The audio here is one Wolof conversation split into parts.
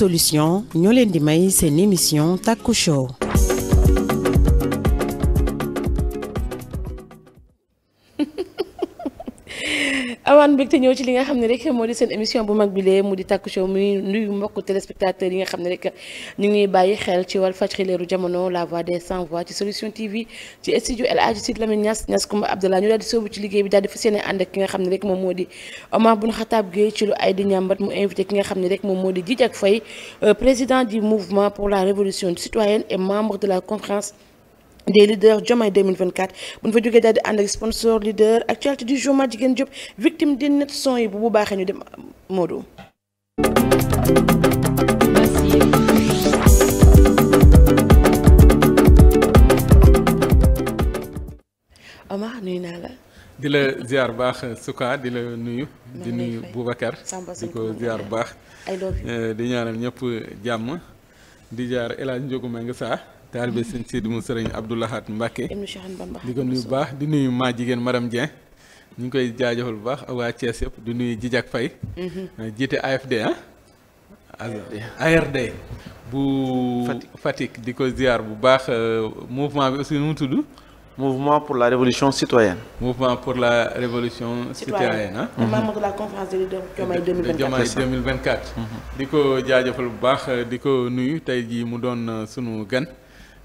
solution ñoo leen di may seen émission Taku Show awaan mbégte ñëw ci li nga xam ne rek moo di seen émission bu mag bi lee mu di Taku Show muy nuyu mbokk téléspectateurs yi nga xam ne rek ñu ngi bàyyi xel ci Walfadjri leeru jamono la voix des sans voix ci solution TV ci studio El Hadji Sidy Lamine Niass Niass Koumba Abdallah ñu daal di sóobu ci liggéey bi daal di fas yéene ànd ak ki nga xam ne rek moom moo di Omar Boun Khatab Gueye ci lu ay di ñàmbat mu invité ki nga xam ne rek moom moo di Djidjack Faye euh, président du mouvement pour la révolution citoyenne et des leaders Diomaye 2024 bu ñu fa jógee daal di ànd ak sponsor leader actualité du jour ma jigéen Diop victime di net son yi bu bu baaxee ñu dem Modou. Omar nuyu naa la. di la baax suka di la nuyu di nuyu Boubacar di ko ziar baax eh, di ñaanal ñëpp jàmm di jaar El Hadj Ndiogou saa taalibe sëñ Sidi mu sëriñ Abdou Lahad Mbacke di ko nuyu baax di nuyu maa jigéen madame Dieng ñu ngi koy jaajëfal bu baax waa Thiès yëpp di nuyu Jijak Faye mhm. euh, jiite ah? di ko ziar bu baax euh, mouvement bi aussi nu mu tudd mouvement pour la révolution citoyenne. pour la révolution citoyenne ah. membre de la di ko jaajafal bu baax di ko nuyu tey jii mu doon euh, sunu gan.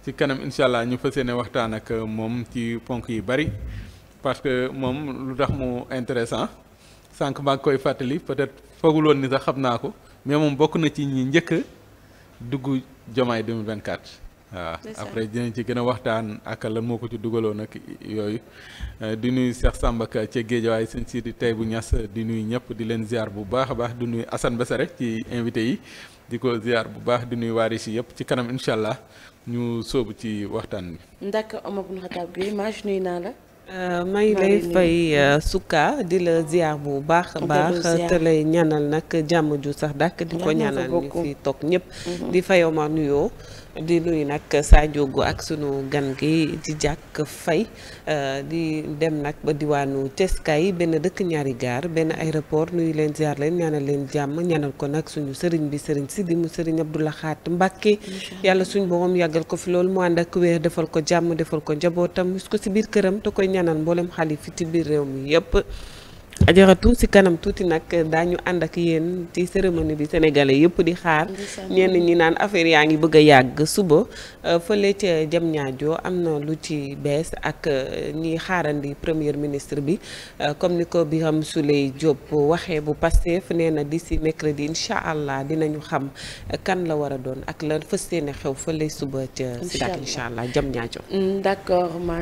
ci kanam incha allah ñu fa yéene waxtaan ak euh, moom ci ponk yi bari parce que moom lu tax mu intéressant sànq maa ngi koy fàttali peut-être foogul ni sax xam naa ko mais moom bokk na ci ñi njëkk dugg Diomaye 2024. waaw après dinañ ci gën a waxtaan ak lan moo ko ci dugaloon nag yooyu euh, di nuyu Cheikh Samba Ka géej Géejawaay sëñ si di tey bu ñas di nuyu ñëpp di leen ziar bu baax a baax di nuyu Assane Bessa rek ci invité yi di ko ziar bu baax di nuyu waaris yi yëpp ci kanam incha allah ñu soobu ci waxtaan wi d'accord Omar Boun Khatab Gueye Mage nuyu naa la. Euh, fay euh, sukka di la ziar bu baax baax te lay ñaanal nag jàmm ju sax dàkk di ko ñaanal ñu fi toog ñëpp. Mhm. di fay Omar nuyoo. di nuyu nag Sa Ndiogou ak sunu gan gi di jàkk fay euh, di dem nag ba diwaanu Ceskaay benn dëkk ñaari gaar benn aéroport nuyu leen ziar leen ñaanal leen jàmm ñaanal ko nag suñu sëriñ bi sëriñ Sidi mu sëriñ Abdou Lahat Mbacke yàlla suñu borom yàggal ko fi loolu mu ànd ak wéer defal ko jàmm defal ko njabootam su ko si biir këram te koy ñaanal mboolem xalif ci biir réew mi yëpp ajaratu si kanam tuuti nag daañu ànd ak yéen ci cérémonie bi sénégalais yëpp di xaar ñenn ñi naan affaire yaa ngi bëgg a yàgg suba euh, fële ca jam ñaajo am na lu ci bees ak euh, ñiy xaarandi premier ministre bi euh, comme ni ko bi am su Souleye Diop waxee bu Pastef nee na d'ici mercredi incha allah dina ñu xam kan la war a doon ak la fas yéene xew fële suba ca Sidaat incha allah jam ñaajo mm, d'accord ma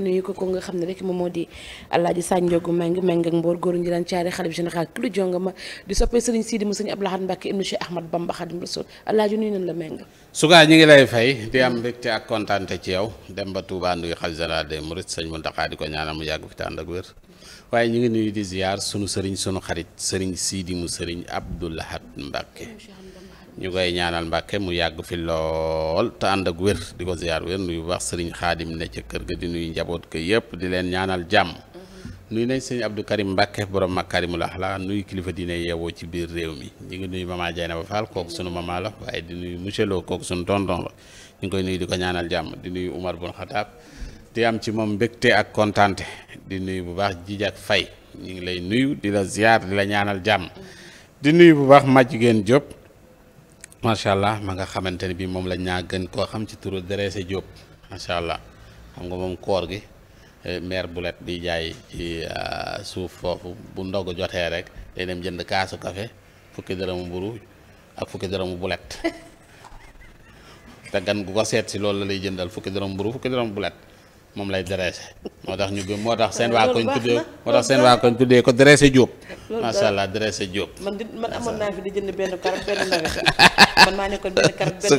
nuyu ko ko nga xam ne rek moom moo di Alaaji Sanjogu Meng Meng Mbour góoru ñi daan caari xalif général kulu jongama di soppee sëriñ Sidi mu sëriñ Abdou Lahad Mbacké ibnu Cheikh Ahmad Bamba Khadim Rasoul alaaji nuyu nañ la méng sugaa ñu ngi lay fay di am mbégte ak kontaante ci yow dem ba Touba nduy xalif général des Mourides sëñ Mountakha di ko ñaanal mu yàgg fi tànd ak wér waaye ñu ngi nuyu di ziar sunu sëriñ sunu xarit sëriñ Sidi mu sëriñ Abdou Lahad Mbacké ñu koy ñaanal Mbàkke mu yàgg fi lool te ànd ak wér di ko ziar wér nuyu bu baax sëriñ xaadim ne ca kër ga di nuyu njaboot ko yëpp di leen ñaanal jàmm nuy nañ sëñ Abdou Karim Mbacke borom Makarimul Axlaaq nuyu kilifa diine yeewoo ci biir réew mi ñu ngi nuyu maman Diayna Ba Fall kooku sunu maman la waaye di nuyu monsieur Lo kooku sunu tonton la ñu ngi koy nuyu di ko ñaanal jàmm di nuyu Umar bun Xataab am ci moom mbégte ak kontaante di nuyu bu baax Jijak Fay ñu ngi lay nuyu di la ziar la ñaanal jàmm di nuyu bu baax Madjigéen Diop macha allah ma nga xamante ne bii moom la ñaa gën koo xam ci turu Dressé Diop macha allah xam nga moom koor gi. Eh, maire bulet di jaay ci ah, suuf foofu bu ndog jotee rek day dem jënd kaasu café fukki dërëmu mburu ak fukki dërëmu bulet te gan gu ko seet si loolu la lay jëndal fukki dërëm mburu fukki dërëm bulet moom lay dressé moo tax ñu gëm moo tax seen waa koñ tuddee moo tuddee ko dressé Diop. macha allah dressé Diop. man su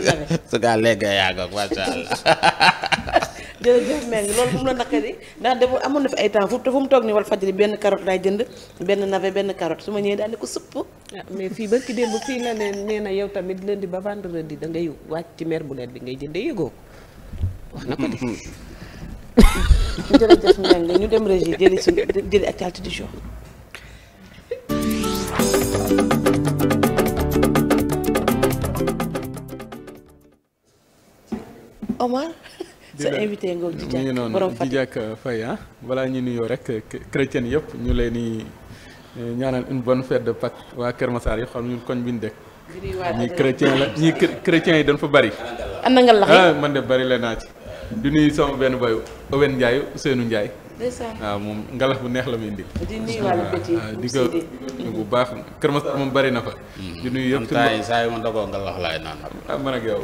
su gaa yaa ngi ko macha allah. jërëjëf Mbengue loolu bu mu la naqari ndax dafa ay temps benn carotte benn navet benn carotte su ma ñëwee daal di ko supp ah fii barki démb fii la ne nee na tamit lundi ba vendredi da ngay wàcc ci bu leer bi ngay jënde yëgoo wax na ko de jërëjëf Mbengue ñu dem régie jëli suñu jëli actualité du jour Omar sa invité nga Djidiack borom Fatick Djidiack euh, Faye ah balaa ñu nuyoo rek euh, chrétien yëpp ñu leen di euh, ñaanal une bonne fedd de waa Kër Massar yi xam ñun koñ bi ñu dëkk ñii chrétien la ñii chrétien yi dañ fa bari. na nga lax ah, man de bari la naa ci. di nuyu sama benn boy Owen Ndiaye Ousseynou Ndiaye. waaw moom ngalax bu neex la muy indi. di nuyu wàllu ah, bu baax Kër Masar moom bari na fa. Hmm. di nuyu yëpp saa yi saa yi ma dogoo ngalax laay naan. ah man ak yow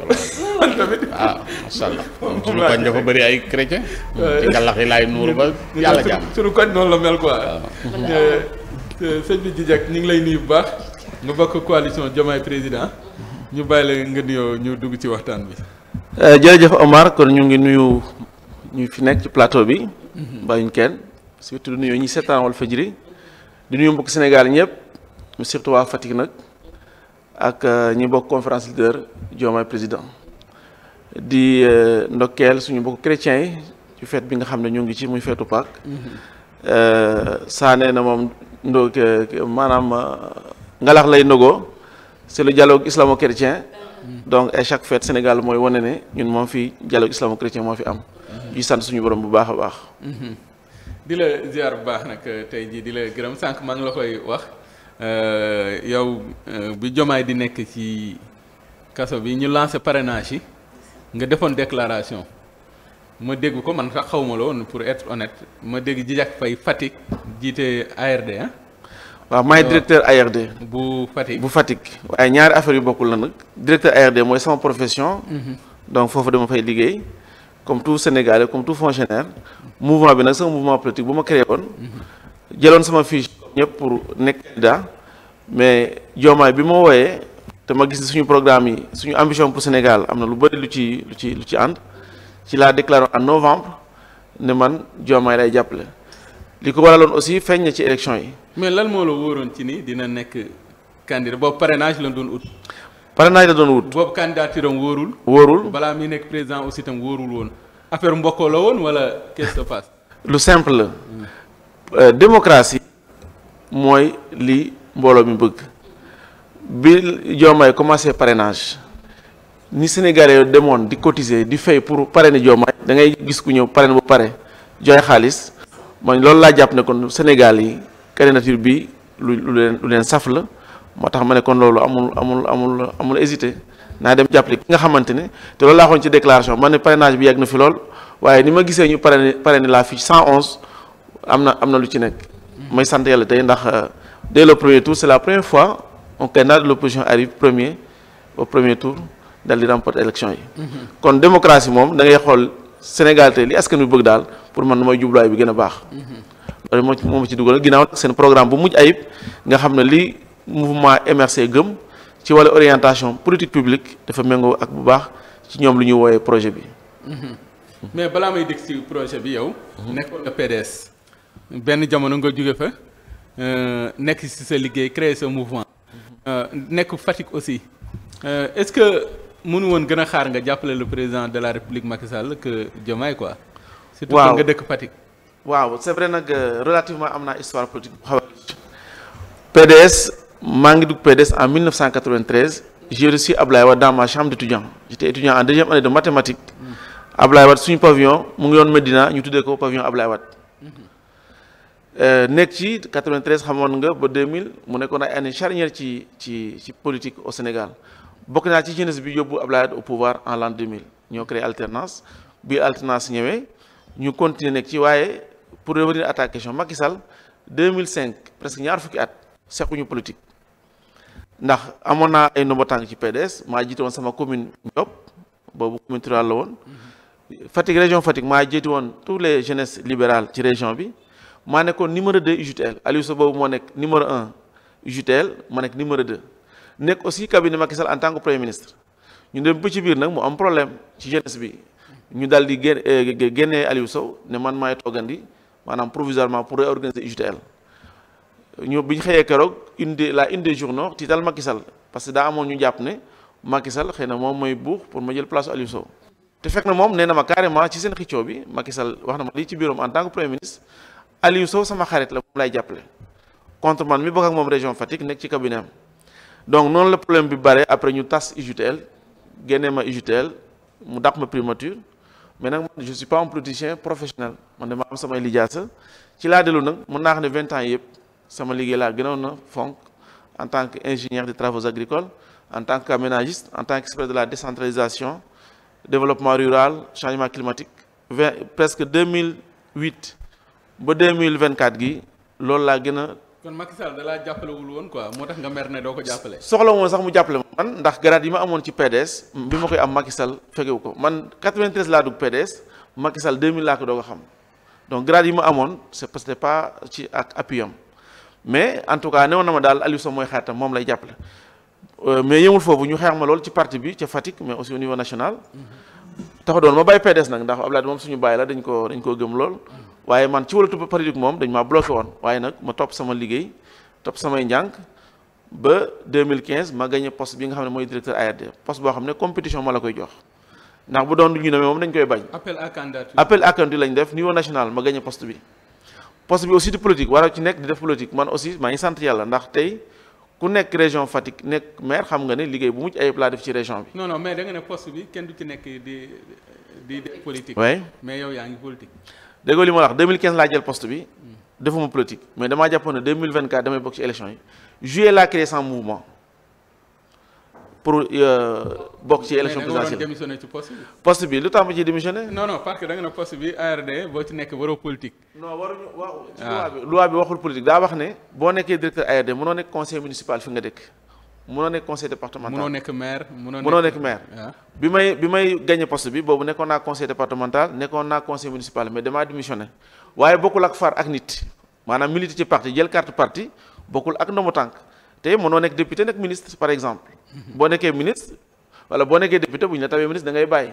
man tamit. ah macha koñ ay chrétien. Euh, ci ngalax laay nuur ba yàlla jàmm. suñu koñ noonu la mel quoi. Ah. Euh, euh, sëñ bi Djidiack ñu ngi lay nuyu bu baax. nga bokk coalition Diomaye Président. ñu bàyyi la nga nuyoo ñu dugg ci waxtaan bi. jërëjëf Omar kon ñu ngi nuyu ñu fi nekk ci plateau bi. bàyyiñ kenn surtout du nuyu ñi seetaan Walfadjri di nuyu mbokk Sénégal ñëpp surtout waa Fatick nag ak euh, ñi bokk conférence leader Diomaye président di euh, ndokkeel suñu mbokk chrétiens yi ci fête bi nga xam ne ñu ngi ci muy feetu Pâques mm-hmm. euh, saanee na moom ndo maanaam ngalax lay ndogoo c'est le dialogue islamo-chrétien mm-hmm. donc à chaque fête Sénégal mooy wane ne ñun moom fi dialogue islamo-chrétien moo fi am di sant suñu borom bu baax a baax. Mhm. di la ziar bu baax nag euh, tey jii di la gërëm sànq maa ngi la koy wax euh, yow euh, bi jomaay di nekk ci kaso bi ñu lancé parrainage yi nga defoon déclaration ma dégg ko man sax xaw ma la woon pour être honnête ma dégg Jijak Faye Fatick jiite ARD ah. waaw maay directeur ARD. bu Fatick bu Fatick. ay ñaari affaire yu bokkul la nag directeur ARD mooy sama profession. Mhm. donc foofu dama fay liggéey. comme tout Sénégalais comme tout fonctionnaire mouvement bi nag sama mouvement politique bu ma créé woon jëloon sama fiche ñëpp pour nekk candidat mais joomaay bi ma wooyee te ma gis ni suñu programme yi suñu ambition pour Sénégal am na lu bëri lu ci lu ci lu ci ànd ci laa déclaré en novembre ne man joomaay lay jàppale li ko waraloon aussi feeñ na ci élection yi. mais lan moo la wóoroon ci nii dina nekk candidat boobu parrainage la doon ut. parrainage la doon wut. boobu candidature wóorul. wóorul balaa mi nekk président aussi tam wóorul woon affaire mbokkoo la woon wala qu'est-ce passe. lu simple la. Euh, démocratie mooy li mbooloo mi bëgg bi Diomaye commencé parrainage ni Sénégalais demoon di cotiser di fay pour parrainer Diomaye da ngay gis ku ñëw pare parrainer bu pare joxe xaalis mooy loolu laa jàpp ne kon Sénégal yi candidature bi lu leen lu leen saf la. moo tax ma ne kon loolu amul amul amul amul hésité naa dem jàppale ki nga xamante ne te loolu laa xoon ci déclaration man ne parrainage bi yegg na fi lool waaye ni ma gisee ñu parrainé parrainé laa fi 111 am na am na lu ci nekk. may sant yàlla tey ndax euh, dès le premier tour c'est la première fois un candidat de l'opposition arrive premier au premier tour dal di remporter élection yi. kon démocratie moom da ngay xool Sénégal tey li askan wi bëgg daal pour man mooy jubluwaay bi moo ci moo ma ci dugal ginnaaw bu mujj ayib nga mouvement MRC gëm ci wàllu orientation politique publique dafa méngoo ak bu baax ci ñoom lu ñuy wooyee projet bi. Mm-hmm. mais balaa may dégg ci projet bi yow. Mm-hmm. nekkoon nga PDS. benn jamono nga jóge fa euh, nekk ci sa liggéey créer sa mouvement. Mm-hmm. Euh, nekk Fatick aussi euh, est-ce que mënu woon gën a xaar nga jàppale le président de la République Macky Sall que Diomaye quoi. surtout que nga dëkk Fatick. waaw c'est nag relativement am na histoire politique bu xaw PDS. maa ngi dugg PDS en 1993 j'ai reçu Ablaye Wade dans ma chambre d'étudiant en deuxième année de mathématiques Ablaye Wade suñu pavillon mu ngi yoon Medina ñu tuddee ko pavillon Ablaye Wade euh, nekk ci 93 xamoon nga ba 2000 mu nekkoon ay année charnière ci ci ci politique au Sénégal bokk naa ci jeunesse bi yóbbu Ablaye Wade au pouvoir en l'an 2000 ñoo créé alternance bi alternance ñëwee ñu continuer nekk ci waaye pour revenir à ta question Macky Sall 2005 presque ñaar fukki at sequñu politique. ndax amoon naa ay ndombo tànk ci PDS maa jiite woon sama commune Ndiop boobu commune rurale la woon Fatick région Fatick maa jiite woon tous les jeunesses libérales ci région bi maa nekkoon numéro 2 UJTL Aliou Sow boobu moo nekk numéro 1 UJTL ma nekk numéro de nekk aussi cabinet Macky Sall en tant que premier ministre ñu dem ba ci biir nag mu am problème ci jeunesse bi ñu daal di euh, génne Aliou Sow ne man maay toogandi maanaam provisoirement pour réorganiser ñoo bi ñu xëyee keroog une des la une des journaux tiital Macky Sall parce que daa amoon ñu jàpp ne Macky xëy na moom mooy buux pour ma jël place Aliou Sow te fekk na moom nee na ma carrément ci seen xëccoo bi Macky Sall wax na ma lii ci biiroom en tant que premier ministre Aliou Sow sama xarit la moom lay jàppale contre man mi bokk ak moom région Fatick nekk ci cabinet am donc noonu la problème bi bare après ñu tas UJTL génnee ma UJTL mu dàq ma primature mais nag man je suis pas un politicien professionnel man dama am samay ci laa dellu nag naa xam ne vingt ans yëpp. sama liggéey laa gënoon na fonk en tant que ingénieur des travaux agricoles en tant que aménagiste en tant qu'expert de la décentralisation développement rural changement climatique presque 2008 ba 2024 gi lool laa gën a. kon Macky Sall laa jàppalewul woon quoi moo tax nga mer ne doo ko jàppale. soxla woon sax mu jàppale ma man ndax grade yi ma amoon ci PDS bi ma koy am Macky Sall fegewu ko man 93 laa dugg PDS Macky Sall laa ko doog a xam donc grade yi ma amoon c'est parce que pas ci ak appui mais en tout cas newoon na ma daal Aliou Sow mooy xaritam moom lay jàppale euh, mais yëmul foofu ñu xeex ma lool ci parti bi ca Fatick mais aussi au niveau national tax doon ma bàyyi PDS nag ndax Abdoulaye moom suñu bàyyi la dañ ko dañ koo gëm lool waaye man ci walatu politique moom dañ maa bloqué woon waaye nag ma topp sama liggéey topp samay njànk ba 2015 ma gagné poste bi nga xam ne mooy directeur ARD poste boo xam ne compétition ma la koy jox ndax bu doon ñu ne moom dañ koy bañ lañ def niveau national ma gagné poste bi poste bi aussi du politique waroo ci nekk di def politique man aussi maa ngi yàlla ndax tey ku nekk région Fatick nekk maire xam nga ne liggéey bu mucc ayib laa def ci région bi. non non mais da nga ne poste bi kenn du ci nekk di di def politique. oui mais yow yaa ngi politique. déggoo li ma la wax 2015 laa jël poste bi defuma politique mais damaa jàppoon ne 2024 damay bokk ci élection yi juillet laa créé sans mouvement. pour euh, bokk ci élection présidentielle démissionné ci poste bi. poste bi lu tax ma ciy démissionné. non non parce que da nga ne poste bi ARD boo ci nekk waroo politique. non waruñu waaw ci ah. bi waxul politique daa wax ne. boo nekkee directeur ARD mënoo nekk conseil municipal fi nga dëkk. mënoo nekk conseil départemental mënoo nekk maire mënoo nekk maire ah. bi may bi may gagné poste bi boobu nekkoon naa conseil départemental nekkoon naa conseil municipal mais damaa démissionné waaye bokkul ak far ak nit maanaam milité ci parti jël carte parti bokkul ak par exemple Mhm. boo nekkee minit wala boo nekkee député bu ñu la tabee ministre da ngay bàyyi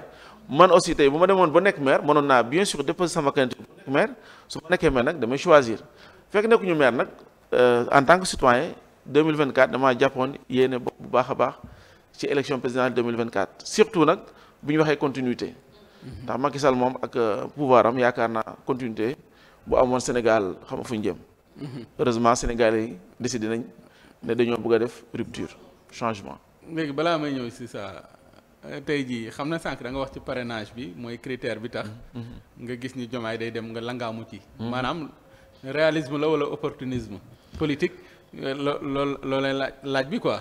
man aussi tey bu ma demoon ba nekk maire mënoon naa bien sûr déposer sama candidature ba nekk maire su ma nekkee maire nag damay choisir fekk nekkuñu maire nag euh, en tant que citoyen 2024 damaa jàppoon yéene bopp bu baax a baax ci élection présidentielle 2024 surtout nag bu ñu waxee continuité mhm. ndax Macky Sall moom ak euh, pouvoir am yaakaar naa continuité bu amoon Sénégal xam fu ñu jëm mhm. heureusement Sénégalais yi décidé nañ ne dañoo bëgg a def rupture changement léegi balaa may ñëw si saa euh, tey jii xam na sànq da wax ci parrainage bi mooy critère bi tax. Mm-hmm, mm-hmm. nga gis ni jomaay day dem nga langaamu ci. Mm-hmm. maanaam réalisme la wala opportunisme politique euh, lo lool loolee laaj laaj bi quoi.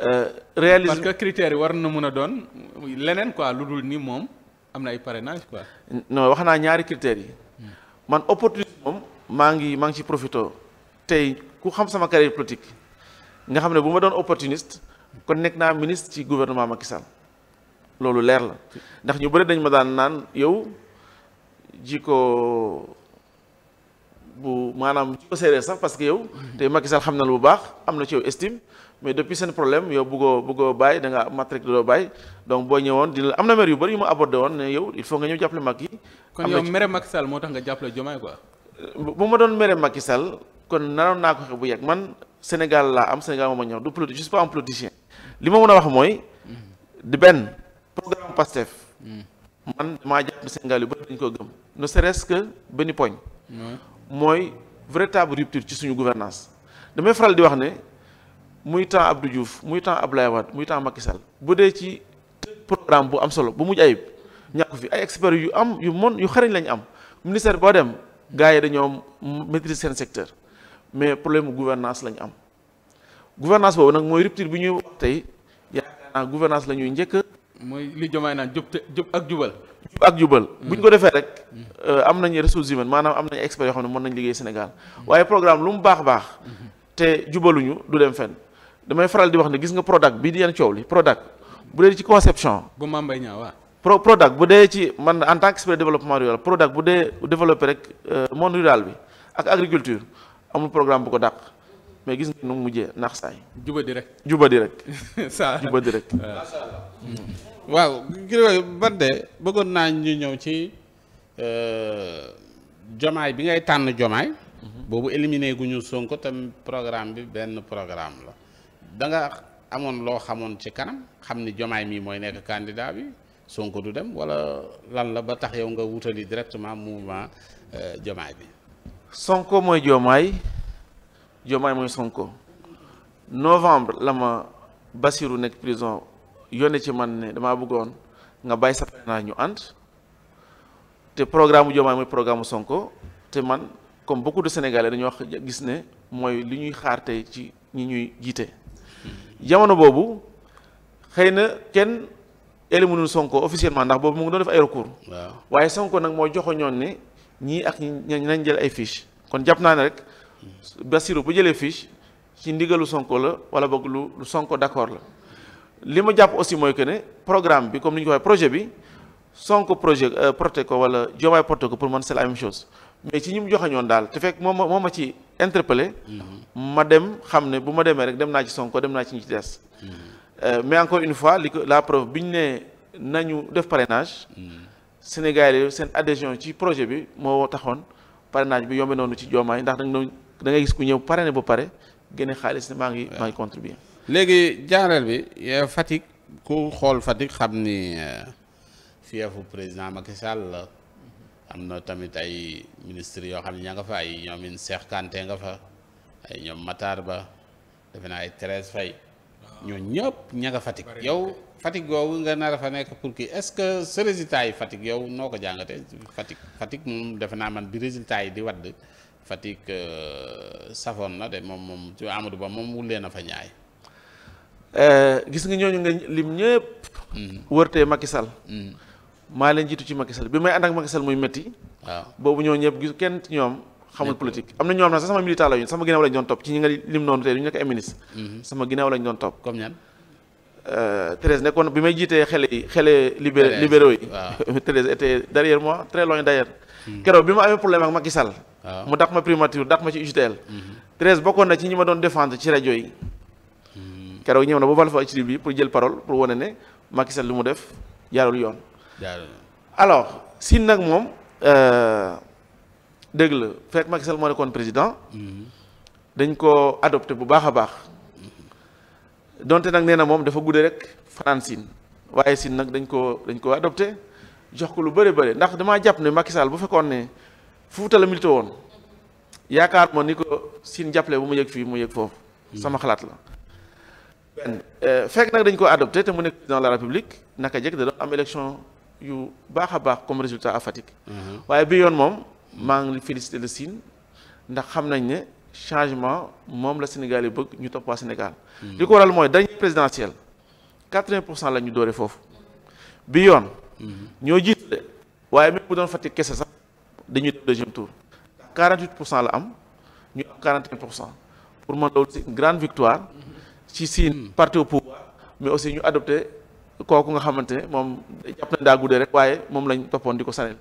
Euh, réalisme parce que critères yi war na mën a doon leneen quoi lu dul nii moom am na ay parrainage quoi. non wax naa ñaari critère yi. Mm. man opportunisme moom maa ngi maa ngi ci profito tey ku xam sama carrière politique nga xam ne bu ma doon opportuniste. kon nekk naa ministre ci gouvernement Macky Sall loolu leer la ndax ñu bëri dañ ma daan naan yow jikko bu maanaam jikko séeréer sax parce que yow tey Macky Sall xam na lu bu baax am na ci yow estime mais depuis seen problème yow bëggoo bëggoo bàyyi da nga matrique doo bàyyi donc boo ñëwoon dina am na maire yu bëri yu ma abordé woon ne yow il faut nga ñëw jàppale Macky kon yow mere Macky moo tax nga jàppale Diomaye quoi bu ma doon mere Macky Sall kon naroon naa bu yegg man Sénégal laa am Sénégal moom a ñor du politique je pas un politicien li ma mën a wax mooy di benn programme PASTEF man maa jàpp Sénégal yu bëri dañu ko gëm ne serait-ce que benn poñ mooy véritable rupture ci suñu gouvernance damay faral di wax ne muy temps Abdou Diouf muy temps Abdoulaye Wade muy temps Macky Sall bu dee ci programme bu am solo bu mujj ayib ñàkk fi ay experts yu am yu mon yu xarañ lañu am ministère boo dem gars yi dañoo maîtriser seen secteur mais problème gouvernance lañu am gouvernance boobu nag mooy rupture bi ñuy wax tey yaakaar naa gouvernance la ñuy njëkk mooy li jomaay naan jub ak jubal ak jubal mm. bu ñu ko defee rek mm. euh, am nañu ressources humaines maanaam am nañu experts yoo xam ne mën nañu liggéey Sénégal mm. waaye programme lu mu baax baax mm-hmm. te ñu du dem fen damay faral di wax ne gis nga Prodac bii di yenn coow li Prodac bu dee ci conception bu Mame Mbaye Niang waaw pro Prodac bu dee ci man en tant que expert développement rural Prodac bu dee développé rek euh, monde rural bi ak agriculture amul programme bu ko dàq mais gis nga nu mu mujjee naax saay juba di rek. juba di rek. macha allah waaw Grégoire ban de bëggoon naa ñu ñëw ci euh, jomaay bi ngay tànn jomaay. Mhm. boobu éliminé gu ñu Sonko tam programme bi benn programme la da nga amoon loo xamoon ci kanam xam ni jomaay mii mooy nekk candidat bi sonk du dem wala lan la ba tax yow nga wutali directement mouvement euh, jomaay bi. Sonko mooy Diomaye Diomaye mooy Sonko novembre la ma Bassirou nekk prison yónne ci man ne damaa bëggoon nga bàyyi sa naa ñu ànd te programme bu Diomaye mooy programme Sonko te man comme beaucoup de Sénégalais dañoo wax gis ne mooy li ñuy xaar tey ci ñi ñuy jiite jamono boobu xëy na kenn éliminul Sonko officiellement ndax boobu mu ngi doon def ay recours waaye Sonko nag moo joxoñoon ne ñii ak ñi nañ jël ay fiche kon jàpp naa ne rek Bassirou bu jëlee fiche ci ndigalu Sonko la wala boog lu lu Sonko d'accord la li ma jàpp aussi mooy que ne programme bi comme li ñu ko projet bi Sonko projet euh, porté ko wala Diomaye porté ko pour man c'est la même mais ci ñi mu joxañoon daal te fekk moom moo ma ci interpellé ma dem xam ne bu ma demee rek dem naa ci Sonko dem naa ci ñi ci des mm-hmm. euh, mais encore une fois li ko la preuve bi ñu ne nañu def parrainage mm-hmm. Sénégal yi seen adhésion ci projet bi moo taxoon parrainage bi yombe noonu ci joomaay ndax da ngay gis ku ñëw parrainé ba pare génne xaalis ne maa ngi maa ngi contribuer. léegi jaareel bi euh, Fatick ku xool Fatick xam ni fiefu euh, président Macky Sall la am na tamit ay ministres yoo xam ne ña nga fa ay ñoom in Cheikh nga fa ay ñoom Matar Ba defe naa ay Thérèse Faye ñoo ñëpp ña nga Fatick yow. Fatick googu nga nar a fa nekk pour kii est-ce que sa résultat yi Fatick yow noo ko jàngatee Fatick Fatick moom naa man bi résultat yi di wadd Fatick euh, safoon na de moom moom ci Amadou Ba moom wulee na fa ñaay. Euh, gis nga ñooñu nga lim ñëpp. Mm-hmm. wërtee Macky Sall. Mm-hmm. maa leen jiitu ci Macky Sall bi may ànd ak Macky Sall muy métti. waaw boobu ñoo ñëpp gis kenn ñoom. xamul politique am na ñoo xam sax sama militant la sama ginnaaw lañ doon topp ci ñi nga lim noonu tey du ñu nekk ay mm-hmm. sama ginnaaw lañ doon topp. ñan. Euh, Thérèse nekkoon bi may jiitee xele yi xele libéré yi Thérèse était derrière moi très loin d'ailleurs hmm. keroog bi ma amee problème ak Macky mu dax ma primature dax ma ci UJTL hmm. Thérèse bokkoon na ci ñi ma doon défendre ci rajo yi hmm. keroog ñëw na ba Walf ci bi pour jël parole pour wane ne Macky Sall li mu def jaarul yoon alors Sine nag moom euh, dëgg la fekk Macky Sall moo nekkoon président dañ ko adopté bu baax a baax donte nag nee na moom dafa gudde rek fanaan siin waaye siin nag dañ koo dañ koo adopté jox ko lu bare bëri ndax damaa jàpp ne Macky Sall bu fekkoon ne Fuuta la milité woon yaakaar ma ni ko siin jàppale bu mu yëg fii mu yëg foofu hmm. sama xalaat la benn euh, fekk nag dañ ko adopté te mu nekk président la république naka jëkk da doon am élection yu baax a baax comme résultat à Fatick hmm. waaye bi yoon moom maa ngi félicité siin ndax xam nañ ne changement moom la Sénégal yi bëgg ñu topp waa Sénégal. Hmm. li ko waral mooy dernier présidentiel quatre-vingt pour cent la ñu doore foofu bi yoon. Hmm. ñoo jiitale waaye même bu doon Fatick kese sax dañuy def deuxième tour. quarante-huit pour cent la am ñu am quarante et un pour cent pour man loolu c'est une grande victoire. ci si hmm. parti au pouvoir mais aussi ñu adopte kooku nga xamante ne moom jàpp nañ daa guddee rek waaye moom lañ toppoon di ko sanel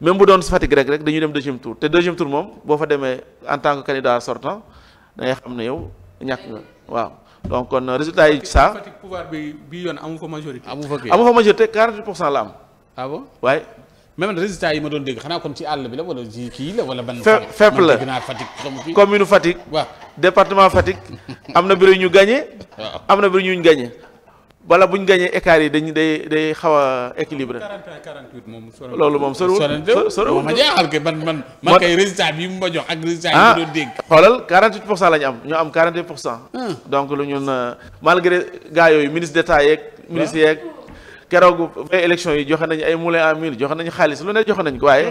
même bu doon Fatick rek rek dañuy dem deuxième tour te deuxième tour moom boo fa demee en tant que candidat sortant da ngay xam ne yow ñàkk nga waaw donc kon euh, résultat yi ça Fatick bi bi yoon amu fa majorité. amu fa amu fa majorité 48 pour cent la am. waaye. Ah même résultat yi ma doon dégg xanaa kon àll bi la wala ci kii la wala. ban fépp la commune Fatick. waaw département Fatick. am na bureau ñu gagné. am na bureau ñu gagné. bala bu ñu gañee écart yi dañu day day xaw a équilibré. 41 48 moom soriwul loolu moom soriwul. soriwul ma jeexal kay man man. bi mu ma jox ak résultat yi ah, mu doon dégg. xoolal 48 am ñu am 48 pour cent. Hmm. donc lu ñun malgré gars yooyu ministre d'état yeeg. ministre yeeg keroog fay élection yi joxe nañu ay moulin à mille joxe nañu xaalis lu ne joxe nañ ko waaye.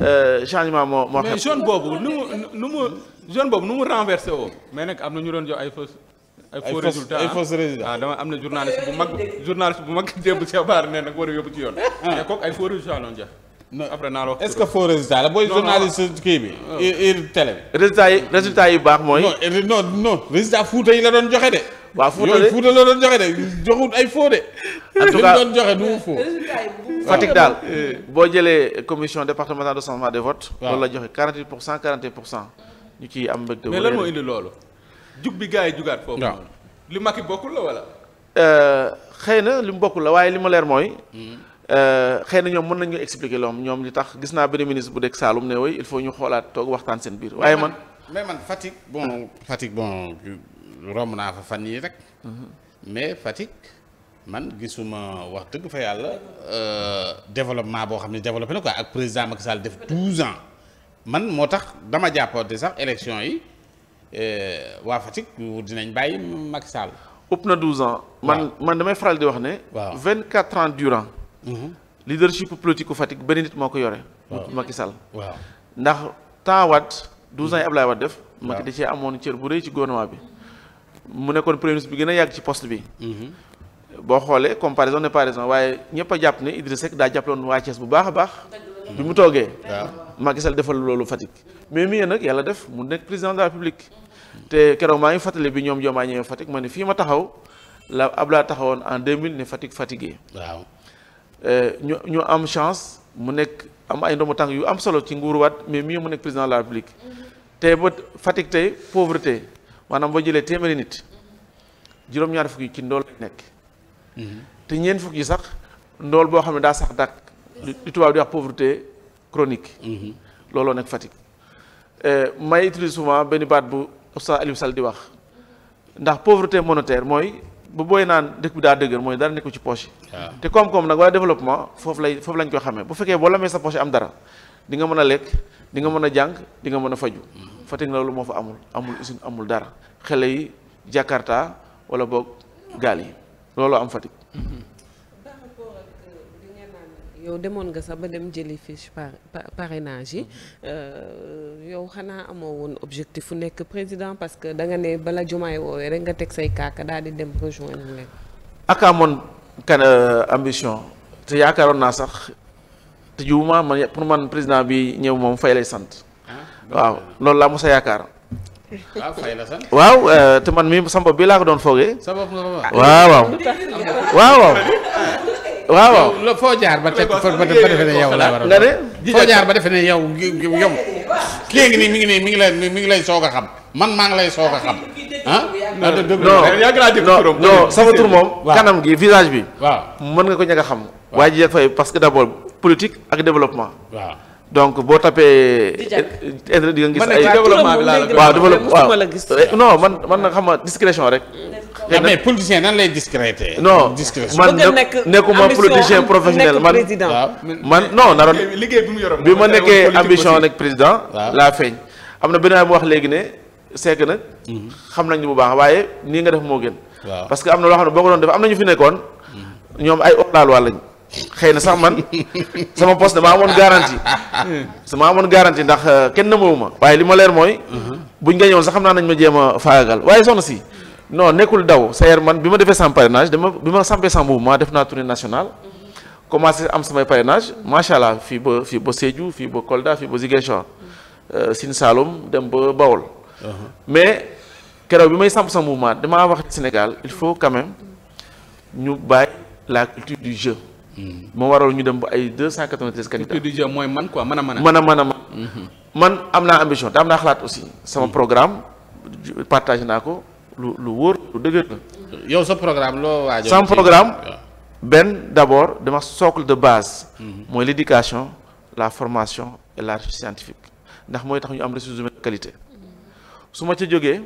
Euh, changement moo moo. mais zone boobu nu mu mu zone boobu nu mu renversé woo. mais nag am na ñu doon jox ay fausse. ay faux résultats ay ah. faux ah, am na journaliste bu mag journaliste bu mag démb si xabaar ne nag war a yóbbu ci yoon. Ah. mais kooku ay faux résultats la ñu après naa la wax résultat la booy journaliste kii bi ir télé bi résultat yi résultat yi baax mooy non non résultat fuuta yi la doon joxe de waaw fuuta de fuuta de joxut ay foo de en du faux Fatick daal eh. boo jëlee commission départementale de recensement des votes loolu la joxe 48 pour cent 48 pour cent ñu ciy am mbégte mais lan moo indi loolu jug bi gars yi jugaat foofu. li Macky bokkul la wala. Euh, xëy na li mu bokkul la waaye li ma leer mooy. Hmm. Euh, xëy na ñoom mën nañu expliquer loom ñoom li tax gis naa benn ministre bu dëkk Saalum ne way il faut ñu xoolaat toog waxtaan seen biir waaye man. mais man Fatick bon Fatick bon romb naa fa fan yii rek. Mhm. mais Fatick man gisuma wax dëgg fa yàlla euh, développement boo xam ne développé na ko ak président Macky Sall def 12 ans man moo tax dama jàppante sax élection yi. Euh, waa Fatick dinañ bàyyi Macky Sall. ëpp na 12 ans. man man damay faral di wax ne. waaw 24 ans durant. Mhm. leadership politique ku Fatick benn nit moo ko yore. waaw Macky Sall. ndax temps Wade 12 ans yi mhm. Ablaye Wade def. waaw Macky da cee amoon cër bu rëy ci gouvernement bi. mu nekkoon premier ministre bi gën a yàgg ci post bi. Mhm. boo xoolee comparaison n'est par raison waaye ñëpp a jàpp ne Idriss Seck daa jàppaloon waa Thiès bu baax a baax. bi mu toogee. waaw Macky Sall defal loolu Fatick. mais nag yàlla def mu nekk président de la République. te keroog maa ngi fàttali bi ñoom Diomaye ñëwee Fatick ma ne fii ma taxaw la laa taxawoon en 2000 ne Fatick fatigué. Euh, ñu ñu am chance mu nekk am ay ndomu tànk yu am solo ci nguuruwaat mais mieux mu nekk président de la République mm-hmm. te ba Fatick tey pauvreté maanaam boo jëlee téeméeri nit mm-hmm. juróom-ñaar fukk yi ci ndool nekk. Mm-hmm. te ñeent fukk yi sax ndool boo xam ne daa sax dàq. li tubaab di wax pauvreté chronique. looloo nekk Fatick. Euh, may utiliser benn baat bu. Oustaz Aliou Sall di wax ndax pauvreté monétaire mooy bu booy naan dëkk bi daa dëgër mooy dara nekku ci poche yi te koom-koom nag wala développement foofu lay foofu lañ ko xamee bu fekkee boo lamee sa poche am dara di mën a lekk di nga mën a jàng di nga mën a faju mm-hmm. Fatick loolu moo fa amul amul usine amul dara xale yi Jakarta wala boog gaal yi looloo am Fatick mm-hmm. yow demoon nga sax ba dem jëli fiche par parrainage yi euh, yow xanaa amoo woon objectif fu nekk président parce que da nga ne bala jumaay woowee rek nga teg say kaaka daal di dem rejoindre leen. ak amoon kan euh, ambition te yaakaaroon naa sax te jiwuma man pour man président bi ñëw moom fay lay sant. Ah, waaw loolu laa mos a yaakaar. waaw ah, fay la sax. Euh, te man mii sama bopp laa ko doon foogee. waaw waaw. waaw waaw foo jaar ba teg ba defe ne yow la war a foo jaar ba defe ne yow yow kii ngi mi ngi nii mi ngi lay mi ngi lay soog a xam man maa ngi lay soog a xam ah non non sama tur moom kanam gi visage bi waaw mën nga ko ñàkk a xam waaye ji fay parce que d'abord politique ak développement waaw donc boo tapee. di nga gis ay développement bi laa waaw développement waaw eh, non man man nag xam nga discrétion rek. te eh, mais politicien nan lay discréter. non man nekkuma politicien professionnel man man non naroon liggéey bi mu yoroon bi ma nekkee ambition nag président. laa feeñ am na beneen mu wax léegi ne seek nag. xam nañu bu baax waaye nii nga def moo gën. parce que am na loo xam ne boo ko doon def am na ñu fi nekkoon. ñoom ay orlaal wàll lañ. xëy na sax man sama poste dama amoon garantie sama amoon garantie ndax euh, kenn na ma waaye li ma leer mooy. Mhm. buñ nga ñëwoon sax xam naa nañ ma jéem a faagagal waaye soxna si. non nekkul daw cest à man bi ma defee sans parrainage dama bi ma sampee sans mouvement def naa tournée nationale mhm. commencé am samay parrainage macha allah fii ba fii ba Sédhiou fii ba Kolda fii ba Ziguinchor mhm. euh, Sine Saloum dem ba Bawol uh-huh. mais keroog bi may samp sans mouvement damaa wax Sénégal il faut quand même ñu bàyyi la culture du jeu mhm. moo waral ñu dem ba ay deux cent quatre vingt mooy man quoi mën a a mën a mën man am naa ambition te am naa xalaat aussi sama programme partagé naa ko lu lu wóor lu dëgër la. yow sa programme loo waajal. sam programme benn d'abord dama socle de base. Mhm. mooy l'éducation la formation et la recherche scientifique ndax mooy tax ñu am ressources humaines de qualité. su ma ca jógee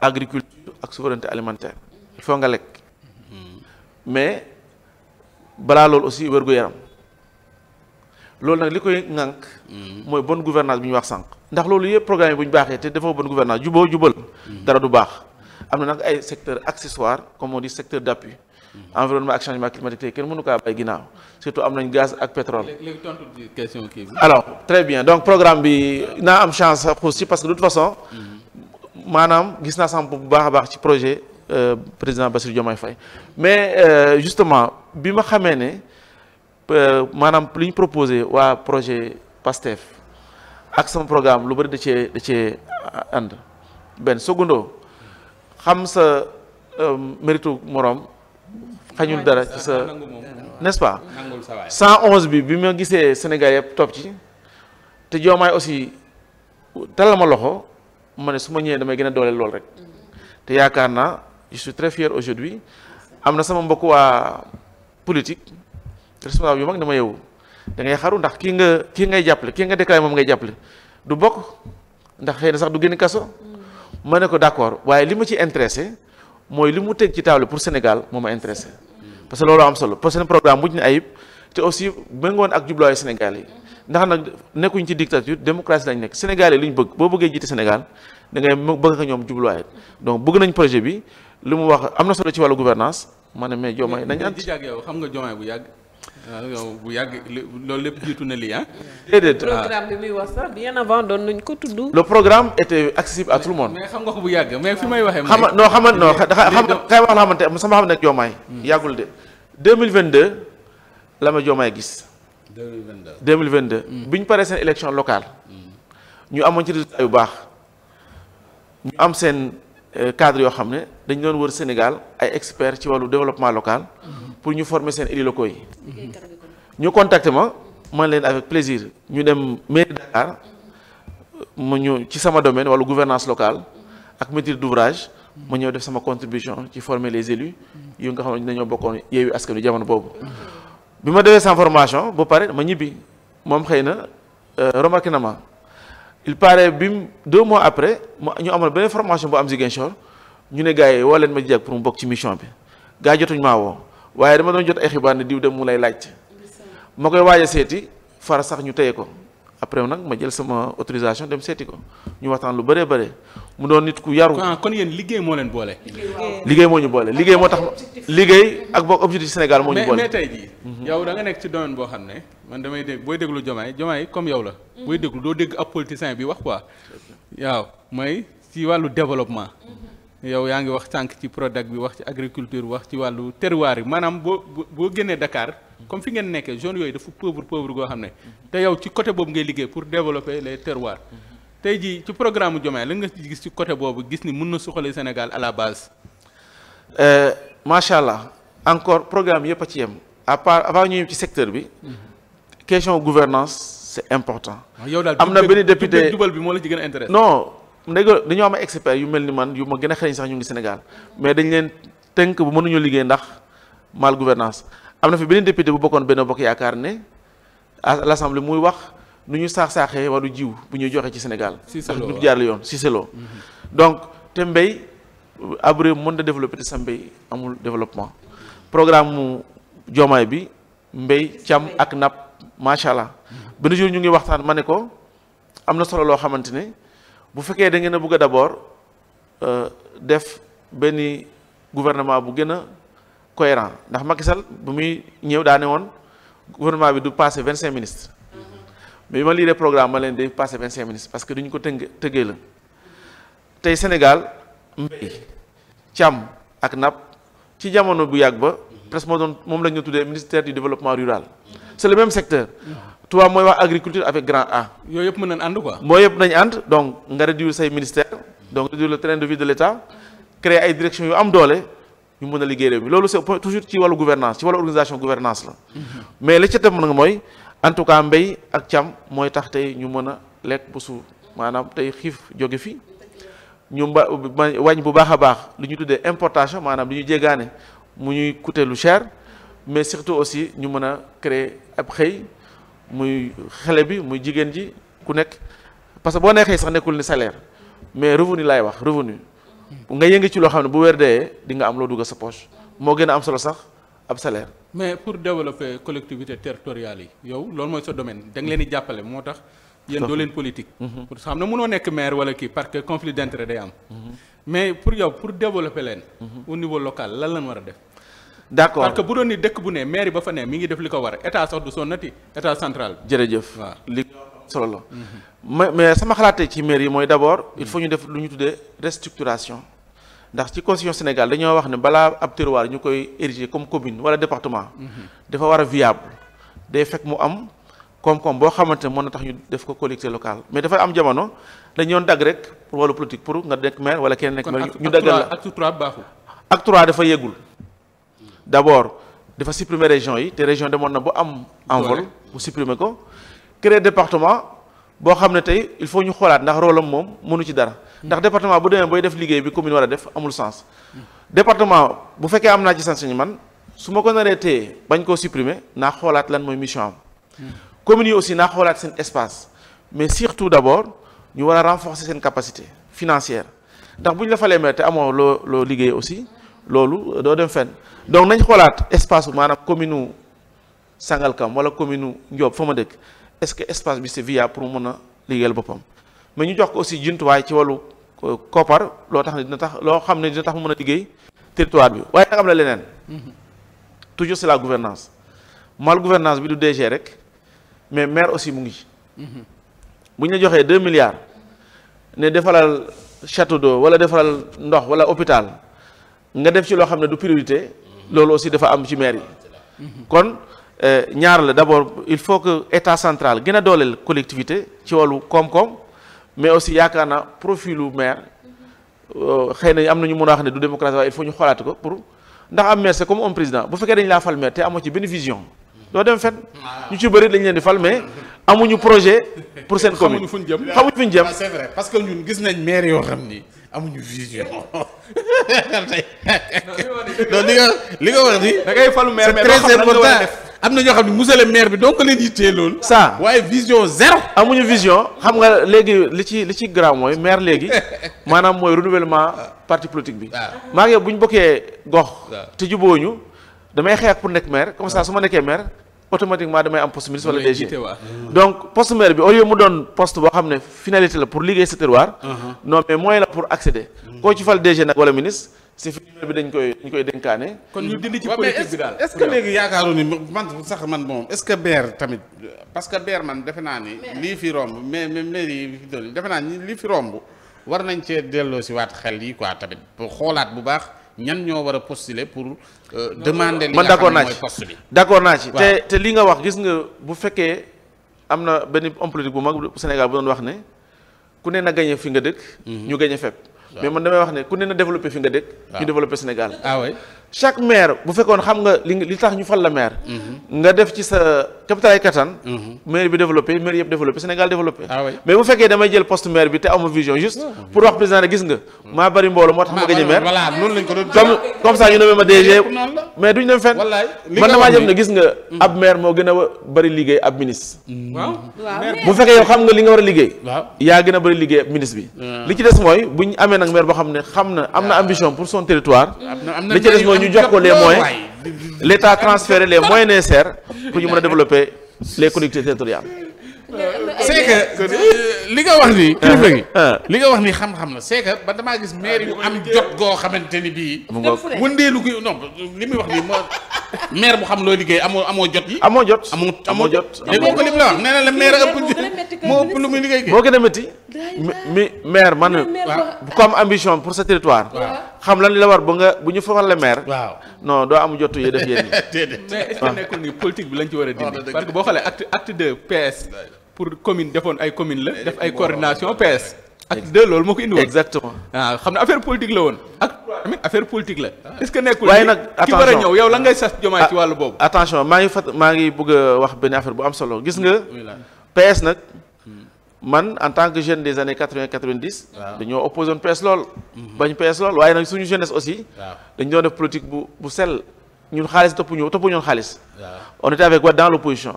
agriculture ak souveraineté alimentaire foo nga lekk mhm. mais balaa loolu aussi wér-gu-yaram loolu nag li koy ŋànk. Mm-hmm. mooy bonne gouvernance bi ñu wax sànq ndax loolu yëpp programme yi bu ñu baaxee te defoo bonne gouvernance juboo jubal mm-hmm. dara du baax am na nag ay secteur accessoire comme on dit secteur d'appui mm-hmm. environnement ak changement climatique tey kenn mënu kaa bay ginnaaw surtout am nañ gaz ak pétrole. léegi tontu di question kii alors très bien donc programme bi naa am chance xuus si parce que de toute façon. maanaam gis naa samp bu baax a baax ci projet euh, président Bassirou Diomaye Faye mais euh, justement bi ma xamee ne euh, maanaam li ñu proposé waa projet. Pastef ak sama programme lu bari da cee da cee ànd benn secondo xam sa euh, méritu moroom xañul dara ci sa n'est-ce pas 111 bi bi ma gisee Sénégal yëpp topp ci te joomaay aussi talal ma loxo ma ne su ma ñëwee damay gën a dooleel lool rek te yaakaar naa je suis très fier aujourd'hui am na sama mbokk waa politique responsable yu mag dama yeewu da ngay xaru ndax kii nga kii ngay jàppale kii nga déclaré moom ngay jàppale du bokk ndax xëy na sax du génn kaso. Mm. ma ne ko d'accord waaye li ma ci intéressé mooy li mu teg ci table pour Sénégal moo ma intéressé. Mm. parce que am solo parce que programme bu ñu ne ayib te aussi méngoon ak jubluwaayu Sénégal yi mm. ndax nag nekkuñ ci dictature démocratie lañ nekk Sénégal yi lu ñu bëgg boo bëggee jiite Sénégal da ngay bëgg ko ñoom jubluwaay donc bëgg nañ projet bi lu mu wax am na solo ci wàllu gouvernance ma ne mais Diomaye nañ. ànd ci yow xam nga Diomaye bu yàgg. waaw euh, yow bu yàgg loolu lépp jiitu na lii ah. déedéet ah. programme bi muy wax sax bien avant doon nañ ko tudd. le programme été accessible à tout le monde. mais xam nga ko bu yàgg mais fi may waxee. xam nga non xam noo non xam nga kay wax la xamante ne sama xam ne Diomaye. Hmm. yàggul de deux mille vingt deux la gis. deux mille vingt deux deux hmm. ñu paree seen élection hmm. ñu amoon ci résultat yu baax. ñu am seen euh, cadre yoo xam ne dañu doon wër Sénégal ay experts ci wàllu développement local. pour ñu former seen élus yi. Mhm. ñu contacté ma man leen avec plaisir ñu dem mairie Dakar ma ñëw ci sama domaine wala gouvernance locale mhm. ak maîtrise d'ouvrage ma ñëw def sama contribution ci former les élus yu nga xam ne dañoo bokkoon yeewu askan wi jamono boobu. bi ma defee sama formation ba pare ma ñibbi moom xëy na euh, remarqué na ma il paraît bi mu deux mois après ñu amal beneen formation bu am Ziguinchor ñu ne gars yi woo leen ma jàpp pour mu bokk ci mission bi gars yi jotuñu waaye dama doon jot ay xibaar ne diw dem mu lay laaj ma koy waaj seeti far sax ñu téye ko après nag ma jël sama autorisation dem seeti ko ñu waxtaan lu bëree bëri mu doon nit ku yaru. kon yéen liggéey moo leen boole. liggéey moo ñu boole liggéey moo tax liggéey ak boog objectif Sénégal moo ñu boole. mais tey jii. yow da nekk ci domaine boo xam ne man damay dégg booy déglu Diomaye Diomaye comme yow la. booy déglu doo dégg ab politicien bi wax quoi. waaw mooy si wàllu développement. yow yaa ngi wax sànq ci Prodac bi wax ci agriculture wax ci wàllu terroir yi maanaam boo boo génnee Dakar comme fi ngeen nekkee zone yooyu dafa pauvre pauvre goo xam ne te yow ci côté boobu ngay liggéey pour développer les terroirs tey jii ci programme Diomaye lan nga ci ci côté boobu gis ni mën na suqali Sénégal à la base. Euh, macha allah encore programme yëpp a ci yem à part avant ci secteur bi. question gouvernance c'est important. Ah, am na benn député jubal bi ndégg dañoo am expert yu mel ni man yu ma gën a xereñ sax ñu ngi Sénégal mais dañu leen tënk bu mënuñu liggéey ndax mal gouvernance am na fi beneen député bu bokkoon benn bokk yaakaar ne à l'Assemblée muy wax nu ñu saax saaxee waru jiw bu ñuy joxee ci Sénégal. ndax du jaar yoon Cissé Lo mm-hmm. donc te mbéy abré mën na développer te sa mbéy amul développement programme mu jomaay bi mbéy càmm ak napp macha allah mm-hmm. benn jour ñu ngi waxtaan ma ne ko am na solo loo xamante ne. bu fekkee da ngeen a bëgg a d'abord euh, def benn gouvernement bu gën a cohérent ndax Macky Sall bu muy ñëw daa ne woon gouvernement bi du passé vingt cinq ministre mm-hmm. mais bi ma liiree programme ma leen day passé vingt cinq ministres parce que duñ ko tënge tëggee la tey Sénégal mbéy càmm ak napp ci jamono bu yàgg ba mm-hmm. presque moo doon moom la ñu tuddee ministère du développement rural c'est le même secteur mm-hmm. tubaab mooy wax agriculture avec grand A. yooyu yëpp mën nañ ànd quoi. mooy yëpp nañ ànd donc nga réduire say ministère donc réduire le train de vie de l' état créer ay direction yu am doole ñu mën a liggéey réew loolu c' toujours ci wàllu gouvernance ci wàllu organisation gouvernance la. Mm-hmm. mais li ca tam nag mooy en tout cas mbéy ak càmm mooy tax tey ñu mën a lekk bu suuf maanaam tey xiif jóge fii ñu mba wañ bu baax a baax lu ñu tuddee importation maanaam lu ñu jéggaane mu ñuy coûter lu cher mais surtout aussi ñu mën a créer ab xëy. muy xale bi muy jigéen ji ku nekk parce que boo neexee sax nekkul ni salaire mais revenu laay wax revenu nga yëngi ci loo xam ne bu weer dee di am loo dugg sa poche moo gën a am solo sax ab salaire. mais pour développer collectivité territoriale yi yow loolu mooy sa domaine da nga leen di jàppale moo tax. yéen doo leen politique. Mhm. pour xam ne mënoo nekk maire wala kii parce que conflit d'intérêt day am. Mhm. mais pour yow pour développer leen. Mhm. au niveau local lan lañ war a def. d'accord parce que bu doon ni dëkk bu ne mairie ba fa ne mi ngi def li ko war état sax du sonnati état central. jërëjëf waaw li solo la. mais sama xalaatee ci mairie yi mooy d'abord il faut ñu def lu ñu tuddee restructuration ndax ci constitution Sénégal dañoo wax ne balaa ab terroir ñu koy ériger comme commune wala département. dafa war a viable day fekk mu am. koom-koom boo xamante ne mën na tax ñu def ko collectivité locale mais dafa am jamono dañu doon dagg rek pour pour nga nekk maire wala kenn nekk maire ñu daggal la acte trois baaxul acte trois dafa d' abord dafa supprimer région yi te région demoon na ba am envol mu supprimer ko créer département boo xam ne tey il faut ñu xoolaat ndax rôle am moom mënu ci dara ndax département bu demee booy def liggéey bi commune war a def amul sens département bu fekkee am naa ci sens ñu man su ma ko naree téye bañ koo supprimer naa xoolaat lan mooy mission am communes yi aussi naa xoolaat seen espace mais surtout d' abord ñu war a renforcer seen capacité financière ndax bu ñu la falee te amoo loo loo liggéey aussi loolu doo dem fenn donc nañu xoolaat espace bu maanaam commune u Sangalkam wala commune u Ndiob fa ma dëkk est-ce que espace bi c'est viable pour mën a liggéeyal boppam ma ñu jox ko aussi jumtuwaay ci wàllu euh, koppar loo tax ne dina tax loo xam ne dina tax mu mën a liggéey territoire bi waaye nag am na leneen mhm. toujours c'est la gouvernance mal gouvernance bi du DG rek mais maire aussi mu ngi mhm. bu ñu la joxee deux milliards ne defaral château d'eau wala defaral ndox wala hôpital nga def ci loo xam ne du priorité loolu aussi dafa am ci maire yi kon euh, ñaar la d'abord il faut que état central gën a dooleel collectivité ci wàllu koom-koom mais aussi yaakaar naa profilu maire euh, xëy na am nañu mën a wax ne du démocratie waaye il faut ñu xoolaat ko pour ndax am maire comme un président bu fekkee dañu laa fal maire te amoo ci benn vision doo dem fen ñu ci bëri dañu leen di fal mais amuñu projet pour seen commune xamuñu fu ñu jëm ah, c'est vrai parce que ñun gis nañ mair yoo xam ni amuñu vision. non li nga li nga wax ni. da ngay falu maire mais am na ñoo xam ne monsieur le maire bi donc leen yittee loolu. ça waaye vision zéro. amuñu vision xam nga léegi li ci li ci grand mooy maire léegi maanaam mooy renouvellement parti politique bi. Ah. maa ngi bu ñu bokkee gox. Ah. te jubóoñu damay xeex pour nekk maire comme ça ah. su ma nekkee maire. automatiquement damay am poste ministre wala DG donc poste maire bi au mu doon poste boo xam ne finalité la pour liggéey sa terroir uh-huh. non mais moyen la pour accéder uh-huh. koo ci fal DG nag wala ministre si finalité bi dañ koy dañ kon ñu dindi ci politique bi daal est léegi yaakaaru ni man sax man moom est beer tamit parce que beer man defe naa ni lii fi romb mais mais yi fi doon defe naa ni lii fi romb war nañ cee delloo waat xel yi quoi tamit ñan ñoo war a postuler pour. Euh, demander li nga xam ne mooy bi d' accord naa ci te te li nga wax gis nga bu fekkee am na benn homme bu mag Sénégal bu doon wax ne ku neen na gagné fi nga dëkk. Mhm. ñu gagné fépp. mais man damay wax ne ku neen na développé fi nga dëkk. ñu développé Sénégal. ah chaque maire bu fekkoon xam nga li li tax ñu fal la maire. Mm-hmm. nga def ci sa capital mm-hmm. maire bi développé maire yëpp développé Sénégal développé. Ah mais bu fekkee damay jël poste maire bi te amu vision juste mm-hmm. pour wax président gis nga. maa bari mbooloo moo tax ma gagné maire. comme comme ça ñu nommé ma DG. mais duñ dem fenn. wallaay li nga man damaa ne gis nga. ab maire moo gën a bari liggéey ab ministre. bu fekkee yow xam nga li nga war a liggéey. yaa gën a bari liggéey ab ministre bi. li ci des mooy buñ amee nag maire am na ah. ambition pour ñu jox ko les moyens l' état transféré les moyens nécessaires pour ñu mën a développer les collectivités territoriales c'est li nga wax ni kilifa gi li nga wax ni xam-xam la c'est ba damaa gis maire yu am jot goo xamante ni bii wëndeelu ko non li muy wax nii moo maire bu xam loo liggéey amoo amoo jot amoo jot amoo amoo jot mais boo ko lim la wax nee na la maire ëpp moo a man bu ko am ambition pour sa territoire xam lan la war ba nga bu ñu fafal la maire waaw non doo am jotu yi def yéen mais est-ce nekkul ni politique bi lañ ci war a dindi parce boo xoolee acte acte de PS pour commune defoon ay commune la def ay coordination PS ak deux loolu moo ko indi woon exactement waaw ah, xam ne affaire politique la woon ak tamit affaire politique la ah. est-ce waaye nag ki war a ñëw yow la ngay sas jomaay ci ah, wàllu boobu attention maa ngi fat maa ngi bëgg a wax benn affaire bu am solo gis nga PS nag hmm. man en tant que jeune des années quatre vingt quatre vingt dix dañoo opposé woon PS lool hmm. bañ PS lool waaye nag suñu jeunesse aussi dañ doon def politique bu bu sell ñun xaalis toppu ñu toppu ñoon xaalis on était avec Wade dans l'opposition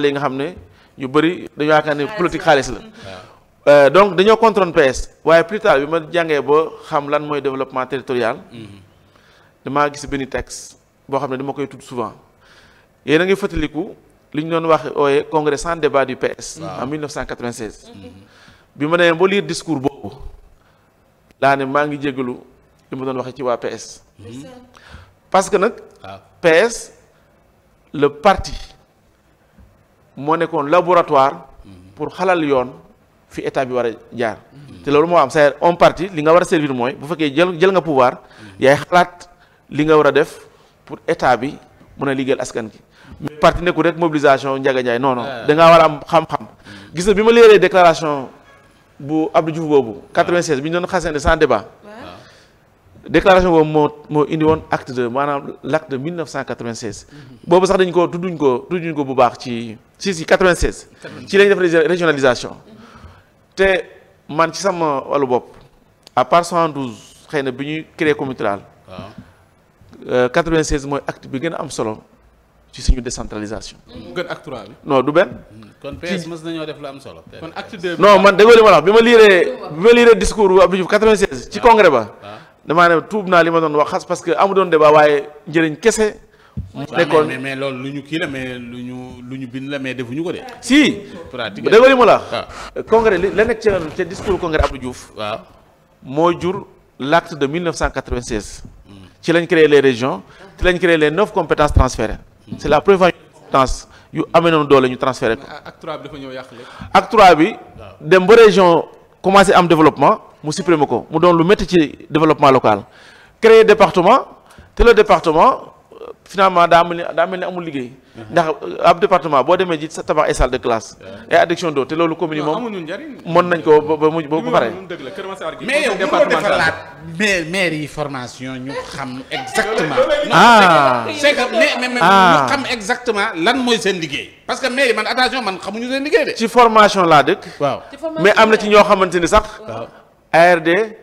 li nga xam ne yu bëri dañoo yaakaar ne politique xaalis la euh, donc dañoo contrôle PS waaye plus tard bi ma jàngee ba xam lan mooy développement territorial mm-hmm. damaa gis benn texte boo xam ne dama koy tudd souvent yéen a ngi fàttaliku li ñu doon wax ooye congrès sans débat du PS en 1996 mm-hmm. bi ma demee ba liir discours boobu laa ne maa ngi jégalu li ma doon waxee ci waa PS mm-hmm. parce que nag ah. PS le parti moo nekkoon laboratoire mhm. pour xalal yoon fi état bi war a jaar te loolu moo am c'est on parti li nga war a servir mooy bu fekkee jël jël nga pouvoir mhm. yaay xalaat li nga war a def pour état bi mën a liggéeyal askan gi mais parti nekkul rek mobilisation Ndiaga Ndiaye non non ah. war a am xam-xam mhm. gis na bi ma léeree déclaration bu Abdou Diouf boobu 96 bi ñu doon xasee sans débat déclaration boobu moo moo indi woon acte de maanaam l' acte de 1996. boobu sax dañ ko tudduñ ko tudduñ ko bu baax ci si si 96. ci lañ def régionalisation. te man ci sama wàllu bopp à part 112 xëy na bi ñuy créé ko rurale. waaw 96 euh, mooy acte bi gën a am solo ci suñu décentralisation. gën acte trois bi. non du benn. Hmm. kon PS mës def lu am solo. kon acte man déggoo li ma la bi ma liiree. bi ma liiree discours bu Abdou Diouf 96. ci ah. congrès ba. Ah. damaa ne tuub naa li ma doon wax xas parce que amu doon débat waaye njëriñ kese. nekkoon mais mais loolu lu ñu kii la mais lu ñu lu ñu bind la mais ñu ko de. si. pratique dëgg li ma la wax. Ah. congrès li la nekk ca discours congrès Abdou Diouf. waaw moo jur l' acte de 1996. Mm. ci lañ créé les régions. ci lañ créé les neuf compétences transférées. Mm. c' est la première compétence yu amee noonu doole ñu transféré ko. acte 3 bi dafa yàq lépp. acte bi. dem ba région commencé am développement. mu supprimer ko mu doon lu métti ci développement local créer département te le département euh, finalement daa mel ni daa mel ni amul liggéey. Uh-huh. ndax euh, ab département boo demee ji tabax ay salle de classe. ay uh-huh. adduction d'eau te loolu commune yi moom mën nañ ko ba ba mu ba pare. mais yow mais yi formation ñu xam exactement. ah c'est que mais ah. lan mooy seen liggéey. parce que maire yi man attention man xamuñu seen liggéey de. ci formation laa dëkk. waaw mais am na ci ñoo xamante ni sax. ARD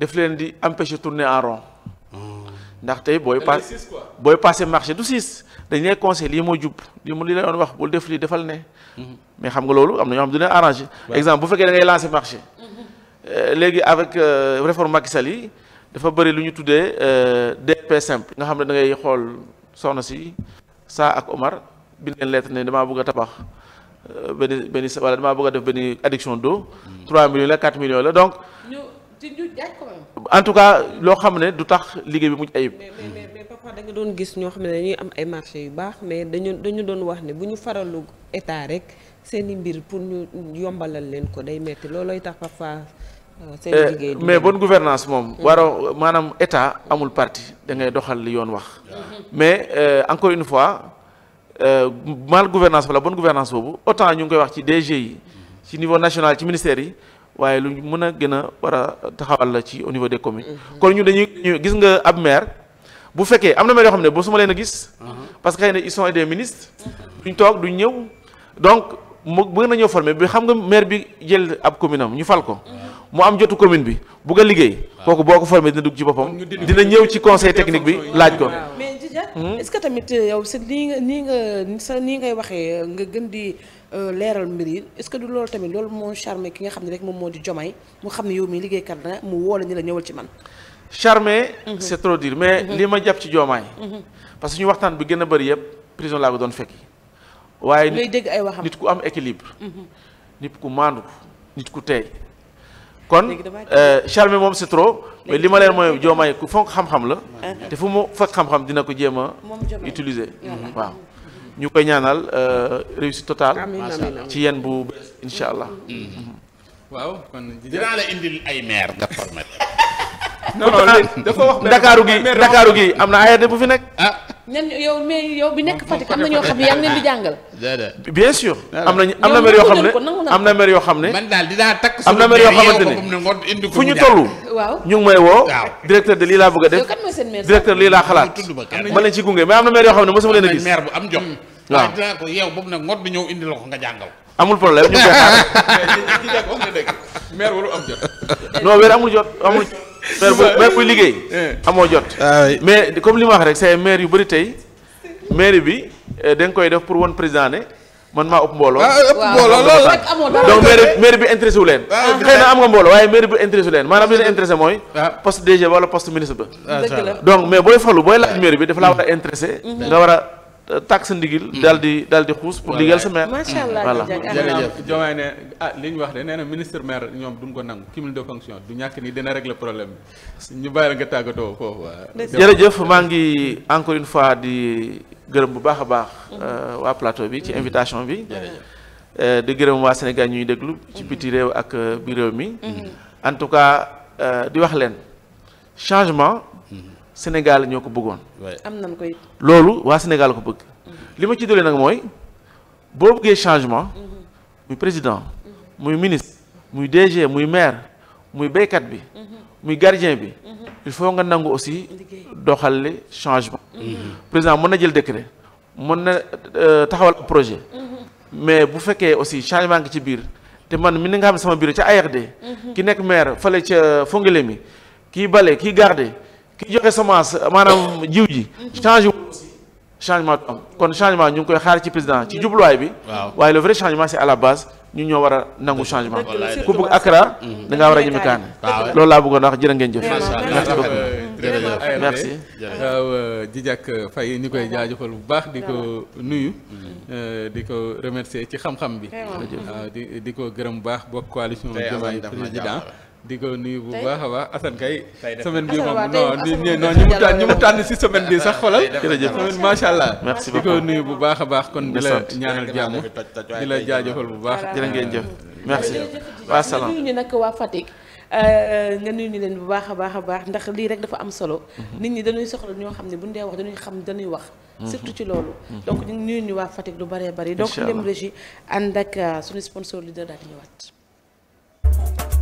def leen di empêcher tourner en rond. ndax tey booy. passe booy passé marché du siis dañ lay conseil lii moo jub lii mu li la wax bul def lii defal ne. mais xam nga loolu am na ñoo xam du leen arrangé. exemple bu fekkee da ngay lancé marché. Euh, léegi avec euh, réforme Macky yi dafa bëri lu ñu tuddee euh, DP simple. nga xam ne da ngay xool soxna si saa ak Omar bind leen lettre ne damaa bëgg a tabax. Euh, benn benn wala damaa bëgg a def benn addiction d'eau. 3 millions la 4 millions la donc. en tout cas loo xam ne du tax liggéey bi mucc ayib. mais da nga doon gis ñoo xam ne dañuy am ay marché yu baax mais dañu dañu doon wax ne bu ñu faralu état rek seen i mbir pour ñu yombalal leen ko day metti loolooy tax parfois. Euh, euh, mais bon gouvernance moom mm-hmm. waroo maanaam état amul parti da ngay doxal li yoon wax mm-hmm. mais encore une fois Euh, mal gouvernance wala bonne gouvernance boobu autant ñu ngi koy wax ci DG yi ci niveau national ci ministère yi waaye lu mën a gën a war a taxawal la ci au niveau des communes mhm. kon ñu dañuy gis nga ab maire bu fekkee am na maire yoo xam ne boo suma leen a gis mhm. parce que xëy na ils sont des ministres duñ toog duñ donc mu bëgg na ñëw former bi xam nga maire bi jël ab commune am ñu fal ko mhm. mu am jotu commune bi bugg a liggéey kooku boo ko formé dina dugg ci boppam dina ñëw ci conseil technique bi laaj ko Dia hmm? est-ce que tamit euh, yow si nii nga nii nga sa nii ngay waxee euh, nga gën di euh, leeral mbir yi est-ce que du loolu tamit loolu moo charmé ki nga xam ne rek moom moo di Diomaye mu xam ne yow mii liggéeykat na mu woo la ni la ñëwal ci man. charmé mhm. c'est trop dur mais mhm. li ma jàpp ci Diomaye. Mhm. parce que ñu waxtaan bi gën a bëri yëpp prison laa ko doon fekki. waaye nit ku am équilibre. nit ku maandu nit ku teey kon euh, charme moom c'est trop mais li ma leen mooy Diomaye ku fonk xam-xam la te fu mu fekk xam-xam dina ko jéem a utiliser waaw ñu koy ñaanal euh, réussite totale ci yeen bu bees insha allah waaw kon dinaa la indil ay maire nga permettre non non dafa wax Ndakaaru gi Ndakaaru gi am na ARD bu fi nekk. ah. nan yow mais am na ñoo xam ne yaa ngi am na am na yoo xam ne am na mer yoo xam ne. na mer yoo ne fu ñu toll. waaw ñu ngi may woo. directeur de lii laa bëgg def. directeur lii laa xalaat. ma leen ci gunge mais am na mer yoo xam ne mosuma leen a gis. Hmm. yow boobu nag ngóor bi ñëw indi nga jàngal amul problème ñu ngi koy xaar. mais ci jàkk wax nga dëgg maire warul am jot. non weer amul jot amul. maire buy liggéey. Eh. amoo jot. Ah mais comme li ma wax rek c'est maire yu bëri tey maire bi eh, da nga koy def pour wan président ne man maa ëpp mbooloo. Ah, donc maire maire bi intéressé wu leen. Ah, xëy na am nga mbooloo waaye maire bi intéressé leen maanaam li leen intéressé mooy. poste DG wala poste ministre ba. donc mais booy falu booy laaj maire bi dafa laa war a intéressé. Mhm. nga war a. takk sa ndigil. Mm-hmm. daal di daal di xuus pour liggéeyal sa maire. macha allah mm-hmm. jërëjëf ne ah li ñu wax de nee ministre maire ñoom duñ ko nangu cumul de fonction du ñàkk ni dina régler problème bi ñu bàyyi la nga tàggatoo foofu. Euh, jërëjëf maa ngi encore une fois di gërëm bu baax a baax. Mm-hmm. Euh, waa plateau bi ci invitation bi. Euh, di gërëm waa Sénégal ñuy déglu. ci biti réew ak bi réew mi. en tout cas di wax leen changement. Sénégal ñoo ko bëggoon. am nañ ko loolu waa Sénégal ko bëgg. Mhm. li ma ci doole nag mooy boo bëggee changement. Mhm. muy président. Mhm. muy ministre. muy DG muy maire. muy béykat bi. muy gardien bi. il faut nga nangu aussi doxale changement. président mën na jël décret. mën na euh, taxawal projet. mais bu fekkee aussi changement ngi ci biir te man mi ni nga xam ne sama biir ca ARD. ki nekk maire fële ca mi kii bale kii garde ki joxe semence maanaam jiw ji changé changement am kon changement ñu ngi koy xaar ci président ci jubluwaay bi waaye le vrai changement c'est à la base ñu ñoo war nangu changement ku bëgg Accra da ngaa war a ñeme kaane loolu laa bëggoon wax jërë ngeen jëf merci beaucoup merci waaw euh, Djidjack Faye ni koy jaajëfal bu baax di ko nuyu euh, di ko remercier ci xam-xam bi di di ko gërëm bu baax bokk coalition Diomaye président di nuyu bu baax a baax Assane kay. semaine bi moom non non ñu mu tànn ñu mu tànn si semaine bi sax xoolal. jërëjëf semaine macha allah. merci beaucoup di nuyu bu baax a baax kon di la ñaanal jàmm di la jaajëfal bu baax. jërë ngeen jëf merci. waa salaam nuyu nag waa Fatick. Euh, nga nuyu ñu leen bu baax a baax a baax ndax lii rek dafa am solo. Mhm. nit ñi dañuy soxla ñoo xam ne bu ñu dee wax dañuy xam dañuy wax. Mhm. surtout ci loolu. Mhm. donc ñu nuyu ñu waa Fatick lu bëree bëri. donc dem régie ànd ak euh, suñu sponsor leader daal di ñëwaat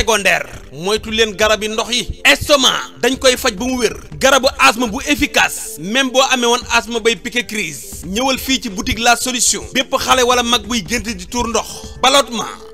secondaire moytu leen garab yi ndox yi estomac dañ koy faj ba mu wér garabu asthme bu efficace même boo amee woon asthme bay piqué crise ñëwal fii ci boutique la solution bépp xale wala mag buy gént di tuur ndox ballottement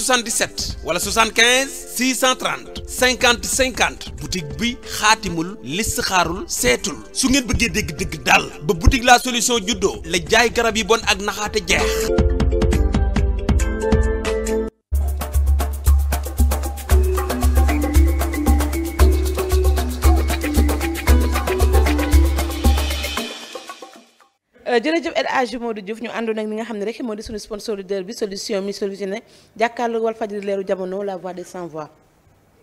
77 wala 75 630 50 50 boutique bi xaatimul listixaarul seetul su ngeen bëggee dégg dëgg daal ba boutique la solution juddoo la jaay garab yi bon ak naxaate jeex jërëjëf El Hadji Modou Diouf ñu àndoon ak ñi nga xam ne rek moo di suñu sponsoritaire bi solution mi solution ne jàkkaarloo Walfadjri leeru jamono la voix des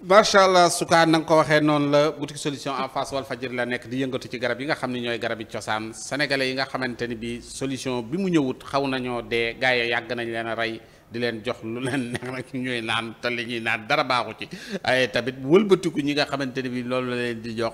macha allah sukaa na nga ko waxee noonu la boutique solution en face Walfadjri la nekk di yëngatu ci garab yi nga xam ne ñooy garab yi cosaan sénégalais yi nga xamante ni bi solution bi mu ñëwut xaw nañoo dee gars yi yàgg nañ leen a rey di leen jox lu leen neex nag ñooy naan te li ñuy naan dara baaxu ci ay tamit wëlbatiku ñi nga xamante ni bi loolu la leen di jox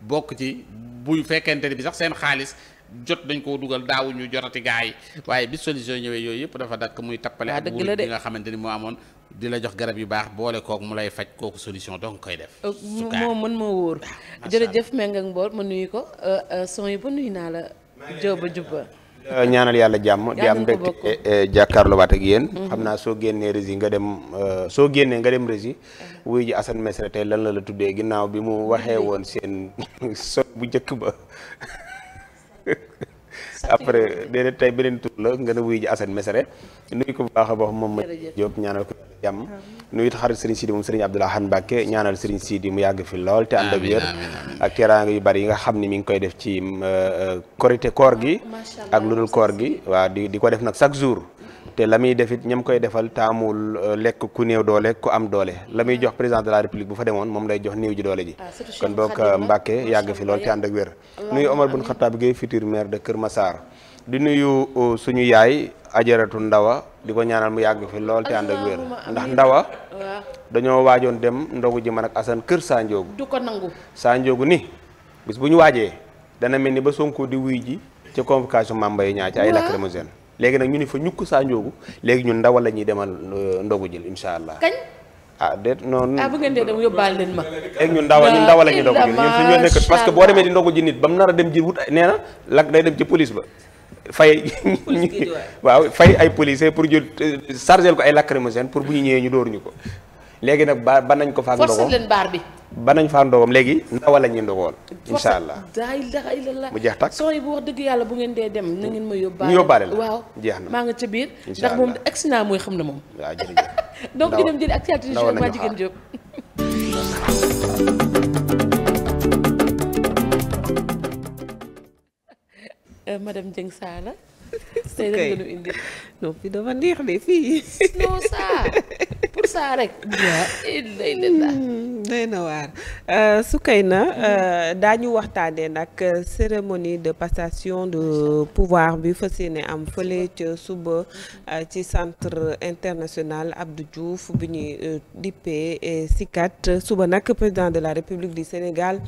bokk ci bu fekkente ni bi sax seen xaalis jot dañ koo dugal daawuñu jorati gars yi waaye bi solution ñëwee yooyu yëpp dafa dakk muy tappale ah, ak wuur bi nga xamante ni moo amoon di la jox garab yu baax boole kook mu lay faj kooku solution donc koy def euh, moo mën ma wóor ah, jërëjëf Mbengue Mbodj ma nuyu ko euh, euh, son yi ba nuyu naa la jooba jubba ñaanal yàlla jàmm di am mbégte eh, eh, jàkkaarloo waat ak yéen mhm. xam naa soo génnee rési nga dem soo génnee nga dem rési mhm. wuy ji Assane Mesre tey lan la la tuddee ginnaaw bi mu waxee woon seen son bu njëkk ba après déedéet tey beneen tur la nga ne wuy ji Assane Mesere nuyu moom ma Diop ñaanal ko jàmm nuyu it xarit Serigne Sidi moom Serigne Abdoulaye Xan Mbàkke ñaanal Serigne Sidi mu yàgg fi lool te ànd ak wér ak teraanga yu bari yi nga xam ne mi ngi koy def ci euh, euh, korité koor gi ak lu dul koor gi waaw di di ko def nag chaque jour te la muy def it ñam koy defal taamul euh, lekk ku néew doole ku am doole la muy jox président de la république bu fa demoon moom lay jox néew ji doole ji ah, kon boog euh, Mbàkke yàgg fi lool te ànd ak wér nuyu Omar Bun Xataab Gueye de Kër Massar di nuyu euh, suñu yaay ajaratu ndawa di ko ñaanal mu yàgg fi lool te ànd ak wér ndax ndawa dañoo waajoon dem ndogu ji man ak Assane kër Saa Njoogu du ko nangu Saa Njoogu ni bis bu ñu waajee dana mel ni ba Sonko di wuy ji ci convocation Mame Mbaye Niang ci ay lacrymogène léegi nag ñu ni fa ñukk saa njoogu léegi ñun ndawal la ñuy demal euh, ndogu jël incha allah. kañ ah déet noonu. ah bu ngeen dee dem yóbbaale leen ma. léegi ñun ndawal ñun ndawal la ñuy ndogu jël ñun fi ñoo parce que boo demee di ndogu ji nit ba mu nar a dem ji wut nee na lak day dem ci police ba. fay waaw fay ay policier pour jël euh, chargé ko ay lacrymogène pour bu ñu ñëwee ñu dóor ñu ko léegi nag ba ba nañ ko faak ndogu force leen baar bi ba nañ faa ndogoom léegi ndawa la ñuy ndogoon incha allah daay laxay la la mu jeex takk sooy bu wax dëgg yàlla bu ngeen dee dem na ngeen ma yóbbaale la waaw jeex na maa nga ca biir ndax moom agsi mooy xam na moom waaw jërëjëf donc ñu dem jëli ak théâtre du jour maa jigéen Diop euh, madame Dieng Sala tey dañu indi non fi dafa neex de fii ça rek. Mm, na waar euh, euh, daañu waxtaanee nag euh, cérémonie de passation de pouvoir bi fa yéene am fële ca suba ci centre international Abdou Diouf bi ñuy dippee SICAD suba nag président de la République du Sénégal.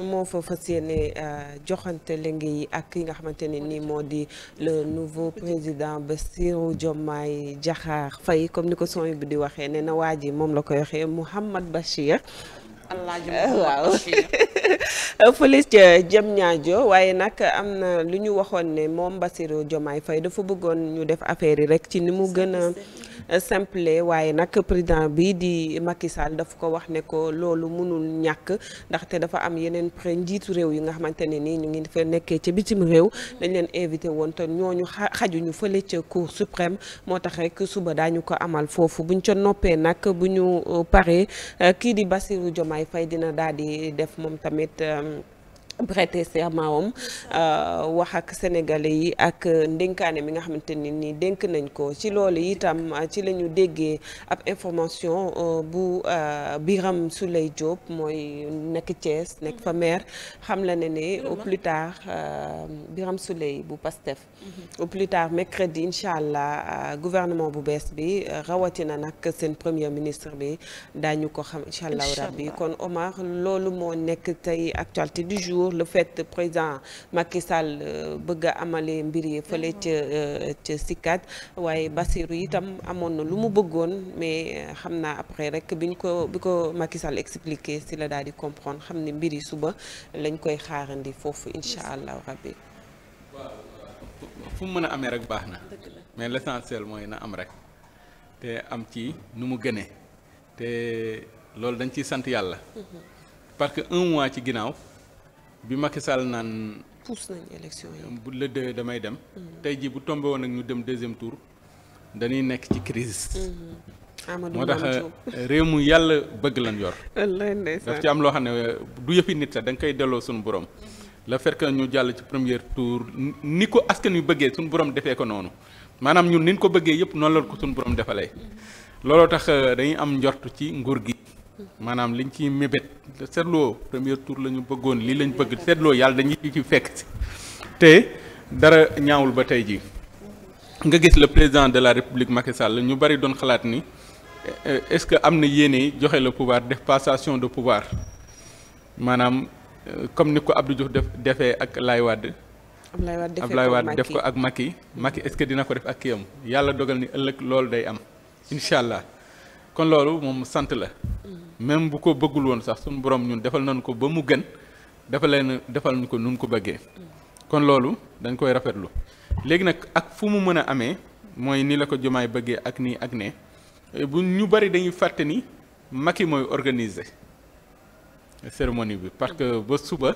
moo fa fas yéene euh, joxante lenge yi ak ki nga xamante ne nii moo di le nouveau président Bassirou Diomaye Diakhar Faye comme ni ko son bu di waxee nee na waa ji moom la koy waxee Mouhamad Bachir. waaw fële ca jëm ñaajo waaye nag am na lu ñu waxoon ne moom Bassirou Diomaye fay dafa bëggoon ñu def affaire yi rek ci ni mu gën a simple waaye nag président bii di Macky Sall daf ko wax ne ko loolu mënul ñàkk ndaxte dafa am yeneen pré njiitu réew yi nga xamante ne nii ñu ngi fa nekkee ci bitim réew dañ leen invité woon te ñooñu xajuñu fële ca cour suprême moo tax rek suba daañu ko amal foofu buñ ca noppee nag bu ñu euh, paree euh, kii di Bassirou Diomaye Faye dina daal di def moom tamit. Euh, prêter serment am euh, wax ak sénégalais yi ak euh, ndénkaane mi nga xamante ne ni dénk nañ ko ci loolu itam euh, ci la ñu déggee ab information bu biram Souleye Diop mooy nekk Thiès nekk fa maire xam la ne ne au plus tard Birame Souleye bu PASTEF au plus tard mercredi incha allah gouvernement bu bees bi rawatina nag seen premier ministre bi daañu ko xam incha allahu rabbi kon Omar loolu moo nekk tey actualité du jour toujours le fait président Macky Sall euh, bëgg a amale mbir yi fële ca euh, ca sikkat waaye Bassirou yitam amoon na lu mu bëggoon mais euh, xam naa après rek biñ ko bi ko Macky Sall expliqué si la daal di comprendre xam ni mbir yi suba lañ koy xaarandi foofu incha allah rabbi fu mu mën a amee rek baax na mais l'essentiel mooy na am rek te am ci nu mu gënee te loolu dañ ciy sant yàlla mm-hmm. parce que un mois ci ginnaaw bi Macky Sall naan. pousse nañ bu la deux damay dem. Mm. tey jii bu tombé woon ak ñu dem deuxième tour dañuy nekk ci crise mm-hmm. moo tax euh, réew mu yàlla bëgg lan yor. daf ci am loo xam ne euh, du yëfi nit sax da koy delloo suñu borom. Mm-hmm. la fekk que jàll ci première tour ni ko askan yu bëggee suñu borom defee ko noonu maanaam ñun ni ko bëggee yëpp noonu la ko suñu borom defalee mm-hmm. looloo tax euh, dañuy am njort ci nguur gi. maanaam liñ ciy mébét seetloo premier tour la ñu bëggoon lii lañ bëgg seetloo yàlla dañu ci fekk si te dara ñaawul ba tey ji nga gis la président de la république Macky Sall ñu bari doon xalaat ni eh, est-ce que am na yéene joxe la pouvoir def passation de pouvoir maanaam euh, comme ni ko Abdou Diouf def defee ak Laye Wade. Ablaye Wade def ko ak Macky Macky est-ce que dina ko def ak kii am yàlla dogal ni ëllëg loolu day am incha allah. kon loolu moom sant la même bu ko bëggul woon sax suñu borom ñun defal nañ ko ba mu gën defal leen defal ko nu ko bëggee kon loolu dañ koy rafetlu léegi nag ak fu mu mën a amee mooy ni la ko Diomaye bëggee ak nii ak ne bu ñu bari dañuy fàtte ni Macky mooy organiser cérémonie bi parce que ba suba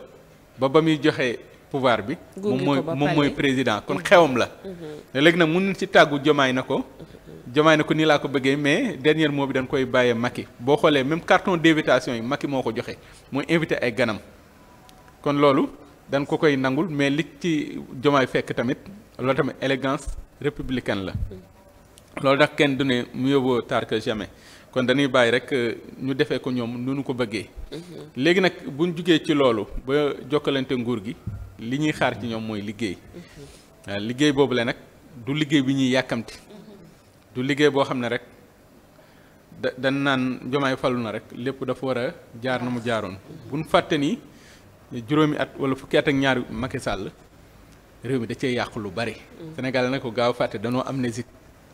ba ba muy joxe pouvoir bi moom mooy moom président kon mm-hmm. xewam la mm-hmm. léegi nag mun ci tàggu Diomaye na ko mm-hmm. Diomaye ne ko nii laa ko bëggee mais dernier mot bi dañ koy bàyyee Macky boo xoolee même carton d'invitation yi Macky moo ko joxe mooy invité ay ganam kon loolu dañ ko koy nangul mais li ci Diomaye fekk tamit loolu tamit élégance républicaine la loolu nag kenn du ne mieux vaut tard jamais kon dañuy bàyyi rek euh, ñu defee ko ñoom nu ñu ko bëggee. Mhm. léegi nag bu ñu jugee ci loolu ba jokkalante nguur gi li ñuy xaar ci ñoom mooy liggéey. Mhm. Euh, liggéey boobu la nag du liggéey bi ñuy yàkkamti. lu liggéey boo xam ne rek da dañ naan jomaay falu na rek lépp dafa war a jaar na mu jaaroon bu ñu fàtte ni juróomi at wala fukki at ak ñaari Macky Sall réew mi da cee yàq lu bari. Mm. Sénégal na ko gaaw fàtte danoo amnésie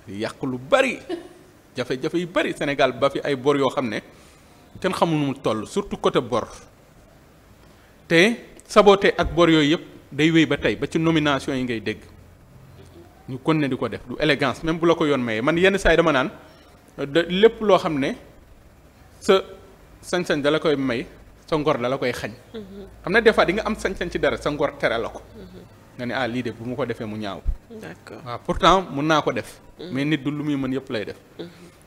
yàq lu bari jafe-jafe yu Sénégal ba fi ay bor yoo xam ne kenn xamul nu mu toll surtout côté bor te saboté ak bor yooyu yëpp day wéy ba tey ba ci nomination yi ngay dégg. ñu kon ne di ko def du élégance même bu la ko yoon mayee man yenn saa yi dama naan lépp loo xam ne sa sañ-sañ dala koy may sa ngor dala koy xañ. Mm-hmm. xam ne defaat fois di nga am sañ-sañ ci dara sa ngor tere la ko. Mm-hmm. nga ne ah lii de bu mu ko defee mu ñaaw. d'accord waaw pourtant mun naa ko def. Mm-hmm. mais nit du lu muy mën yëpp lay def.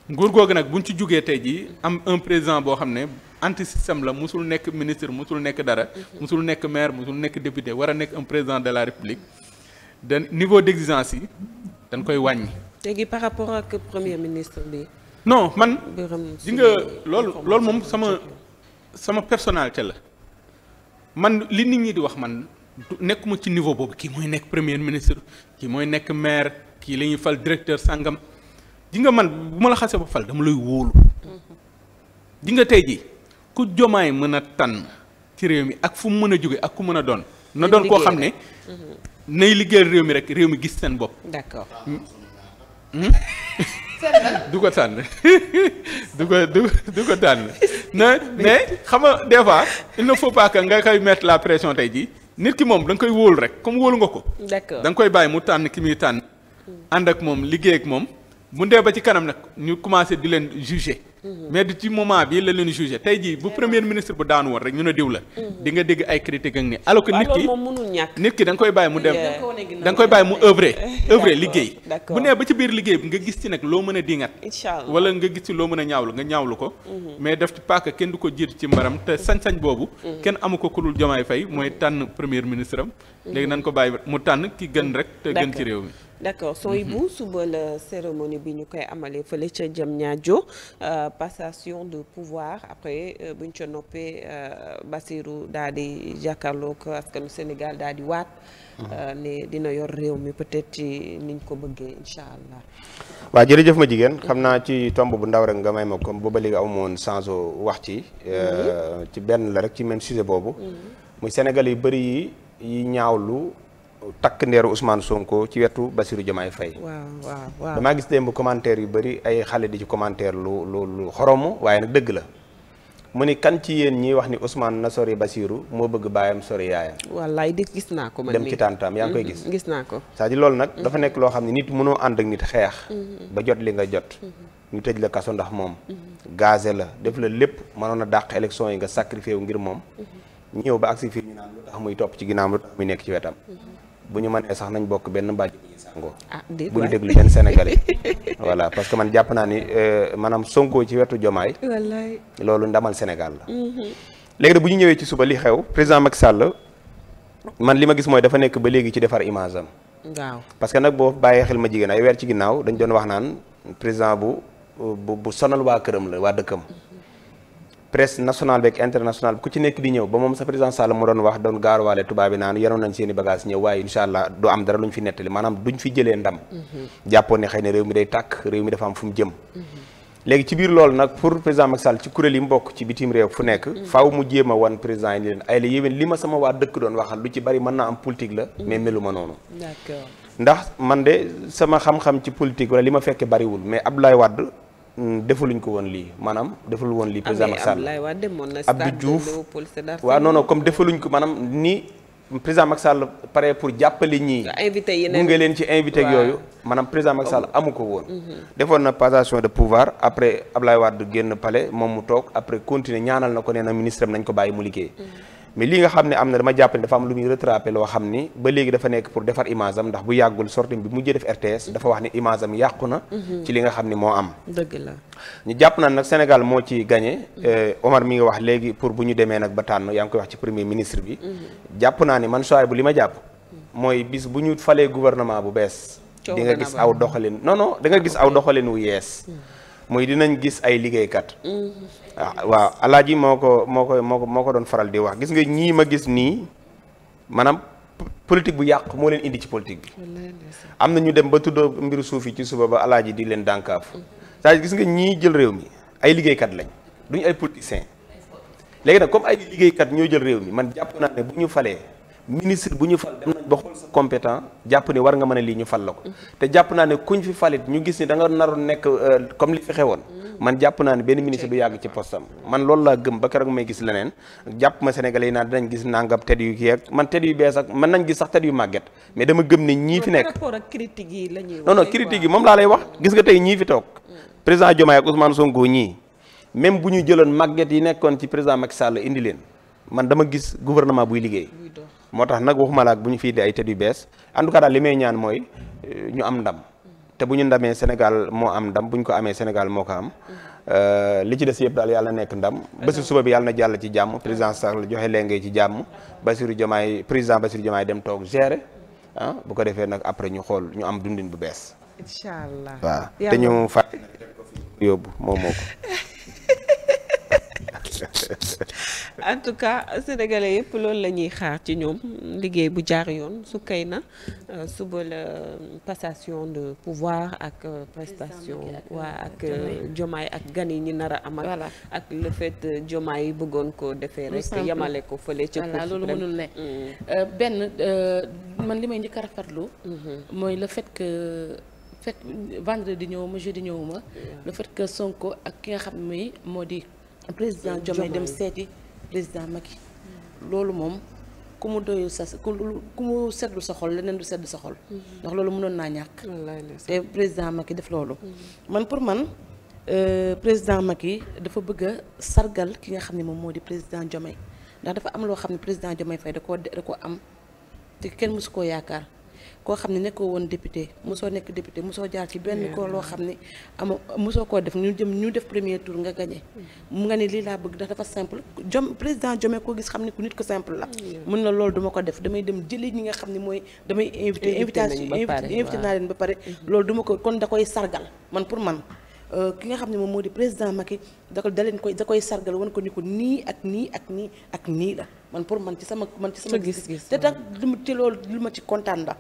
nguur googu nag buñ ci jugee tey jii am un président boo xam ne anti système la musul nekk ministre musul nekk dara. musul nekk maire musul nekk député war a un président de la république. da niveau d'exigence yi dañ koy wàññi. léegi par rapport ak premier ministre bi. non man ji nga loolu loolu moom sama sama personnalité la man li nit ñi di wax man nekkuma ci niveau boobu kii mooy nekk premier ministre kii mooy nekk maire kii lañuy fal directeur sàngam ji nga man bu ma la xasee ba fal dama lay wóolu. ji nga tey ji ku jomaay mën a tànn ci réew mi ak fu mu mën a jóge ak ku mën a doon. na doon koo xam ne. Mm-hmm. nay liggéeyal réew mi rek réew mi gis seen bopp. d'accord. Mm-hmm. du ko tànn du ko du du ko tànn na mais xam nga des fois il ne faut pas que nga koy mettre la pression tey jii nit ki moom danga koy wóolu rek comme wóolu nga ko. d'accord da koy bàyyi mu tànn ki muy tànn. Mm. ànd ak moom liggéey ak moom mu ndee ba ci kanam nag ñu commencé di leen juger. Mhm. mais du ci moment bi la leen jugé tey ji bu premier ministre bu daan woon rek ñu ne diw la. Mhm. di nga dégg ay critique ak ni alors que nit ki nit ki da koy bàyyi mu dem da nga koy bàyyi mu œuvrer œuvrer liggéey. bu nee ba ci biir liggéey bi nga gis ci nag loo mën a dingat. wala nga gis ci loo mën a ñaawlu nga ñaawlu ko. Mhm. mais def ci paaka kenn du ko jiir ci mbaram te sañ-sañ boobu. kenn amu ko ku dul Diomaye Faye mooy tànn premier ministre am. léegi nañ ko bàyyi mu tànn ki gën rek te gën ci réew mi. d'accord sooy mhm. bu suba la cérémonie bi ñu koy amalee fële ca Diamniadio euh, passation de pouvoir après euh, buñ ca noppee euh, bassiru daal di jàkkaarloog askanu Sénégal daal di waat. Mhm. ne dina yor réew mi peut-être ci niñ ko bëggee incha allah. waaw jërëjëf ma jigéen xam naa ci tomb bu ndaw rek nga may ma comme booba léegi amoon sans wax ci. Mhm. ci benn la rek ci même sujet boobu. muy Sénégal yu bëri yi ñaawlu. takk ndeeru Ousmane Sonko ci wetu Bassirou Diomaye Faye. waaw waaw waaw damaa gis démb commentaire yu bëri ay xale di ci commentaire lu lu lu xoromu waaye nag dëgg la mu ni kan ci yéen ñiy wax ni Ousmane na sori Bassirou moo bëgg baayam sori yaayam. wallaay gis naa ko man dem ci tàntaam yaa ngi koy mm-hmm, gis. gis naa ko cest loolu nag. dafa mm-hmm. nekk loo xam ne nit mënoo ànd ak nit xeex. Mm-hmm. ba jot li nga jot. ñu tëj la kaso ndax moom. gazé la def la lépp mënoon a dàq élection yi nga sacrifié wu ngir moom. ñëw ba agsi fii ñu naan muy topp ci ginnaam lu nekk ci wetam bu ñu mënee sax nañ bokk benn mbàjj bu ñuy ah, bu ñu déglu benn sénégalais voilà parce que man jàpp naa ni euh, maanaam Sonko ci wetu jomaay loolu ndamal Sénégal la mm-hmm. léegi nag bu ñu ñëwee ci suba li xew président Macky Sall man li ma gis mooy dafa nekk ba léegi ci defar image am waaw parce que nag boo bàyyee xel ma jigéen ay weer ci ginnaaw dañ doon wax naan président bu euh, bu bu sonal waa këram la waa dëkkam presse nationale beeg internationale ku ci nekk di ñëw ba moom sa président Sall mu doon wax doon gaaruwaale tubaab naan yoroon nañ seen i bagage ñëw waaye incha allah du am dara luñ fi nettali maanaam duñ fi jëlee ndam mhm. jàppoon ne xëy ne réew mi day tàkk réew mi dafa am fu mu jëm mhm. léegi ci biir loolu nag pour président Macky Sall ci kuréel yi mu bokk ci bitim réew fu nekk mhm. faaw mu jéem a wan président yi leen ay la yéwén li ma sama waa dëkk doon waxal lu ci la mais Hmm, defaluñ ko woon lii maanaam defalul woon lii président Macky Sall Abdou Diouf waa non comme defaluñ ko maanaam ni président Macky Sall pare pour jàppale ñii gunge leen ci invité yooyu maanaam président Macky Sall amu ko woon mhm. defoon na passation de pouvoir après Abdoulaye Wade génn pale moom mu toog après continuer ñaanal na ko nee na ministre am nañ ko bàyyi mu liggéey mhm. mais li nga xam ne am na dama jàpp ne dafa am lu muy rattrapé loo xam ni ba léegi dafa nekk pour defar image ndax bu yàggul sortim bi mujjee def RTS dafa wax ni image yàqu na mhm. ci li nga xam ne moo am dëgg la ñu jàpp naan nag Sénégal moo ci gagné euh, Omar mi ngi wax léegi pour bu ñu demee nag ba tànn yaa ngi koy wax ci premier ministre bi mhm. jàpp naa ne man soaay bu li ma jàpp mhm. mooy bis bu ñu falee gouvernement bu bees li nga gis aw doxalin non non da nga gis aw doxalin wu yees muy dinañ gis ay liggéeykat Ah, waaw alaaji moo ko moo ko moo ko moo ko doon faral di wax gis nga ñii ma gis nii maanaam politique bu yàq moo leen indi ci politique bi am na ñu dem ba tuddoo mbiru suuf yi ci suba ba alaaji di leen dànkaaf saa gis nga ñii jël réew mi ay liggéeykat lañ duñu ay politiciens léegi nag comme ay liggéeykat ñoo jël réew mi man jàpp naa ne bu ñu falee ministre bu ñu fal dem nañ ba xool sa compétent jàpp ni war nga mën a lii ñu fal la ko mm-hmm. te jàpp naa ne kuñ falit ñu gis ni da nga naroon nekk euh, comme li fi xewoon mm-hmm. man jàpp naa ne benn ministre du yàgg ci postam man loolu laa gëm ba keroog may gis leneen jàpp ma sénégalais yi naa dinañ gis nangam ted yu kii ak man ted yu bees ak mën nañ gis sax ted yu màgget mais dama gëm ne ñii fi nekk non non critique yi moom laa wax gis nga tey ñii fi toog mm. président Diomaye ak Ousmane ñii même bu ñu jëloon màgget yi nekkoon ci président Macky Sall indi leen man dama gis gouvernement buy liggéey moo tax nag waxuma la ak bu ñu fii di ay ted yu bees en tout cas daal li may ñaan mooy euh, ñu am ndam te bu ñu ndamee Sénégal moo am ndam bu ñu ko amee Sénégal moo ko am euh, li ci des yëpp daal yàlla nekk ndam bésu suba bi yàlla na jàll ci jàmm président Sall joxe lenge ci jàmm Bassirou Diomaye président Bassirou Diomaye dem toog gérer ah bu ko defee nag après ñu xool ñu am dundin bu bees. incha allah waaw te ñu fàtte yóbbu moom moo ko. en tout cas sénégalais yëpp loolu la ñuy xaar ci ñoom liggéey bu jaar yoon su kay na euh, suba la euh, passation de pouvoir ak euh, prestation waa ak jomaay ak gan yi ñu nar a amal ak le fait jomaay yi bëggoon ko defee rek yamale ko fële ca voilà loolu mënul ne mm. benn man li may njëkk a rafetlu mm-hmm. mooy le fait que fait vendredi ñëwuma jeudi ñëwuma le fait que Sonko ak ki nga xam ni moo di président Diomaye dem seeti président Macky loolu moom ku mu doy sa ku mu seddu sa xol leneen du sedd sa xol ndax loolu mënoon naa ñàkk te président Macky def loolu mhm. man pour man euh, président yi dafa bëgg a sargal ki nga xam ne moom moo di président Diomaye ndax dafa am loo xam ne président jomay Faye da koo da koo am te kenn mësu koo yaakaar koo xam ne nekkoo woon député mosoo nekk député mosoo jaar ci benn ko loo xam ne ama mosoo koo def ñu jëm ñu def premier tour nga gagné mm. mu nga ne lii laa bëgg ndax dafa simple jom président Diomaye ko gis xam ne ku nit ko simple la mun na loolu duma ko damay dem jëli ñi nga xam ne mooy damay invité invitation invité naa leen ba pare mm-hmm. loolu duma ko kon da koy sargal man pour man euh, ki nga xam ne moom moo di président Macky da ko da leen koy da koy sargal wan ko nii ak nii ak nii ak nii la man pour man ci sama man ci sama gis-gis te tax lu ma ci loolu lu ma ci kontaan la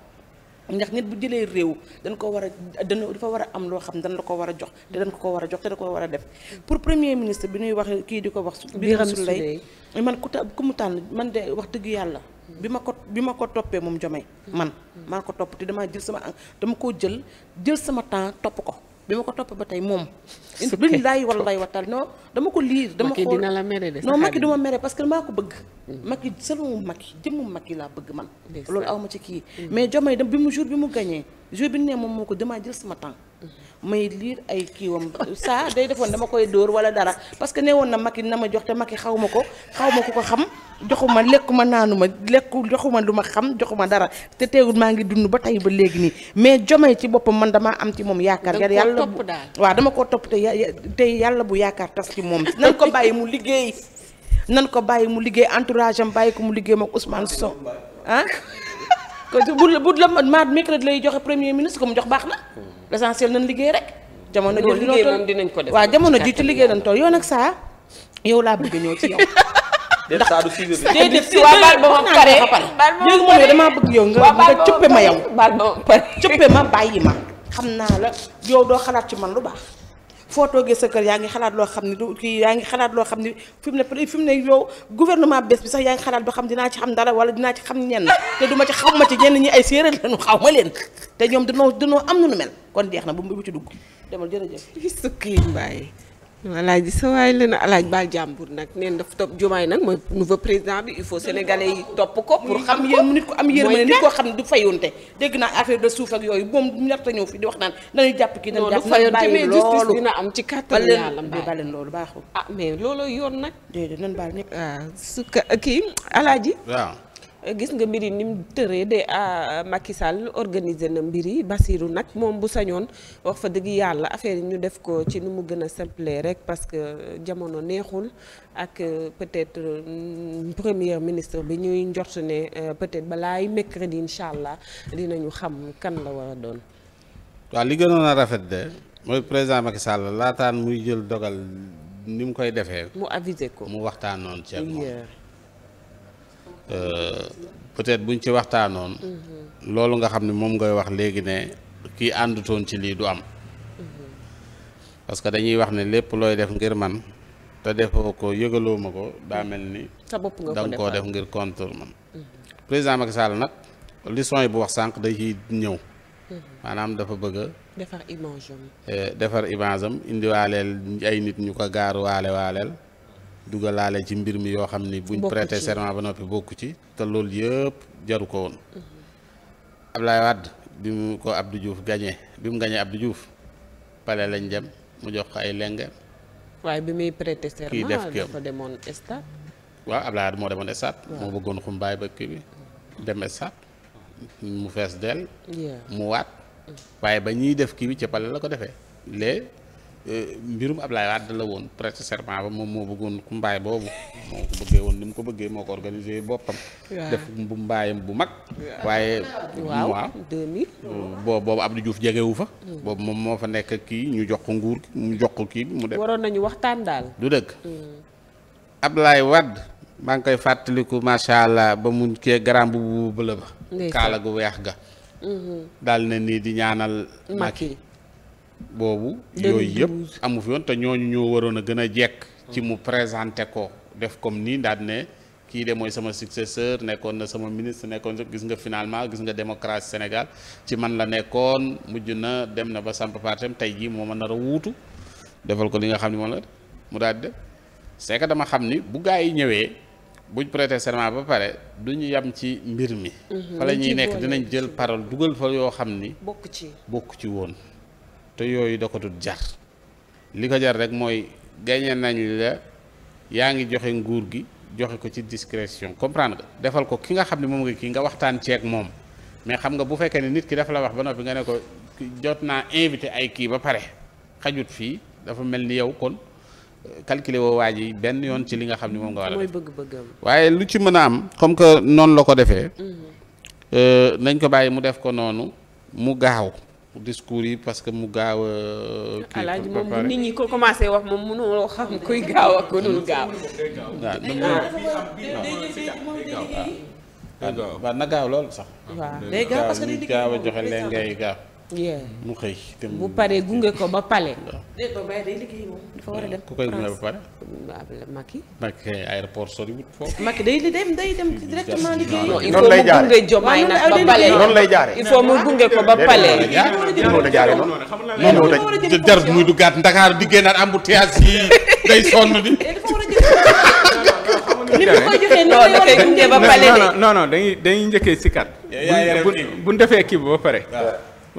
ndax nit bu jëlee réew dañ ko war a dafa war a am loo xam ne dañ la ko war a jox te dañ ko ko war a jox te da ko war a def pour premier ministre bi ñuy wax kii di ko wax bi Birame Souleye man ku ta ku mu tànn man de wax dëgg yàlla bi ma ko bi ma ko toppee moom Diomaye man maa ko topp te damaa jël sama dama koo jël jël sama temps topp ko bi ma ko topp ba tey moom. billaay wallaay watal non dama ko liir. dama xool Macky dina la mere de. non Macky du mere parce que maa ko bëgg. Macky selon Macky jëmmu Macky laa bëgg man. loolu aw ma ci kii. Mm. mais Diomaye dem bi mu jour bi mu gagné jour bi ne moom moo ko damaa jël sama temps. Mm. may liir ay kiiwam saa day defoon dama koy dóor wala dara parce que ne woon na Macky na ma jox te Macky xaw ma ko xaw ma ko ko xam. joxuma lekkuma naanuma lekku joxuma lu ma xam joxuma dara te teewul maa ngi dund ba tey ba léegi nii mais jomay ci boppam man dama am ci moom yaakaar yàlla yàlla bu waaw dama ko topp te te yàlla bu yaakaar tas ci moom nan ko bàyyi mu liggéey nan ko bàyyi mu liggéey entourage am bàyyi ko mu liggéey moom Ousmane Sonko ah bu bu la ma mercredi lay joxe premier ministre ko mu jox baax na l'essentiel nan liggéey rek jamono ji dinañ ko def waa jamono ji ci liggéey dañ toll yow nag saa yow laa bëgg ñëw ndax déedéet si waaw baal ba ma pare léegi bëgg yow nga nga cëppe ma yow baal ba ma pare cëppe ma bàyyi ma xam naa la yow doo xalaat ci man lu baax foo toogee sa kër yaa ngi xalaat loo xam ne du kii yaa ngi xalaat loo xam ne fi mu ne fi mu ne yow gouvernement bés bi sax yaa ngi xalaat doo xam dinaa ci xam dara wala dinaa ci xam ñenn te duma ci xaw ma ci ñenn ñi ay séeréer lañu xaw ma leen te ñoom danoo danoo am nu nu mel kon deex na bu mu ci dugg demal jërëjëf a yi mbaay alaaji sa waay la na alaaj baal jàmbur nag neen dafa topp jumaay nag mooy nouveau président bi il faut sénégalais yi topp ko pour xam yéen nit ko am yërmande nit koo xam ne du fayonte dégg naa affaire de suuf ak yooyu moom du ñarta ñëw fi di wax naan dañuy jàpp kii dañu jàpp fayonte mais justice dina am ci kàttan yàlla ba leen loolu baaxul ah mais looloo yoon nag déedéet nan baal ñëpp ah, waaw su kii gis nga mbir yi ni mu tëree de ah, Macky Sall organiser na mbir yi basiiru nag moom bu sañoon wax fa dëgg yàlla affaire yi ñu def ko ci nu mu gën a simple rek parce que jamono neexul ak euh, peut-être euh, premier ministre bi ñuy njort ne euh, peut-être balaay mercredi incha allah ñu xam kan la war a doon. waaw li gënoon a rafet de mooy président Macky Sall laataan muy jël dogal ni mu koy defee. mu avisé ko mu waxtaan ci ak moom. Euh, peut-être buñ ci waxtaanoon. loolu nga xam ne moom ngay wax léegi ne kii àndutoon ci lii du am. parce que dañuy wax ne lépp looy def ngir man te defoo ko yëgaloo ma ko daa mel ni. sa bopp ko koo def ngir contre man. Mm-hmm. président Macky Sall nag li sooy bu wax sànq day ciy ñëw. Mm-hmm. maanaam dafa bëgg a. defar image am. Eh, defar image am indiwaaleel ay nit ñu ko gaaruwaale waaleel. dugalaale ci mbir mi yoo xam ni buñ prêter serment ba noppi bokku ci te loolu yëpp jaru ko woon Ablaye Wade bi mu ko du Diouf gañee bi mu gañee du juuf pale lañ dem mu jox ko ay lenge waaye bi muy prêter serment kii def kii dafa demoon stade waaw Ablaye Wade moo demoon stade moo bëggoon xumbaay ba kii bi dem stade mu fees dell mu waat mm. waaye ba ñuy def kii bi ca pale la ko defee lee mbirum Ablaye Wade la woon prêter serment ba moom moo bëggoon ku mbaay boobu moo ko bëggee woon ni mu ko bëggee moo ko organisé boppam. def bu mbaayam bu mag. waaye. waaw 2000 boobu boobu Abdou Diouf jegewu fa. boobu moom moo fa nekk kii ñu jox ko nguur mu jox ko kii mu def. waroon nañu waxtaan daal. du dëkk hmm. Ablaye Wade maa ngi koy fàttaliku macha allah ba mu kii garam bu bu bëla ba. gu weex ga. Hmm. daal na nii di ñaanal. Macky boobu yooyu yëpp amu fi woon te ñooñu ñoo waroon a gën a jekk ci mu présenté ko def comme nii daal ne kii de mooy sama successeur nekkoon na sama ministre nekkoon gis nga finalement gis nga démocratie Sénégal ci man la nekkoon mujj na dem na ba samp partem tey jii moo ma nara a wuutu defal ko li nga xam ne moom la mu daal di def c'est que dama xam ni bu gaa yi ñëwee buñ prêter serment ba pare du ñu yam ci mbir mi mhm. fa la ñuy nekk dinañ jël parole dugal fa yoo xam ni bokk ci bokk ci woon te yooyu da ko tut jar li ko jar rek mooy gañe nañ la yaa ngi joxe nguur gi joxe ko ci discrétion comprendre defal ko ki nga xam ne moom nga kii nga waxtaan ceeg moom mais xam nga bu fekkee ne nit ki dafa la wax ba noppi nga ne ko jot naa invité ay kii ba pare xajut fii dafa mel ni yow kon euh, calculer woo waa ji benn yoon ci li nga xam ne moom nga war a def waaye lu ci mën a am comme que noonu la ko defee mm-hmm. euh, nañ ko bàyyi mu def ko noonu mu gaaw discours yi parce que mu gaaw a. Euh, kii moom bu nit ñi ko commencé wax moom mënuloo xam kuy gaaw ak ku dul gaaw. waaw na gaaw lool sax. waaw day gaaw parce que day gaaw a joxe leen ngay gaaw. mu xëy bu paree gunge ko ba pale. dégg nga Baye a dem. ku koy gunge ba pare. waaw Macky. Macky aéroport soriwut pale. noonu lay jaaree il faut mu gunge ko ba pale. noonu la jaaree noonu. noonu la jaaree jarut muy duggaat Ndakaar di génnaat embouteillage yi day sonn di. ni mu koy joxee noonu la koy gunge ba pale de. non non dañuy dañuy njëkkee si bu bu defee kii ba pare.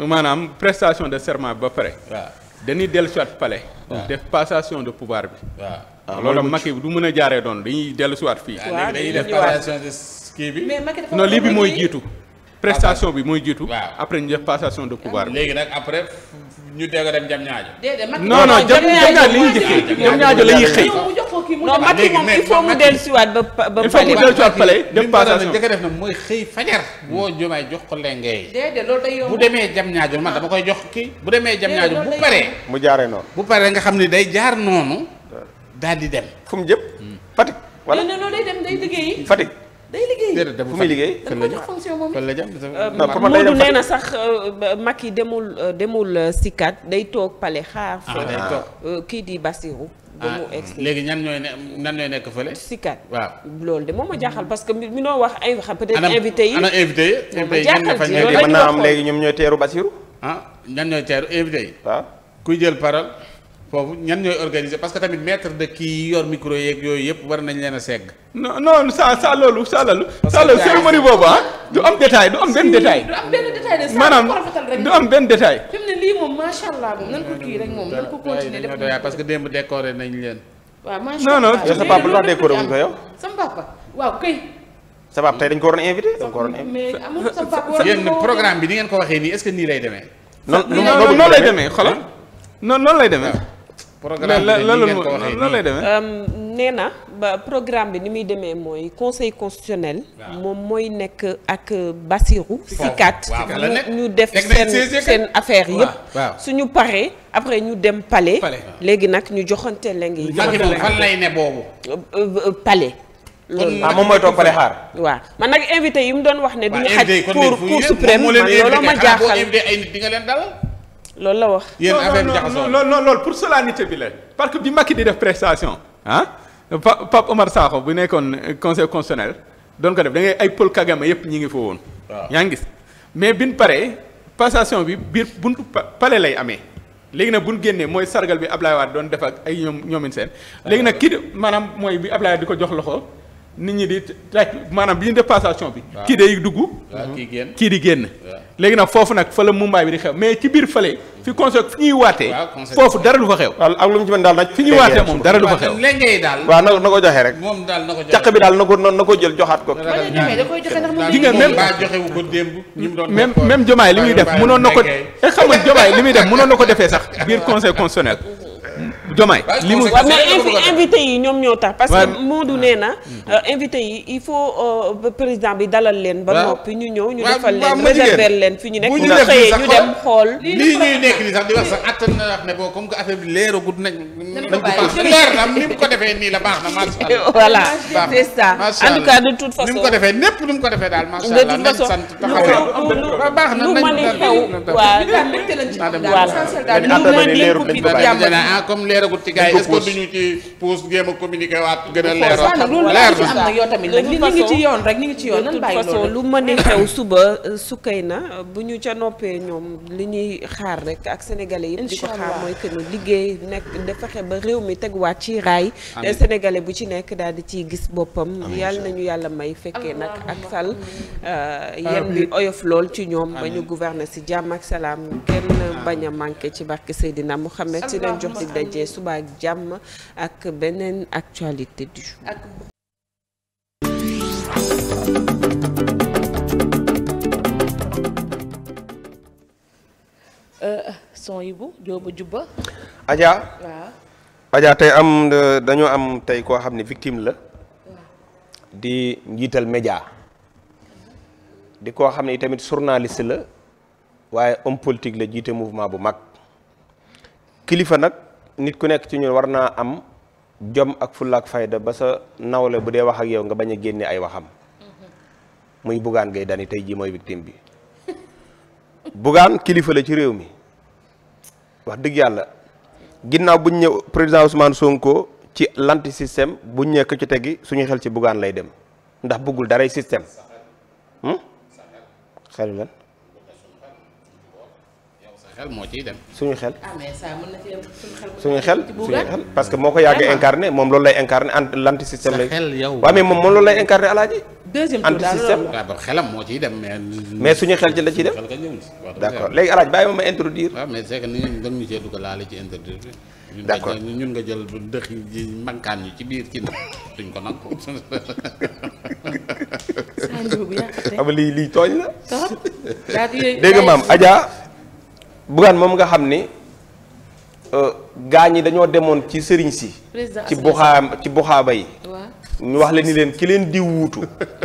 maanaam prestation de serment ba pare. waaw dañuy dellusiwaat palais. def passation de pouvoir bi. waaw ah, ah, loolu bi du mën a jaaree doon dañuy dellusiwaat fii. waaw dañuy def de kii bi. non lii bi mooy jiitu. prestation bi mooy jiitu. après ñu def passation de pouvoir bi léegi nag après. ñu dégg dem jam ñaajo. déedéet Macky non non jam ñaajo la ñuy jëfee jam ñaajo la ñuy xëy. non Macky moom il faut mu dellusiwaat ba ba pale. il faut mu dellusiwaat pale dem passation li xëy fajar. woo jox ko lengee. déedéet loolu day yomb bu demee jam ñaajo man dama koy jox kii bu demee jam ñaajo bu paree. mu jaaree noonu. bu paree nga xam ne day jaar noonu. daal di dem. fu mu jëm hmm. Fatick. wala loolu day liggéey fu muy liggéey. yi la fonction moom Moodu euh, nee sax euh, Macky demul euh, demul sikkat day toog pale xaar. ah day toog kii di Bassirou. Ah, léegi ñan ñooy ne ñan ñooy nekk fële. sikkat waaw loolu de moom ma jaaxal parce que mi noo wax ay xam peut-être invité yi ana invité man moom ma naa am léegi ñoom ñooy teeru Bassirou. ah ñan ñooy teeru invité yi. waaw kuy jël parole. foofu ñan ñooy parce que tamit maître de kii yor micro yeeg yooyu yëpp war nañ leen a segg. non non ça ça loolu ça loolu. ça loolu cérémonie boobu am détail de maanaam du am benn détail. macha allah moom nan ko kii rek que démb décoré nañ leen. waaw sa papa ko yow. sama papa waaw kay. sa papa tey bi ni ko waxee nii est lay demee. noonu noonu lay demee xoolal noonu noonu lay demee programme bi lan lay demee. Euh, nee na programme bi ni muy demee mooy conseil constitutionnel. moom mooy nekk ak Bassirou. Sikat ñu def seen affaire yëpp. suñu paree après ñu dem palais. léegi nag ñu joxante leng yi. fan lay ne boobu. Euh, euh, palais. loolu ah moom mooy toog fale xaar. nag invité yi mu doon wax ne. du ñu xaj cour cour suprême man looloo ma jaaxal. loolu la wax. yéen affaire jaxasoo non non loolu pour solennité bi la parce que bi Macky di def prestation ah Pa Pape Omar Sakho bu nekkoon conseil constitutionnel doon ko def da ngay ay pol Kagame yëpp ñi ngi foo woon. yaa ngi gis mais bin paree passation bi biir buntu palais lay amee. léegi nag bun génnee mooy sargal bi Ablaye Wade doon def ak ay ñoom ñoomin seen. léegi nag kii de maanaam mooy bi Ablaye di ko jox loxo. nit ñi di tàcc maanaam bi ñu def passation bi. kii day dugg. kii génn kii di génn. léegi nag foofu nag fële mumbaay bi di xew mais ci biir fële. fi conseil fi ñuy waatee. foofu dara du fa xew. ak lu mu ci mën daal nag. fi ñuy waatee moom dara du fa xew. waaw na na ko joxe rek. moom daal na ko joxe caq bi daal na ko na ko jël joxaat ko. gi nga même même jomaay li muy def mënoon na ko. Eh, xam nga jomaay li muy def mënoon na ko defee sax biir conseil constitutionnel Diomaye li invité yi ñoom ñoo tax parce que Modou nee euh, invité yi il faut euh, président bi dalal leen ba noppi ñu ñëw ñu defal leen réserver leen fi ñu nekk ñu ñu dem xool sax di wax sax attan na wax ne boo comme que affaire bi gudd nañ ni mu ko defee nii la baax na macha allah voilà c'est ça en tout cas de toute façon ni mu ko defee népp ni mu ko defee daal macha allah nañ sant taxaw ah, baax na nañ waaw voilà ah, comme leero leeragut ci gars yi est a communiquer waat gën na am ci yoon rek ñu ngi ci yoon nan bàyyi loolu lu mën a xew suba euh, sukkay na bu ñu ca noppee ñoom li ñuy xaar rek ak sénégalais yi di ko xaar mooy que nu liggéey nekk da fexe ba réew mi teguwaat ci raay sénégalais bu ci nekk daal di ci gis boppam yàlla nañu yàlla may fekkee nag ak sal euh, yéen bi lool ci ñoom ba ñu si jàmm ak salaam kenn bañ a manqué ci barke Seydina Mouhamed ci leen jox di dajee suba ak beneen actualité du jour. Euh, son tey am dañoo am tey koo xam ne victime la. di njiital média. di koo xam ne tamit journaliste la waaye homme politique la jiite mouvement bu mag. kilifa nag nit ku nekk ci ñun war naa am jom ak fulla fayda ba sa nawle bu dee wax ak yow nga bañ a génne ay waxam muy bugaan ngay dani tey jii mooy victime bi bugaan kilifa la ci réew mi wax dëgg yàlla ginnaaw buñ ñëw président Ousmane Sonko ci lanti système buñ ñëw ko ci teggi suñu xel ci bugaan lay dem ndax bëggul daray système hmm? xelu lan xel moo ciy dem. suñu xel. ah mais ça mën na xel. suñu xel parce que moo ko yàgg incarné moom loolu lay incarné anti l' anti système lay. xel yow waaw mais moom moom loolu lay incarné alaaji. deuxième anti système waaw ah, xelam moo ciy dem mais. mais suñu xel ci la ciy dem. d' accord léegi alaaji bàyyi ma ma introduire. waaw d' accord ñun nga ci biir ci ko nangu. am lii lii tooñ la. dégg nga maam Adja. Bougane moom nga xam ni euh, gaa ñi dañoo demoon ci sëriñ si. ci buxaam ci buxaaba yi. ñu wax leen ni leen ki leen diw wuutu.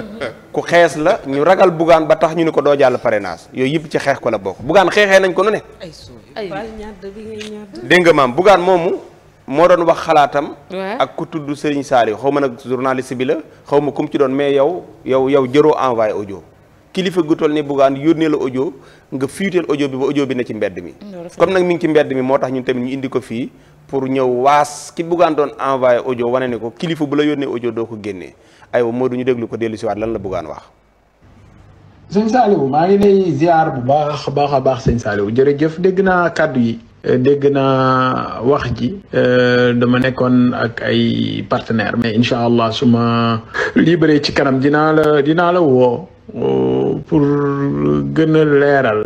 ku xees la ñu ragal Bougane ba tax ñu ni ko doo jàll parrainage yooyu yëpp ci xeex ko la bokk Bougane xeexee nañ ko nu ne. dégg nga maam Bougane moomu moo doon wax xalaatam. ak ku tudd Serigne Saliou xaw ma nag journaliste bi la xaw ma kum ci doon mais yow yow yow jëroo envoyé ojo kilifa gu toll ni Bougane yónnee la ojo nga fiiteel audio bi ba audio bi na ci mbedd mi comme nag mi ngi ci mbedd mi moo tax ñun tamit ñu indi ko fii pour ñëw waas ki buggaan doon envoyé audio wane ne ko kilifa bu la yónnee audio doo ko génnee aywa moo du déglu ko dellu si lan la buggaan wax sëñ maa ngi lay ziar bu baax a baax a baax sëñ Saliou jëf dëgg naa kàddu yi dégg naa wax ji euh, dama nekkoon ak ay partenaire mais incha allah su ma ci kanam dinaa dinaa la woo pour gën a leeral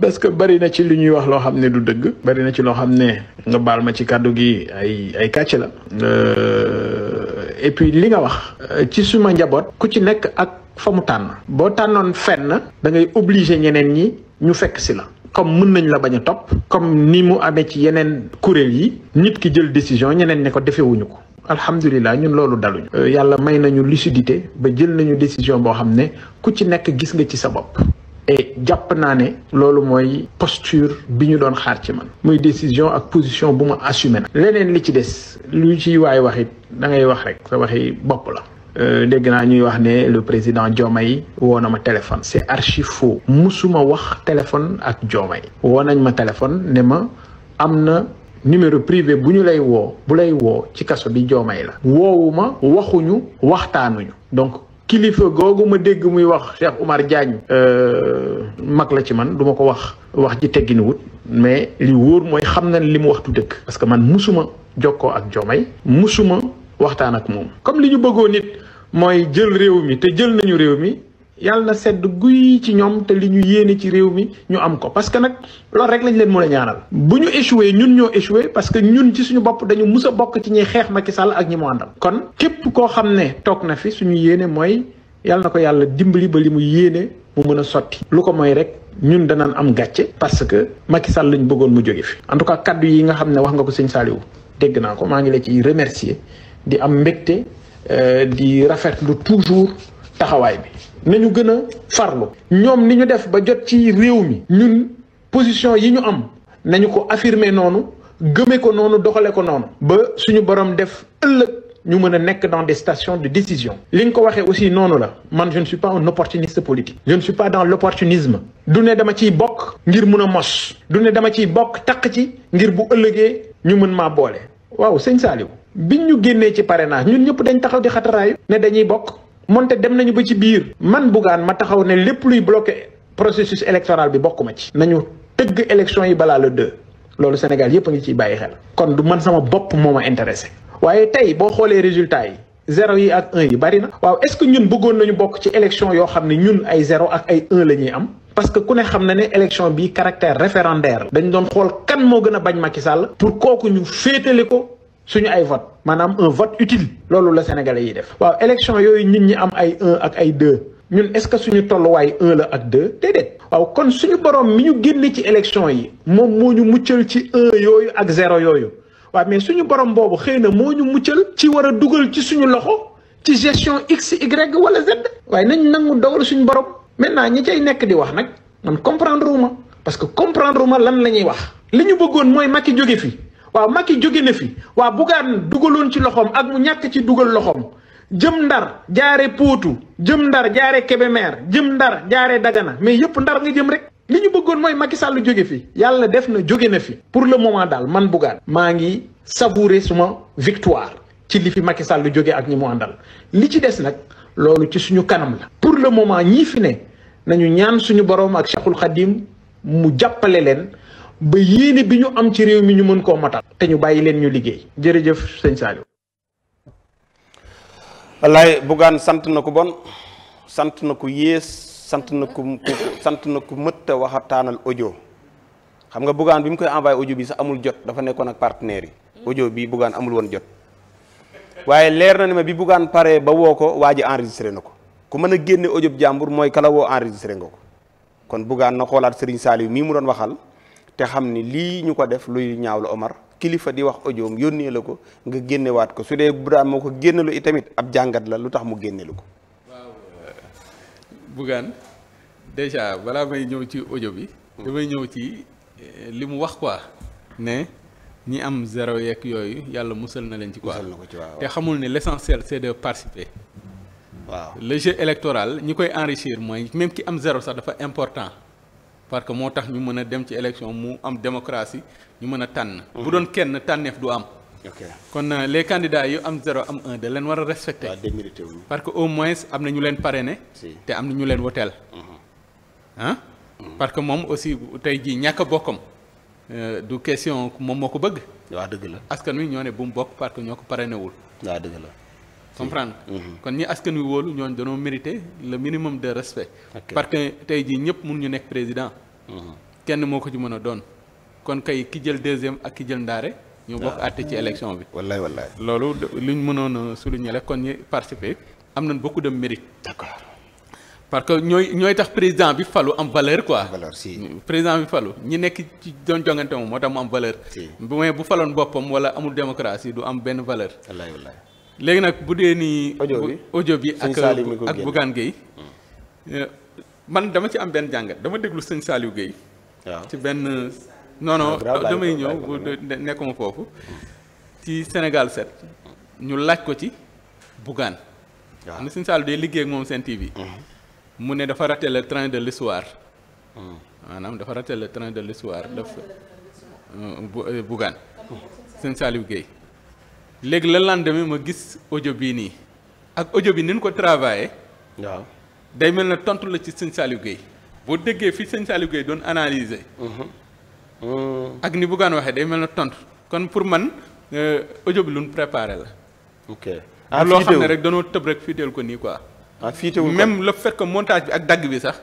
parce que bari na ci li ñuy wax loo xam ne du dëgg bari na ci loo xam ne nga baal ma ci kàddu gi ay ay kàcc la euh, et puis li nga wax euh, ci suma njaboot ku ci nekk ak fa mu tànn boo tànnoon fenn da ngay obligé ñeneen ñi ñu fekk si la comme mën nañ la bañ a topp comme ni mu amee ci yeneen kuréel yi nit ki jël décision ñeneen ne ko defewuñu ko alhamdulilah ñun loolu daluñu. Euh, yàlla may nañu lucidité ba jël nañu décision boo xam ne ku ci nekk gis nga ci sa bopp. et jàpp naa ne loolu mooy posture bi ñu doon xaar ci man muy décision ak position bu ma assumé na leneen li ci des lu ci waaye wax it da ngay wax rek sa waxi bopp la euh, dégg naa ñuy wax ne le président Diomaye woo na ma téléphone c'est archi faux musuma wax téléphone ak Diomaye woo nañ ma téléphone ne ma am na numéro privé bu ñu lay woo bu lay woo ci kaso bi joomay la woowuma waxuñu waxtaanuñu donc kilifa googu ma dégg muy wax Cheikh Oumar Diagne euh, mag la ci man duma ko wax wax ji tegginuwut mais li wóor mooy xam na li mu waxtu dëkk dëgg parce que man musuma jokkoo ak jomay musuma waxtaan ak moom comme li ñu bëggoon nit mooy jël réew mi te jël nañu réew mi yàlla na sedd guy ci ñoom te li ñu yéene ci réew mi ñu am ko parce que nag loolu rek lañu leen mën a ñaanal bu ñu échoué ñun ñoo échoué parce que ñun ci suñu bopp dañu mus a bokk ci ñuy xeex Macky Sall ak ñi mu àndal kon képp koo xam ne toog na fi suñu yéenee mooy yàlla na ko yàlla dimbali ba li mu yéene mu mën a sotti lu ko moy rek ñun danaan am gàcce parce que Macky Sall lañ bëggoon mu jóge fi en tout cas kaddu yi nga xam ne wax nga ko sëñ Saliou dégg naa ko maa ngi ciy remercier di am mbégte euh, di rafetlu toujours taxawaay bi nañu gën a farlu ñoom ni ñu def ba jot ci réew mi ñun position yi ñu am nañu ko affirmer noonu gëme ko noonu doxale ko noonu ba suñu borom def ëllëg ñu mën a nekk dans de stations de décision li nga ko waxee aussi noonu la man je ne suis pas un opportuniste politique je ne suis pas dans l'opportunisme du ne dama ciy bokk ngir mun a mos du ne dama ciy bokk taq ci ngir bu ëllëgee ñu mën maa boole waaw sëñ Saliou biñ ñu génnee ci pare naa ñun ñëpp dañ taxaw di xataraayu ne dañuy bokk moonte dem nañu ba ci biir man Bougane ma taxaw ne lépp luy bloqué processus électoral bi bokk ma ci nañu tëgg élection yi balaa le deux loolu Sénégal yépp a ngi ciy bàyyi xel kon du man sama bopp moo ma intéressé waaye tey boo xoolee résultat yi zéro yi ak un yi bari na waaw est-ce que ñun bëggoon nañu bokk ci élection yoo xam ne ñun ay zéro ak ay un la ñuy am parce que ku ne xam na ne élection bi caractère référendaire dañu doon xool kan moo gën a bañ Macky Sall pour kooku ñu féetale ko suñu ay vote maanaam un vote utile loolu la sénégalais yi def waaw élection yooyu nit ñi am ay un ak ay deux ñun est-ce que suñu tolluwaay un la ak deux déedéet waaw kon suñu borom mi ñu génne ci élection yi moom moo ñu muccal ci un yooyu ak zéro yooyu waaw mais suñu borom boobu xëy na moo ñu muccal ci war a dugal ci suñu loxo ci gestion x y wala z waaye nañ nangu dogal suñu borom maintenant ñi cay nekk di wax nag man comprendre wu ma parce que comprendre ma lan la ñuy wax li ñu bëggoon mooy Macky jóge fi waaw Macky jóge na fi waaw Bougane dugaloon ci loxoom ak mu ñàkk ci dugal loxoom jëm ndar jaare potu jëm ndar jaare Kébémer jëm ndar jaare Dagana mais yëpp ndar nga jëm rek li ñu bëggoon mooy Macky Sall jóge fi yàlla def na jóge na fi pour le moment daal man Bougane maa ngi savourer suma victoire ci li fi Macky Sall jóge ak ñi mu àndal li ci des nag loolu ci suñu kanam la pour le moment ñii fi ne nañu ñaan suñu borom ak Cheikhul Khadim mu jàppale leen ba yéene bi ñu am ci réew mi ñu mën koo matal te ñu bàyyi leen ñu liggéey jërëjëf sëñ Saliou. wallaay Bougane sant na ko bon sant na ko yées sant na ko sant na ku mëtt waxataanal audio xam nga Bougane bi mu koy envoyé audio bi sa amul jot dafa nekkoon ak partenaire yi. audio bi Bougane amul woon jot. waaye leer na ne ma bi Bougane paree ba woo ko waa ji na ko ku mën a génne audio jàmbur mooy kala woo nga ko kon Bougane na xoolaat Serigne mii mu doon waxal. te xam ni lii ñu ko def luy ñaaw la Omar kilifa di wax audioom yónnee la ko nga génnewaat ko su dee Birame moo ko génneelu itamit ab jàngat la lu tax mu génneelu ko. waaw euh, Bougane déjà balaa may ñëw ci ojo bi. damay ñëw ci euh, li mu wax quoi ne. ñi am zéro yeeg yooyu yàlla musal na leen ci ko quoi te xamul ne l'essentiel c'est de participer waaw le jeu électoral ñi koy enrichir mooy même ki am zéro sax dafa important parce que moo tax ñu mën a dem ci élection mu am démocratie ñu mën a tànn. Mhm. bu doon kenn tànneef du am. kon euh, les candidats yu am zéro am un da leen war a respecté. parce que au moins am na ñu leen ne te am na ñu leen woteel. ah. parce que moom aussi tey jii ñàkk a bokkam euh, du question moom moo ko bëgg. waaw dëgg la askan wi ñoo ne bu mu bokk parce que ñoo ko parrainé wul. waaw dëgg la. comprendre mhm. kon ñi askan wi woolu ñooñu dañoo mérité le minimum de respect parce que tey jii ñëpp ñu nekk président mhm. kenn moo ko ci mën a doon kon kay ki jël deuxième ak ki jël ndaare ñu bokk ah. àtte ci élection bi wallaay wallaay loolu luñ mënoon a souligner kon ñi participer am na beaucoup dem mérite d'accord parce que ñooy ñooy tax président bi falu am valeur quoi valeur si président bi falu ñi nekk ci doon jongante moom moo tax mu am valeur mais bu faloon boppam wala amul démocratie du am benn valeur wallaay wallaay léegi nag bu dee nii audio bi audio bi ak ak Bougane Gueye. Eh, man dama ci am benn jàngat dama déglu seen Saliou géey waaw ci benn. non non damay ñëw bu nekkuma foofu. ci Sénégal set ñu laaj ko ci Bougane. waaw xam ne sëñ Saliou day liggéey ak moom seen TV. Mm-hmm. mu ne dafa raté le train de l'histoire mm. maanaam dafa raté le train de l'histoire daf euh, euh, Bougane sëñ Saliou Gueye. léegi le lendemain ma gis audio bii nii ak audio bi ni ñu ko travaillé. waaw day mel ne tontu la ci sëñ Saliou Guèye boo déggee fi sëñ Saliou Guèye doon analyser. Mhm. Mm. ak ni Bougane waxee day mel na tontu kon pour man euh, audio bi lu ñu préparé la. ok ah loo xam ne rek danoo tëb rek fiiteel ko nii quoi. ah fiitewul même la fait que montage bi ak dagg bi sax.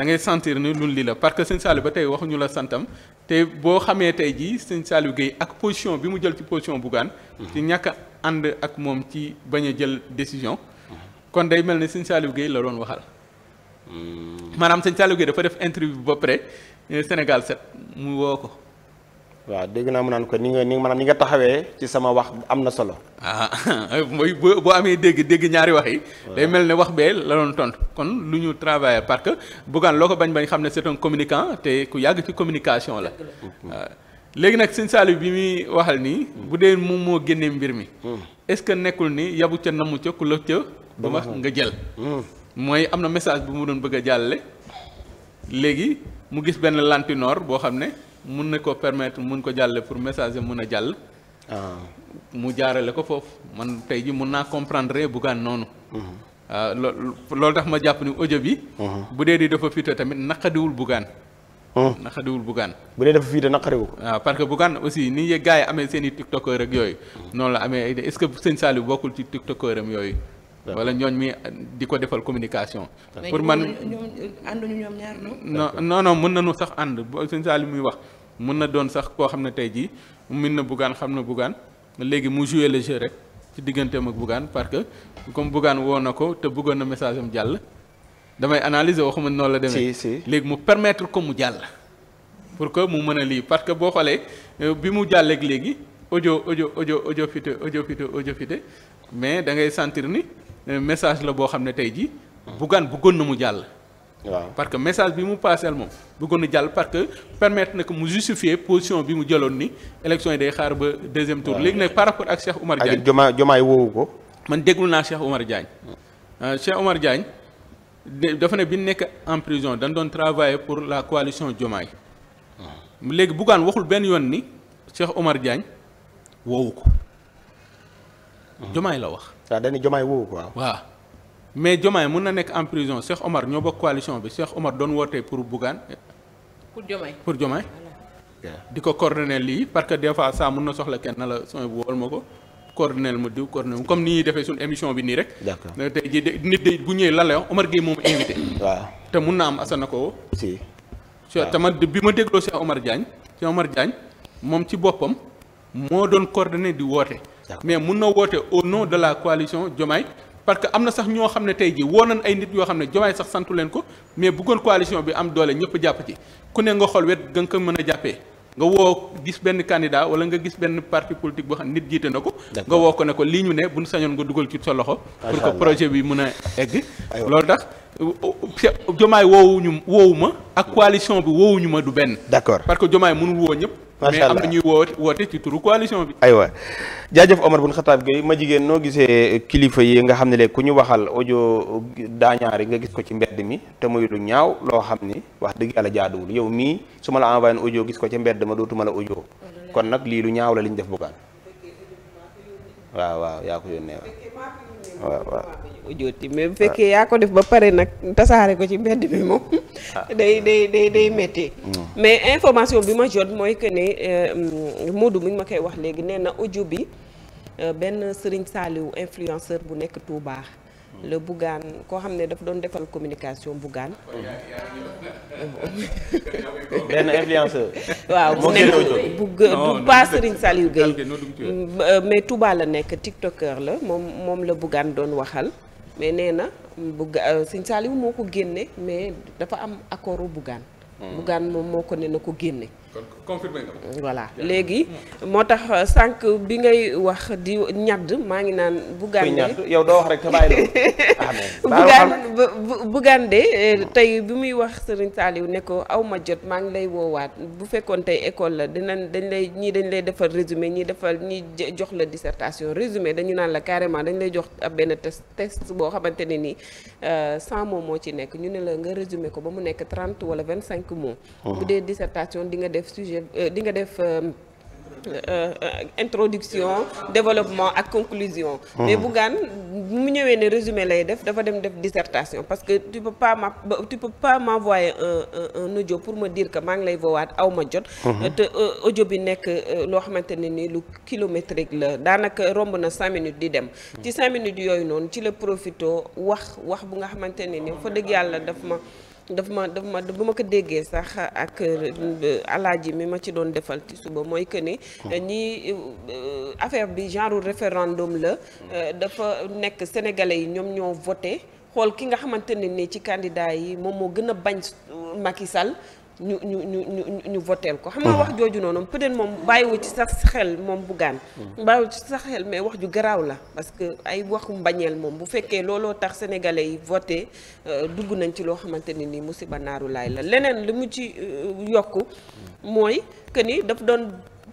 da ngay sentir ni lun li la parce que sëñ ba tey waxuñu la santam te boo xamee tey jii sëñ Saliou géey ak position bi mu jël ci position Bougane ci mhm. ñàkk ànd ak moom ci bañ a jël décision mhm. kon day mel ne sëñ Saliou géey la doon waxal mm. maanaam sëñ Saliou Guèye dafa def interview ba pare eh, Sénégal 7 mu woo ko waaw dégg naa mu naan ko ni nga ni maanaam ni nga taxawee ci sama wax am na solo. ah mooy boo boo amee dégg dégg ñaari wax yi. day mel ne wax bee la doon tontu kon lu ñu travailler parce que Bougane loo ko bañ bañ xam ne seton un communicant te ku yàgg ci communication la. Ah, léegi nag sëñ Saliou bi muy waxal nii. Hmm. bu dee moom moo génnee mbir mi. Hmm. est-ce que nekkul ni yabu ca namu ca ku la ca. ba wax nga jël. Hmm. mooy am na message bu mu doon bëgg a jàllale. léegi mu gis benn lantinoor boo xam ne. mun na ko permettre mun ko jàlle pour message mun a jàll. Ah. mu jaarale ko foofu man tey ji mun naa comprendre Bougane noonu. Mm-hmm. Ah, loolu tax ma jàpp ni audio bi. Mm-hmm. bu dee di dafa fiite tamit naqadiwul Bougane. Mm-hmm. naqadiwul Bougane. bu dee dafa fiite naqadiwul. waaw ah, parce que Bougane aussi ni gars yi amee seen i yooyu. noonu la amee est-ce que sëñ Saliou bokkul ci tiktokeuram yooyu. wala ñooñ mi di ko defal communication. pour man euh, ànduñu ñoom ñaar non non non mën nañu sax ànd boo sëñ Saali muy wax mën na doon sax koo xam ne tey jii mën na Bougane xam na Bougane léegi mu jouer le jeu rek ci digganteem ak Bougane parce que comme Bougane woo na ko te bëggoon na message am jàll. damay analyser waxuma noo la demee. si léegi mu permettre ko mu jàll. pour que mu mën a lii parce que boo xoolee euh, bi mu jàlleeg léegi audio audio audio audio fité audio fité audio mais da ngay sentir ni. Euh, message la boo xam ne tey jii. Bougane bëggoon na mu jàll. waaw parce que message bi mu paaseel moom bëggoon na jàll parce que permettre na ko mu justifier position bi mu jëloon ni élection yi day xaar ba deuxième tour. léegi ne par rapport ak Cheikh Oumar Diagne. ak Jomaay Jomaay woowu ko. man déglu naa Cheikh Oumar Diagne. Euh, Cheikh Oumar Diagne dafa ne bi nekk en prison dañ doon travailler pour la coalition Jomaay. léegi Bougane waxul benn yoon ni Cheikh Oumar Diagne woowu ko. Jomaay la wax. waa dañuy jomaay woowu quoi. mais jomaay mun na nekk en prison Cheikh Omar ñoo bokk coalition bi Cheikh Omar doon wootee pour Bougane. pour jomaay pour jomaay. di ko coordonné lii parce que des fois saa mun na soxla kenn na la sooy wool ma ko. coordonné ma diw coordonné ma comme ni ñuy defee suñu émission bi nii rek. d'accord jii nit day bu ñëwee lan lay wax Omar Gueye moom invité. waaw te mun na am na ko. si waaw te man bi ma dégloo Cheikh Omar Diagne Cheikh Omar Diagne moom ci boppam moo doon coordonné di woote. mais mun na woote au de la coalition Diomaye parce que am na sax ñoo xam ne tey jii woo nan ay nit yoo xam ne Diomaye sax santu leen ko mais bëggoon coalition bi am doole ñëpp jàpp ci ku ne nga xool wet ga nga ko mën a jàppee nga woo gis benn candidat wala nga gis benn parti politique boo xam nit jiite na ko. nga woo ko ne ko lii ñu ne bu ñu sañoon nga dugal ci sa loxo. pour que projet bi mun a egg. loolu tax Diomaye woowuñu woowu ma. ak coalition bi ñu ma du benn. d'accord parce que Diomaye mënul woo ñëpp. mais am na ñuy woote woote ci turu coalition bi aywa jaajëf Omar bun Xataab Gueye ma jigéen noo gisee kilifa yi nga xam ne léegi ku ñu waxal audio daañaar nga gis ko ci mbedd mi te muy lu ñaaw loo xam ni wax dëgg yàlla jaaduwul yow mii su ma la envoyé un gis ko ci mbedd ma dootuma la audio kon nag lii lu ñaaw la li ñu def bugaan waaw waaw yaa ko yónnee waaw waaw waaw mais bu fekkee yaa ko def ba pare nag tasaare ko ci mbedd bi moom ah. day day day day métti mm. mais information bi ma jot mooy que ne euh, Modou mi ngi ma koy wax léegi nee na audio bi euh, benn Serigne saaliwu influenceur bu nekk Touba. le Bougane koo xam ne daf doon defal communication Bougane. benn influenceur. waaw mu bu du pas Serigne Saliou Gueye. Euh, mais Touba la nekk tiktoker la moom moom la Bougane doon waxal. mais nee na Bougane euh, Serigne Saliou moo ko génne mais dafa am accordu Bougane. Hmm. Bougane moom moo ko ne na ko génne. kon confirmé voilà léegi moo tax euh, sànq bi ngay wax di ñadd maa ngi naan Bougane yow doo wax rek te bàyyi ah, euh, tey bi muy wax Serigne Saliou nekko ko aw jot maa ngi lay woowaat bu fekkoon tey école la dinañ dañ lay ñii dañ lay defal résumé ñii defal ñii jox la dissertation résumé dañu naan la carrément dañ lay jox ab benn test texte boo xamante ne nii euh, cent mots moo ci nekk ñu ne la nga résumé ko ba mu nekk trente wala vingt cinq mots hmm. bu dee dissertation di def def euh, di nga def euh, euh, introduction développement ak conclusion mais Bougane mu ñëwee ne résumé lay def dafa dem def dissertation parce que tu pas ma tu peux pas m'envoyer un un pour ma diir que maa ngi lay vowaat aw ma jot te ojo bi nekk loo xamante ne ni lu kilométrique la daanaka romb na cinq minutes di dem ci cinq minutes yooyu noonu ci la profito wax wax bu nga xamante ne ni fa dëgg yàlla daf ma dafa ma daf ma bu ma ko déggee sax ak euh, alaaji mi ma ci doon defal ci suba mooy que ni. Hmm. ñii euh, affaire bi genre référendum la. Hmm. Euh, dafa nekk sénégalais yi ñoom ñoo voté xool ki nga xamante ne ni ci candidat yi moom moo gën a bañ Macky Sall ñu ñu ñu ñu ñu voteel ko. xam nga mm. wax jooju noonu peut-être moom bàyyiwu ci sax xel moom Bougane. Mm. bàyyiwu ci sax xel mais wax ju garaaw la parce que ay waxu mbañeel moom bu fekkee looloo tax sénégalais yi voté euh, dugg nañ ci loo xamante ne nii musiba naaru laay la leneen li mu ci euh, yokk mooy que ni daf doon.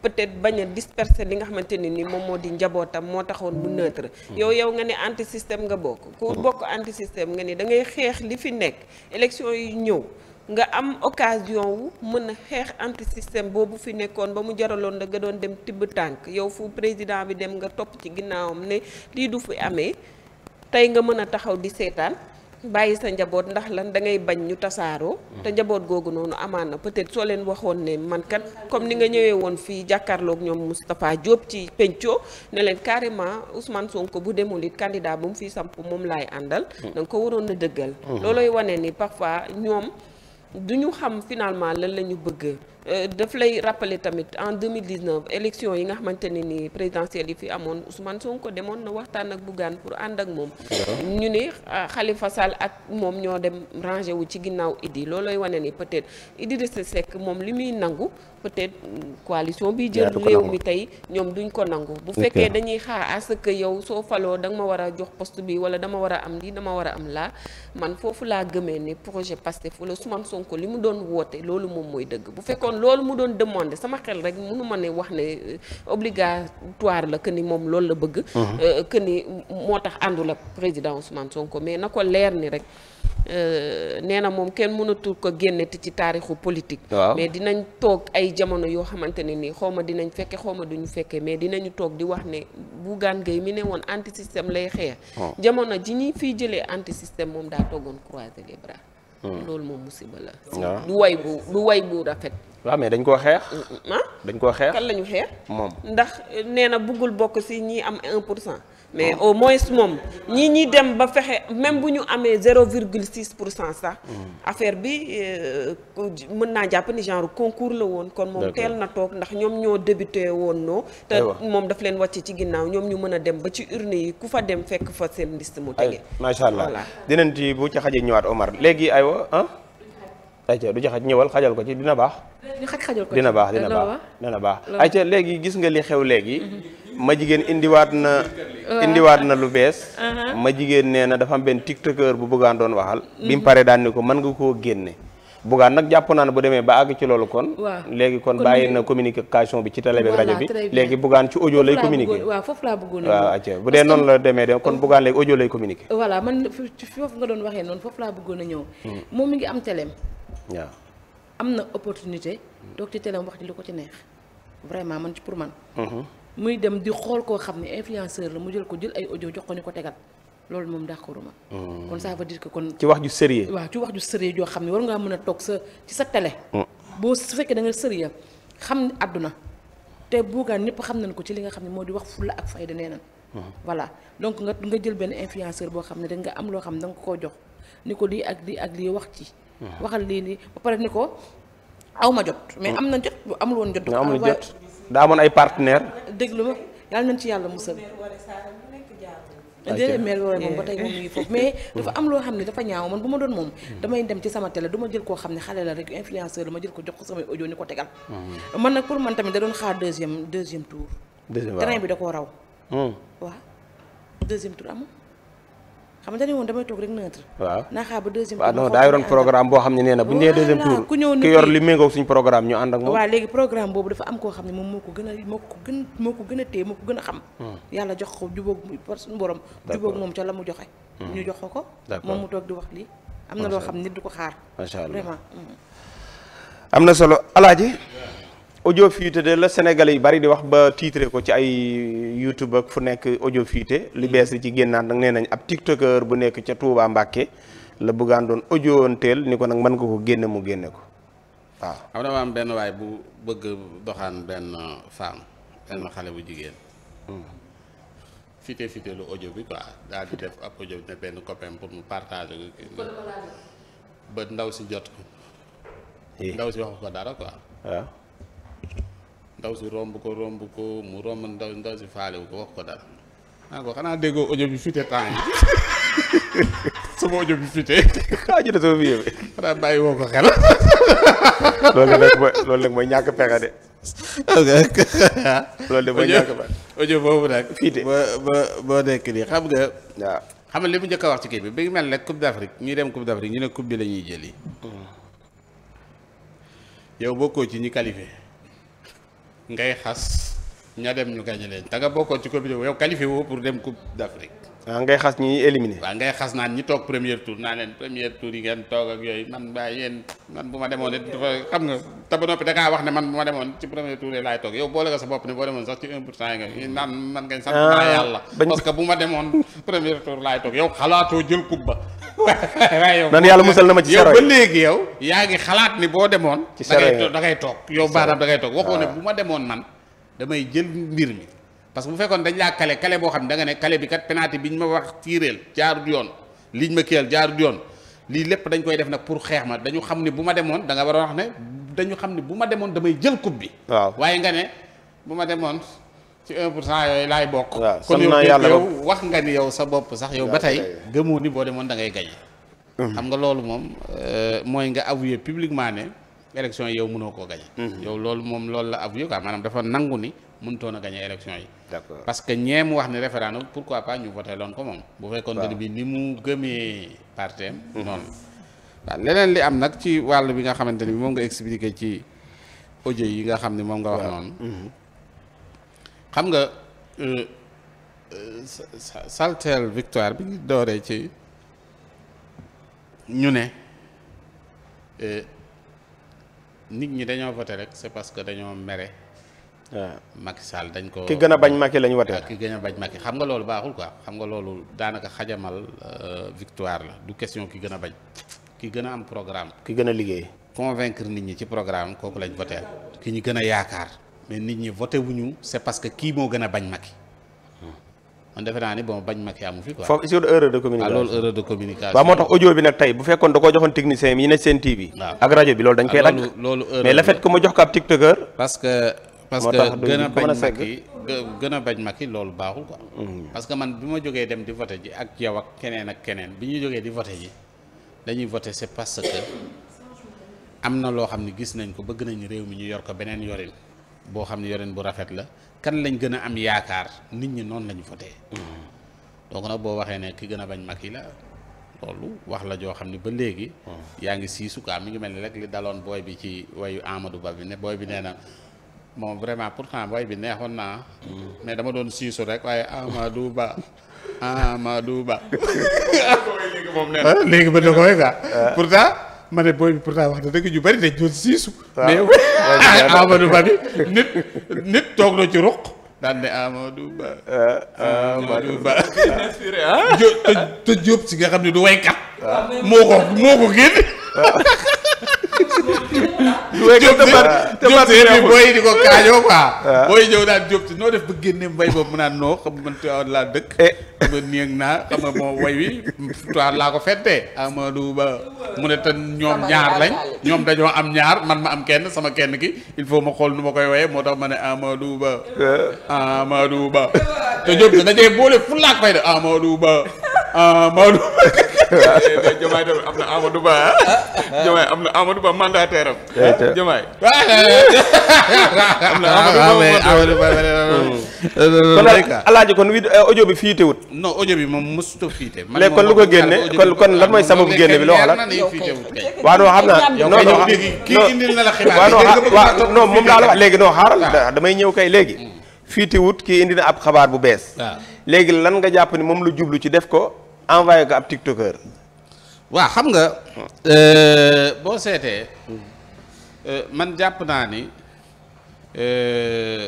peut-être bañ a disperser li nga xamante ne ni moom moo di njabootam moo taxoon mu neutre mm. yow yow nga ne anti système nga bokk ku bokk anti système nga ni da ngay xeex li fi nekk élection yi ñëw nga am occasion wu mën a xeex anti système boobu fi nekkoon ba mu jaraloon da nga doon dem tibb tànk yow fu président bi dem nga topp ci ginnaawam ne lii du fi amee tey nga mën a taxaw di seetaan bàyyi sa njaboot ndax lan da ngay bañ ñu tasaaroo. Mm. te njaboot googu noonu amaan na peut-être soo leen waxoon ne man kat comme ni nga ñëwee woon fii jàkkaarloog ñoom Moustapha Diop ci penco ne leen carrément Ousmane sonk bu demul it candidat bu mu fii samp moom laay àndal. Mm. da ko waroon a dëggal. Mm-hmm. du ñu xam finalement lan la ñu bëgg Euh, daf lay rappeler tamit en 2019 élection yi nga xamante ne ni présidentielle yi fi amoon Ousmane Sonko demoon na waxtaan ak Bougane pour ànd ak moom. ñu ne ah, Khalifa Sall ak moom ñoo dem rangé wu ci ginnaaw Idi loolooy wane ni peut-être Idrissa Seck moom li muy nangu peut-être coalition bi jël réew mi tey ñoom duñ ko nangu. bu fekkee dañuy xaar à ce que yow soo faloo ma war a jox poste bi wala dama war a am lii dama war a am laa man foofu laa gëmee ne projet Pastef wala Ousmane Sonko li mu doon woote loolu moom mooy dëgg bu fekkoon. loolu mu doon demandé sama xel rek mënu ma ne wax ne euh, obligatoire la que ni moom loolu la bëgg. Mhm. Euh, que ni moo tax àndul ak président Ousmane ko mais na ko leer nii rek. Euh, nee na moom kenn mënatul ko génneti ci taarixu politique. mais dinañ toog ay jamono yoo xamante ne nii xaw ma dinañ fekke xaw ma duñu fekke mais dinañu toog di wax ne bu Bougane Gueye mi ne woon anti système lay xeex. Oh. jamono ji ñuy fiy jëlee anti système moom daa toogoon croiser les bras. Hmm. loolu moom musiba la. Ah. du way bu du way bu rafet. waaw mais dañ koo xeex. Hmm, hmm. Ah? dañ koo xeex kan lañu ñu xeex. moom ndax nee na buggul bokk si ñi am 1 pour cent. mais ah. au moins moom ñii ñi dem ba fexe même bu ñu amee zéro virgule six pour cent sax hmm. affaire bi euh, mën naa jàpp ni genre concours la woon kon moom teel na toog ndax ñoom ñoo débuté woon noo te moom daf leen wàcc ci ginnaaw ñoom ñu mën a dem ba ci urne yi ku fa dem fekk fa seen liste mu tege macha allah dinañ ci bu ci xaje ñëwaat Omar léegi aywa ah ayca du jaxat ñëwal xajal ko ci dina baax dina baax dina baax dina baax ayca léegi gis nga li xew léegi mm-hmm. ma jigéen indiwaat na. indiwaat na lu bees. Uh-huh. ma jigéen nee na dafa am benn tiktoker bu buggaan doon waxal. bi mu mm-hmm. paree daan ni ko mën nga koo génne. bugaan nag jàpp naa ne bu demee ba àgg ci loolu kon. léegi kon bàyyi na communication bi ci télé bi rajo bi. léegi bugaan ci audio lay communiqué. waaw foofu laa bëggoon waaw acca bu dee noonu la demee de kon bugaan léegi audio lay communiqué. voilà man foofu waxee noonu foofu laa bëggoon a ñëw. Mm. moom mi ngi am télém. waaw am na opportunité. toog ci télém wax di lu ko ci neex vraiment man ci pour man. Mm-hmm. muy dem di xool koo xam ne influenceur la mu jël ko jël ay audio jox ko ni ko tegal loolu moom d'accord ma hmm. kon ça veut dire que kon. ci wax ju sérieux. waaw ci wax ju sérieux joo xam ne war ngaa mën a toog sa ci sa télé. Hmm. boo su fekkee da nga sérieux xam àdduna te buugaan ñëpp xam nañ ko ci li nga xam ne moo di wax fulla ak fayda nee na hmm. voilà donc nga nga jël benn influenceur boo xam ne da ko am loo xam ne da nga koo jox ni ko lii ak lii ak lii wax ci. waxal lii nii ba pare ni ko aw ma jot. mais am na jot amul woon jot. daa amoon ay partenaire déglu ma yàlla nañ ci yàlla musal. déedéet mère wooy moom ba tey moom ngi foofu mais dafa am loo xam ne dafa ñaaw man bu ma doon moom damay dem ci sama tele du jël koo xam ne xale la rek influenceur la ma jël ko jox ko samay audio ni ko tegal mhm. man nag pour man tamit da doon xaar deuxième deuxième tour terrain bi da koo raw hmm. waa deuxième tour amul xam nga dañu woon damay toog rek neutre. waaw ba deuxième ah, tour. waaw non boo xam ne nee na bu ñu nee deuxième tour ku ñëw ki yor li méngoog suñu programme ñu ànd ak moom. moo ko gën a moo ko gën moo ko gën a téye moo ko gën a xam. Hmm. yàlla jox ko jubóog suñu borom. jubóog moom ca la mu joxe. Hmm. ñu jox ko ko. moom mu toog di wax lii. am na loo xam ne nit du ko xaar. macha allah vraiment. Hmm. am na solo alaaji ojo fiite de la Sénégalais yi bari di wax ba tiitre ko ci ay YouTube ak fu nekk ojo fuité li mm. bees li ci génnaat nag nee nañ ab tiktoker bu nekk ca Touba Mbacké la bëggaan doon audioonteel ni ko nag mën nga ko génne mu génne ko waaw. xam dama am benn waay bu bëgg doxaan benn femme benn xale bu jigéen. Mm. fité fité lu audio bi quoi daal di def ab audio ne benn copain pour mu partager ba ndaw si jot ko. Eh. ndaw si wax ko dara quoi. waaw. Ah. ndaw si romb ko romb ko mu romb ndaw ndaw si faale wu ko wax ko dara naa ko déggoo audio bi fuité temps yi sama audio bi bi. xanaa bàyyi mooy ñàkk pexe de. loolu de mooy ñàkk pexe. xam nga. waaw xam nga li mu njëkk a wax ci kii bi bi mel rek Coupe d'Afrique ñuy dem Coupe d'Afrique ñu ne coupe bi la ñuy jëli. Hmm. yow bokkoo ci ñi qualifié. ngay xas ña dem ñu gañe leen da nga bokkoon ci comité yow qualifié woo pour dem coupe d'Afrique waaw ngay xas ñi éliminer waaw ngay xas naan ñi toog premier tour naa leen premier tour yi ngeen toog ak yooyu man waaye yéen man bu ma demoon it dafa xam nga te ba noppi wax ne man bu ma demoon ci premier toog yow boole nga sa bopp ne boo demoon sax ci 1 pour cent yi nga yi naan man ngay ah, bu ma demoon premier tour laay toog yow xalaatoo jël coupe ba waaye yow nan yàlla musal na ma ci sero yow léegi yow yaa ngi xalaat ni boo demoon da ngay toog yow baaraam da ngay toog waxoo ne ah. bu ma demoon man damay jël mbir mi parce que bu fekkoon dañ laa kale kale boo xam ne da nga ne kale bi kat penalty bi ñu ma wax tiireel jaarut yoon liñ ma kiyal jaarut yoon lii lépp dañ koy def nag pour xeex ma dañu xam ne bu ma demoon da war a wax ne dañu xam ne bu ma demoon damay jël coupe bi. waaw waaye nga ne bu ma demoon ci 1 pour cent yooyu laay bokk. kon yow wax nga ni yow sa bopp sax yow ba tey gëmoo ni boo demoon da ngay gañe mm-hmm. xam nga loolu moom euh, mooy nga avouer publiquement ne élection yow mënoo ko gañe mm-hmm. yow loolu moom loolu la avouer quoi maanaam dafa nangu ni. mënutoon a gagné élection yi. d'accord parce que ñeem wax ne référendum pourquoi pas ñu voté loon ko moom. bu fekkoon bi ni mu gëmee parteem mhm. noonu waaw leneen li am nag ci wàll bi nga xamante ni moom nga expliqué ci audio yi nga xam ni moom nga wax noonu. Mhm. xam nga euh, euh, saltel victoire bi ngi dooree ci ñu ne euh, nit ñi dañoo voté rek c'est parce que dañoo mere. Macky Sall dañ ko. ki gën bañ Macky lañ watee ki gën a bañ Macky xam nga loolu baaxul quoi xam nga loolu daanaka xajamal euh, victoire la du question ki gën a bañ ki gën a am programme. ki gën a liggéey. convaincre nit ñi ci programme kooku lañ voté ki ñu gën a yaakaar mais nit ñi voté wuñu c'est parce que kii moo gën a bañ Macky. man defe naa ni bon bañ Macky amu fi quoi. Ah, moo tax audio bi nag tey bu fekkoon da koo joxoon technicien yi ne seen TV. ak rajo bi loolu dañ ah, koy dagg. mais parce que gën a bañ Macky gën a bañ Macky loolu baaxul ko hmm. parce que man bi ma jógee dem di voté ji ak yow ak keneen ak keneen bi ñu jógee di voté ji dañuy voté c'est parce que am na loo xam ne gis nañ ko bëgg nañ réew mi ñu yor ko beneen yorin boo xam ne yorin bu rafet la kan lañ gën a am yaakaar nit ñi noonu lañu voté hmm. donc nag boo waxee ne ki gën a bañ yi la loolu wax la joo xam ne ba léegi hmm. yaa ngi siisu quoi mi ngi mel ni rek li daloon booy bi ci wayu amadu Ba bi ne booy bi nee na bon vraiment pourtant way bi neexoon naa mais dama doon siisu rek waaye Amadou Ba Amadou Ba ah, léegi ba da koy quoi pourtant ma ne booy bi pourtant wax na dëgg ñu bari dañ doon siisu ah. mais ah, Amadou bi nit nit toog na ci ruq daan ne Amadou te Diop si nga xam ne du waykat moo ko moo ko génn waaw. Diop de booy ko kaajoo quoi. waaw booy ñëw naan Diop de noo def ba génne mbay boobu mu naan noo xam man Tivaouane laa dëkk. Eh. nii ak naa xam nga way wi Tivaouane laa ko fentee Amadou Ba mu ne te ñoom ñaar lañ ñoom dañoo am ñaar man ma am kenn sama kenn ki il faut ma xool nu ma koy woyee moo tax ma ne Amadou Ba. Eh. Amadou Ba te Diop de boole fu laa koy def Amadou Ah, Maodo. Eh, am na ah. Ah, am na Amadou Ba mandataire am. Eh, kon alaaji kon wi eh, audio bi fiite wut. non bi moom mosut a fiite. léegi kon lu ko génne kon kon mooy sababu génn bi loo xam ne. waaw non xam naa non non waaw non moom laa la wax léegi non xaaral damay ñëw kay léegi. Hmm. fiite wut ki indi na ab xabaar bu bees. léegi lan nga jàpp ni moom la jublu ci def ko envoyé ko ab tiktokeur. waa xam nga hmm. euh, boo seetee hmm. euh, man jàpp naa ni euh,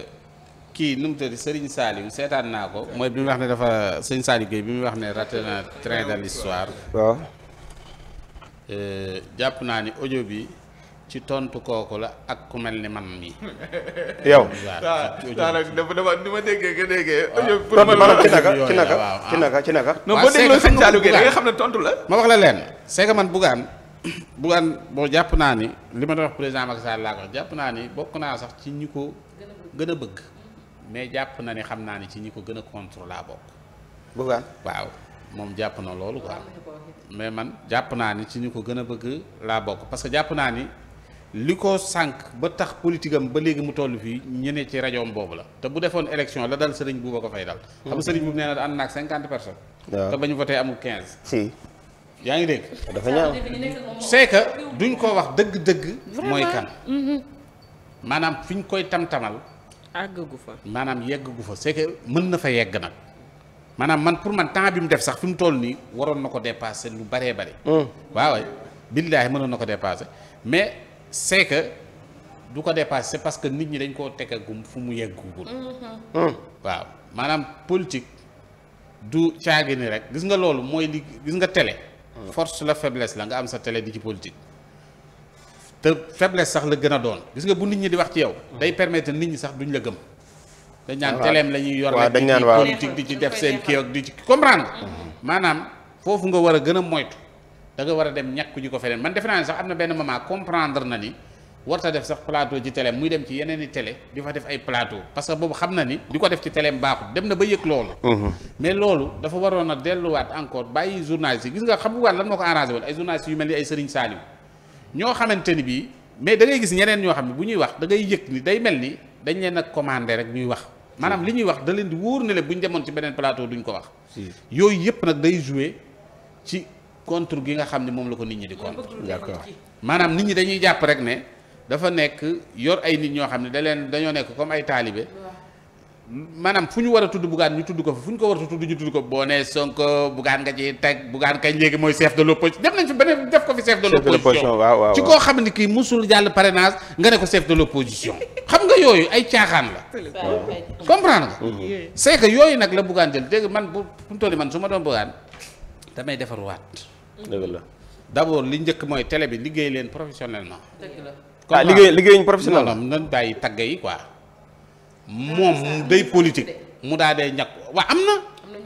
kii nu mu tëdd Serigne Saliou seetaan naa ko mooy bi mu wax ne dafa Serigne Saliou Gueye bi mu wax ne raté na train de l'histoire waaw jàpp naa ni audio bi. ci tontu kooku la ak ku mel ni man mii. yow. waaw daanaka dama ni ma déggee nga déggee. pour ma la ci naka ci naka ci naka ci naka. non boo dégloo xam ne tontu la. ma wax la leen c'est man Bougane Bougane boo jàpp naa ni li ma doon wax président Macky Sall laa ko jàpp naa ni bokk naa sax ci ñi ko gën a bëgg mais jàpp na ni xam naa ni ci ñi ko gën a contre laa bokk. moom jàpp na loolu mais man jàpp naa ni ci ñu ko gën a bëgg laa bokk parce que jàpp naa ni li ko sànq ba tax politique am ba léegi mu toll fii ñeneen ci rajoom boobu la te bu defoon élection la dal sëriñ buuba ko fay dal xam nga sëriñ buubu nee na ànd naag cinquante personnes te ba quinze si yaa ngi dégg dafa ñaaw duñ ko wax dëgg-dëgg mooy kan mm-hmm. maanaam fi ñu koy tam-tamal àgg gu fa maanaam yegg gu fa c'est mën na fa yegg nag maanaam man pour man temps bi mu def sax fi mu toll nii waroon na ko dépassé lu baree bare mm. waaw billaahi mënoon na ko dépassé mais c'est que du ko dépassé c'est parce que nit ñi dañ koo tegagum fu mu yeggugul mm-hmm. hmm. waaw maanaam politique du caagi ni rek gis nga loolu mooy li gis nga télé hmm. force la faiblesse la nga am sa télé di ci politique te faiblesse sax la gën a doon gis nga bu nit ñi di wax ci yow hmm. day permettre nit ñi sax duñ la gëm dañ naan teleem la ñuy yor dañ di politique di ci def seen kii ak di ci comprendre maanaam foofu nga war a gën a moytu da nga war a dem ñàkk ji ko feneen man defe naa ne sax am na benn moment comprendre na ni warta def sax plateau ci télé muy dem ci yeneen i télé di fa def ay plateau parce que boobu xam na ni di ko def ci télé baaxul dem na ba yëg loolu mhm. mais loolu dafa waroon a delluwaat encore bàyyi journaliste yi gis nga xam nga lan moo ko arrangé woon ay journaliste yu mel ni ay Serigne Saliou ñoo xamante ni bii mais dangay gis ñeneen ñoo xam ne bu ñuy wax da ngay yëg ni day mel ni dañ leen a commandé rek ñuy wax maanaam li ñuy wax da leen di wóor ne bu demoon ci beneen plateau duñ ko wax yooyu yëpp nag contre gi nga xam ne moom la ko nit ñi di contre d'accord maanaam nit ñi dañuy jàpp rek ne ñoo xam ne da leen dañoo nekk comme ay taalibe maanaam fu ñu war a tudd bugaan ñu tudd ko fa ko war a tudd ñu tudd ko boo nee Sonko bugaan nga de l'opposition de l'opposition waaw waaw ci koo xam ne kii musul jàll nga ne ko chef de l'opposition xam yooyu la comprendre nga mhm. c'est que yooyu nag la bugaan jël dégg man bu fu mu toll man su ma doon bugaan damay defaruwaat dëgg la mm-hmm. d'abord li njëkk mooy télé bi liggéey leen professionnellement. dëgg la ah, liggéey liggéeyuñu professionnel non non dañ bàyyi tagg yi quoi moom ah, day politique mu daa dee ñàkk waa am na.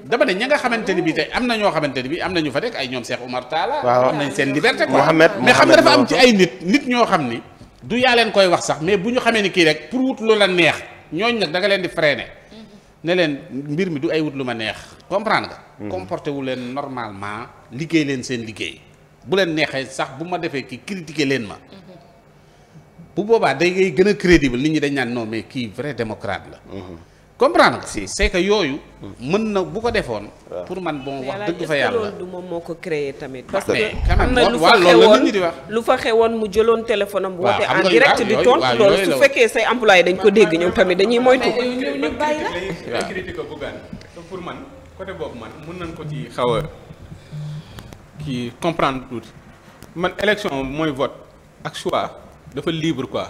dama ne ña nga xamante ni bii tey am na ñoo xamante ni bii am na ñu fa rek ay ñoom Cheikh Oumar Talla. waaw am nañ seen liberté. quoi mais xam nga dafa am ci ay nit nit ñoo xam ni. du yaa leen koy wax sax mais bu ñu xamee ni kii rek pour wut loola neex ñooñ nag da nga leen di freiner. ne leen mbir mi du ay wut lu ma neex comprendre nga. Mhm. comporté wu leen normalement liggéey leen seen liggéey bu leen neexee sax bu ma defee ki critiquer leen ma. Mhm. bu boobaa day ngay gën a crédible li ñi dañ naan non mais kii vrai démocrate la. Mhm. comprendre nga si c'est que yooyu. mën na bu ko defoon. pour man bon wax dëgg fa yàlla. du moom moo ko créé tamit. parce que am na lu fa xewoon lu fa xewoon mu jëloon téléphone am. woote en direct di tontu loolu su fekkee say employé dañ ko dégg ñoom tamit dañuy moytu. ñu bàyyi la pour man côté boobu man mën nañ ko ci xaw a kii comprendre tuuti man élection mooy vote ak choix dafa libre quoi.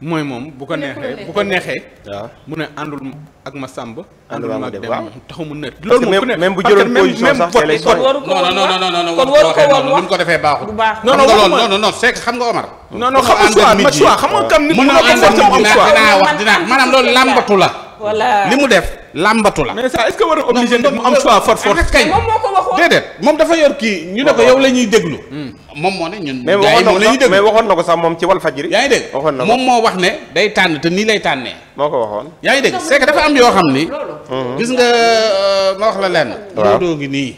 mooy moom bu ko neexee bu ko neexee. waaw mu ne àndul ak ma sàmb. àndul ak dem taxu mu nër. loolu moom ku ne même bu jëloon position sax tey lay sooy. kon waru ko woon wax non ko defee baaxul. du baax non non non non c'est xam nga Omar. non non xam nga choix xam nga kam nit. mën na ko forcer mu am choix dinaa wax dinaa maanaam loolu làmbatu la. li mu def. làmbatu la. mais ça est-ce a obligé mu am choix fort fort. kañ moom dafa yor kii ñu ne ko yow la ñuy déglu. Hmm. moom moo ne ñun. gars yi moom la ñuy déglu waxoon na ko sax moom ci wal fajiri. yaa ngi dégg moom moo wax ne day tànn te nii lay tànnee. moo ko waxoon. yaa ngi dégg c'est dafa am yoo xam ni. Hmm. gis nga euh, ma wax la lenn. waaw doo gi nii.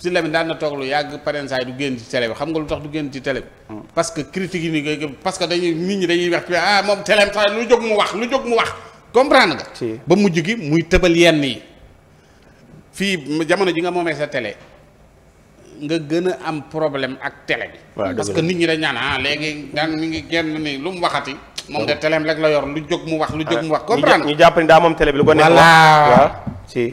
si Lamine daan na toog lu yàgg parensaay du génn ci télé bi xam nga lu tax du génn ci télé bi hmm. parce que critique yi ni parce que dañuy nit ñi dañuy wax ah moom télé sax lu jóg mu wax lu jóg mu wax comprendre nga. ba mujj gi muy tëbal yenn yi fii jamono ji nga moomee sa télé. nga gën a am problème ak télé bi. parce que nit ñi dañ naan ah léegi daan mu ngi gen ni lu mu waxati. moom nga télé rek la yor lu jóg mu wax lu jóg mu wax. comprendre ñu jàpp ni daa moom télé bi lu ko nekk voilà si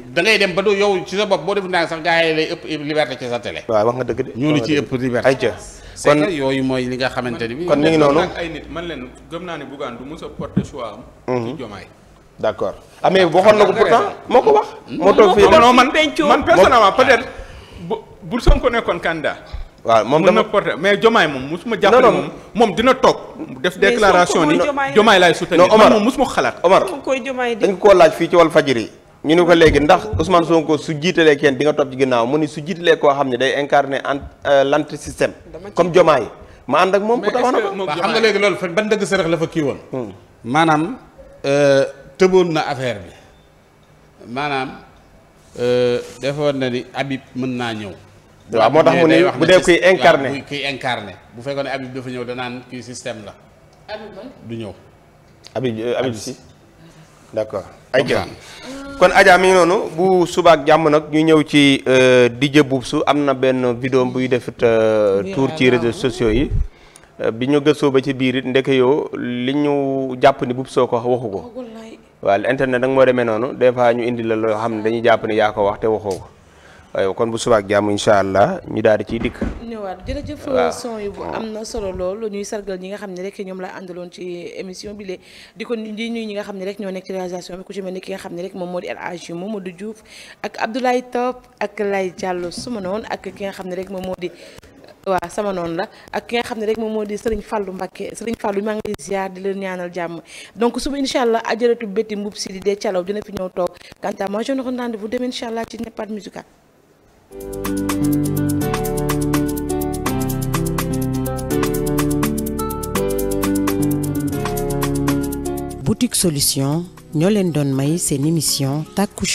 ba do yow ci sa bopp boo def naa sax gaa yi lay ëpp liberté ci sa télé. waaw wax nga dëgg de. ñu li ci ëpp liberté ayca. yooyu mooy li nga xamante ni bi. kon ñu ngi noonu ay nit man leen gëm naa ne Bougane du mos a porter choix am. ci mhm. d' accord ah mais waxoon na ko pourtant moo ko wax. Hmm? moo toog fii non man man personnellement peut-être bu bu Sonko nekkoon candidat. waaw moom dama mën na mais Jomaay moom musuma su ma moom moom dina toog. def déclaration ni Jomaay laay soutenir. non Omar moom musuma xalaat. Omar dañ ko laaj fii ci wàllu fajiri ñu ni ko léegi ndax Ousmane Sonko su jiitalee kenn di nga topp ci ginnaaw mu ni su jiitalee koo xam ne day incarner euh, l' anti système. comme Jomaay ma ànd ak moom. pour taxaw na ko mais xam nga léegi loolu fan ban dëgg sërëx la fa kii woon. Hmm. maanaam euh, tëboon na affaire bi maanaam euh, defoon na ni Habib mën naa ñëw. waaw moo tax mu ne bu dee kuy incarné kuy incarné bu fekkoon ne Habib dafa ñëw danaan kii système la. du ñëw. Habib euh, Habib si d'accord. ay kon Adja mi noonu bu subaak jàmm nag ñu ñëw ci euh, DJ Boubsou am na benn vidéo buy defit tour ci réseaux sociaux yi bi ñu gëstoo ba ci biir it ndeke yoo li ñu jàpp ni Boubsoo ko waxu ko waaw internet nag moo demee noonu des fois ñu indi la loo xam ne dañuy jàpp ne yaa ko wax te waxoo ko waaye kon bu subaak jàmm incha allah ñu daal di ciy dikk. ñëwaat jërëjëf son yu am na solo loolu ñuy sargal ñi nga xam ne rek ñoom la àndaloon ci émission bi lée di ko di ñuy ñi nga xam ne rek ñoo nekk ci réalisation bi ku ci mel ni ki nga xam ne rek moom moo di El moo Mamadou Diouf ak Abdoulaye Top ak Lay jàll su ma noon ak ki nga xam ne rek moom moo di waa sama noonu la ak ki nga xam ne rek moom moo di Serigne Fallou Mbacké Serigne Fallou maa ngi ziar di leen ñaanal jàmm donc suba incha allah ajaratu bétti mbub si di dee calaw dina fi ñëw toog quant à moi je vous donne rendez-vous demain incha allah ci Nepad musical Boutique Solution ñoo leen doon may seen émission Taku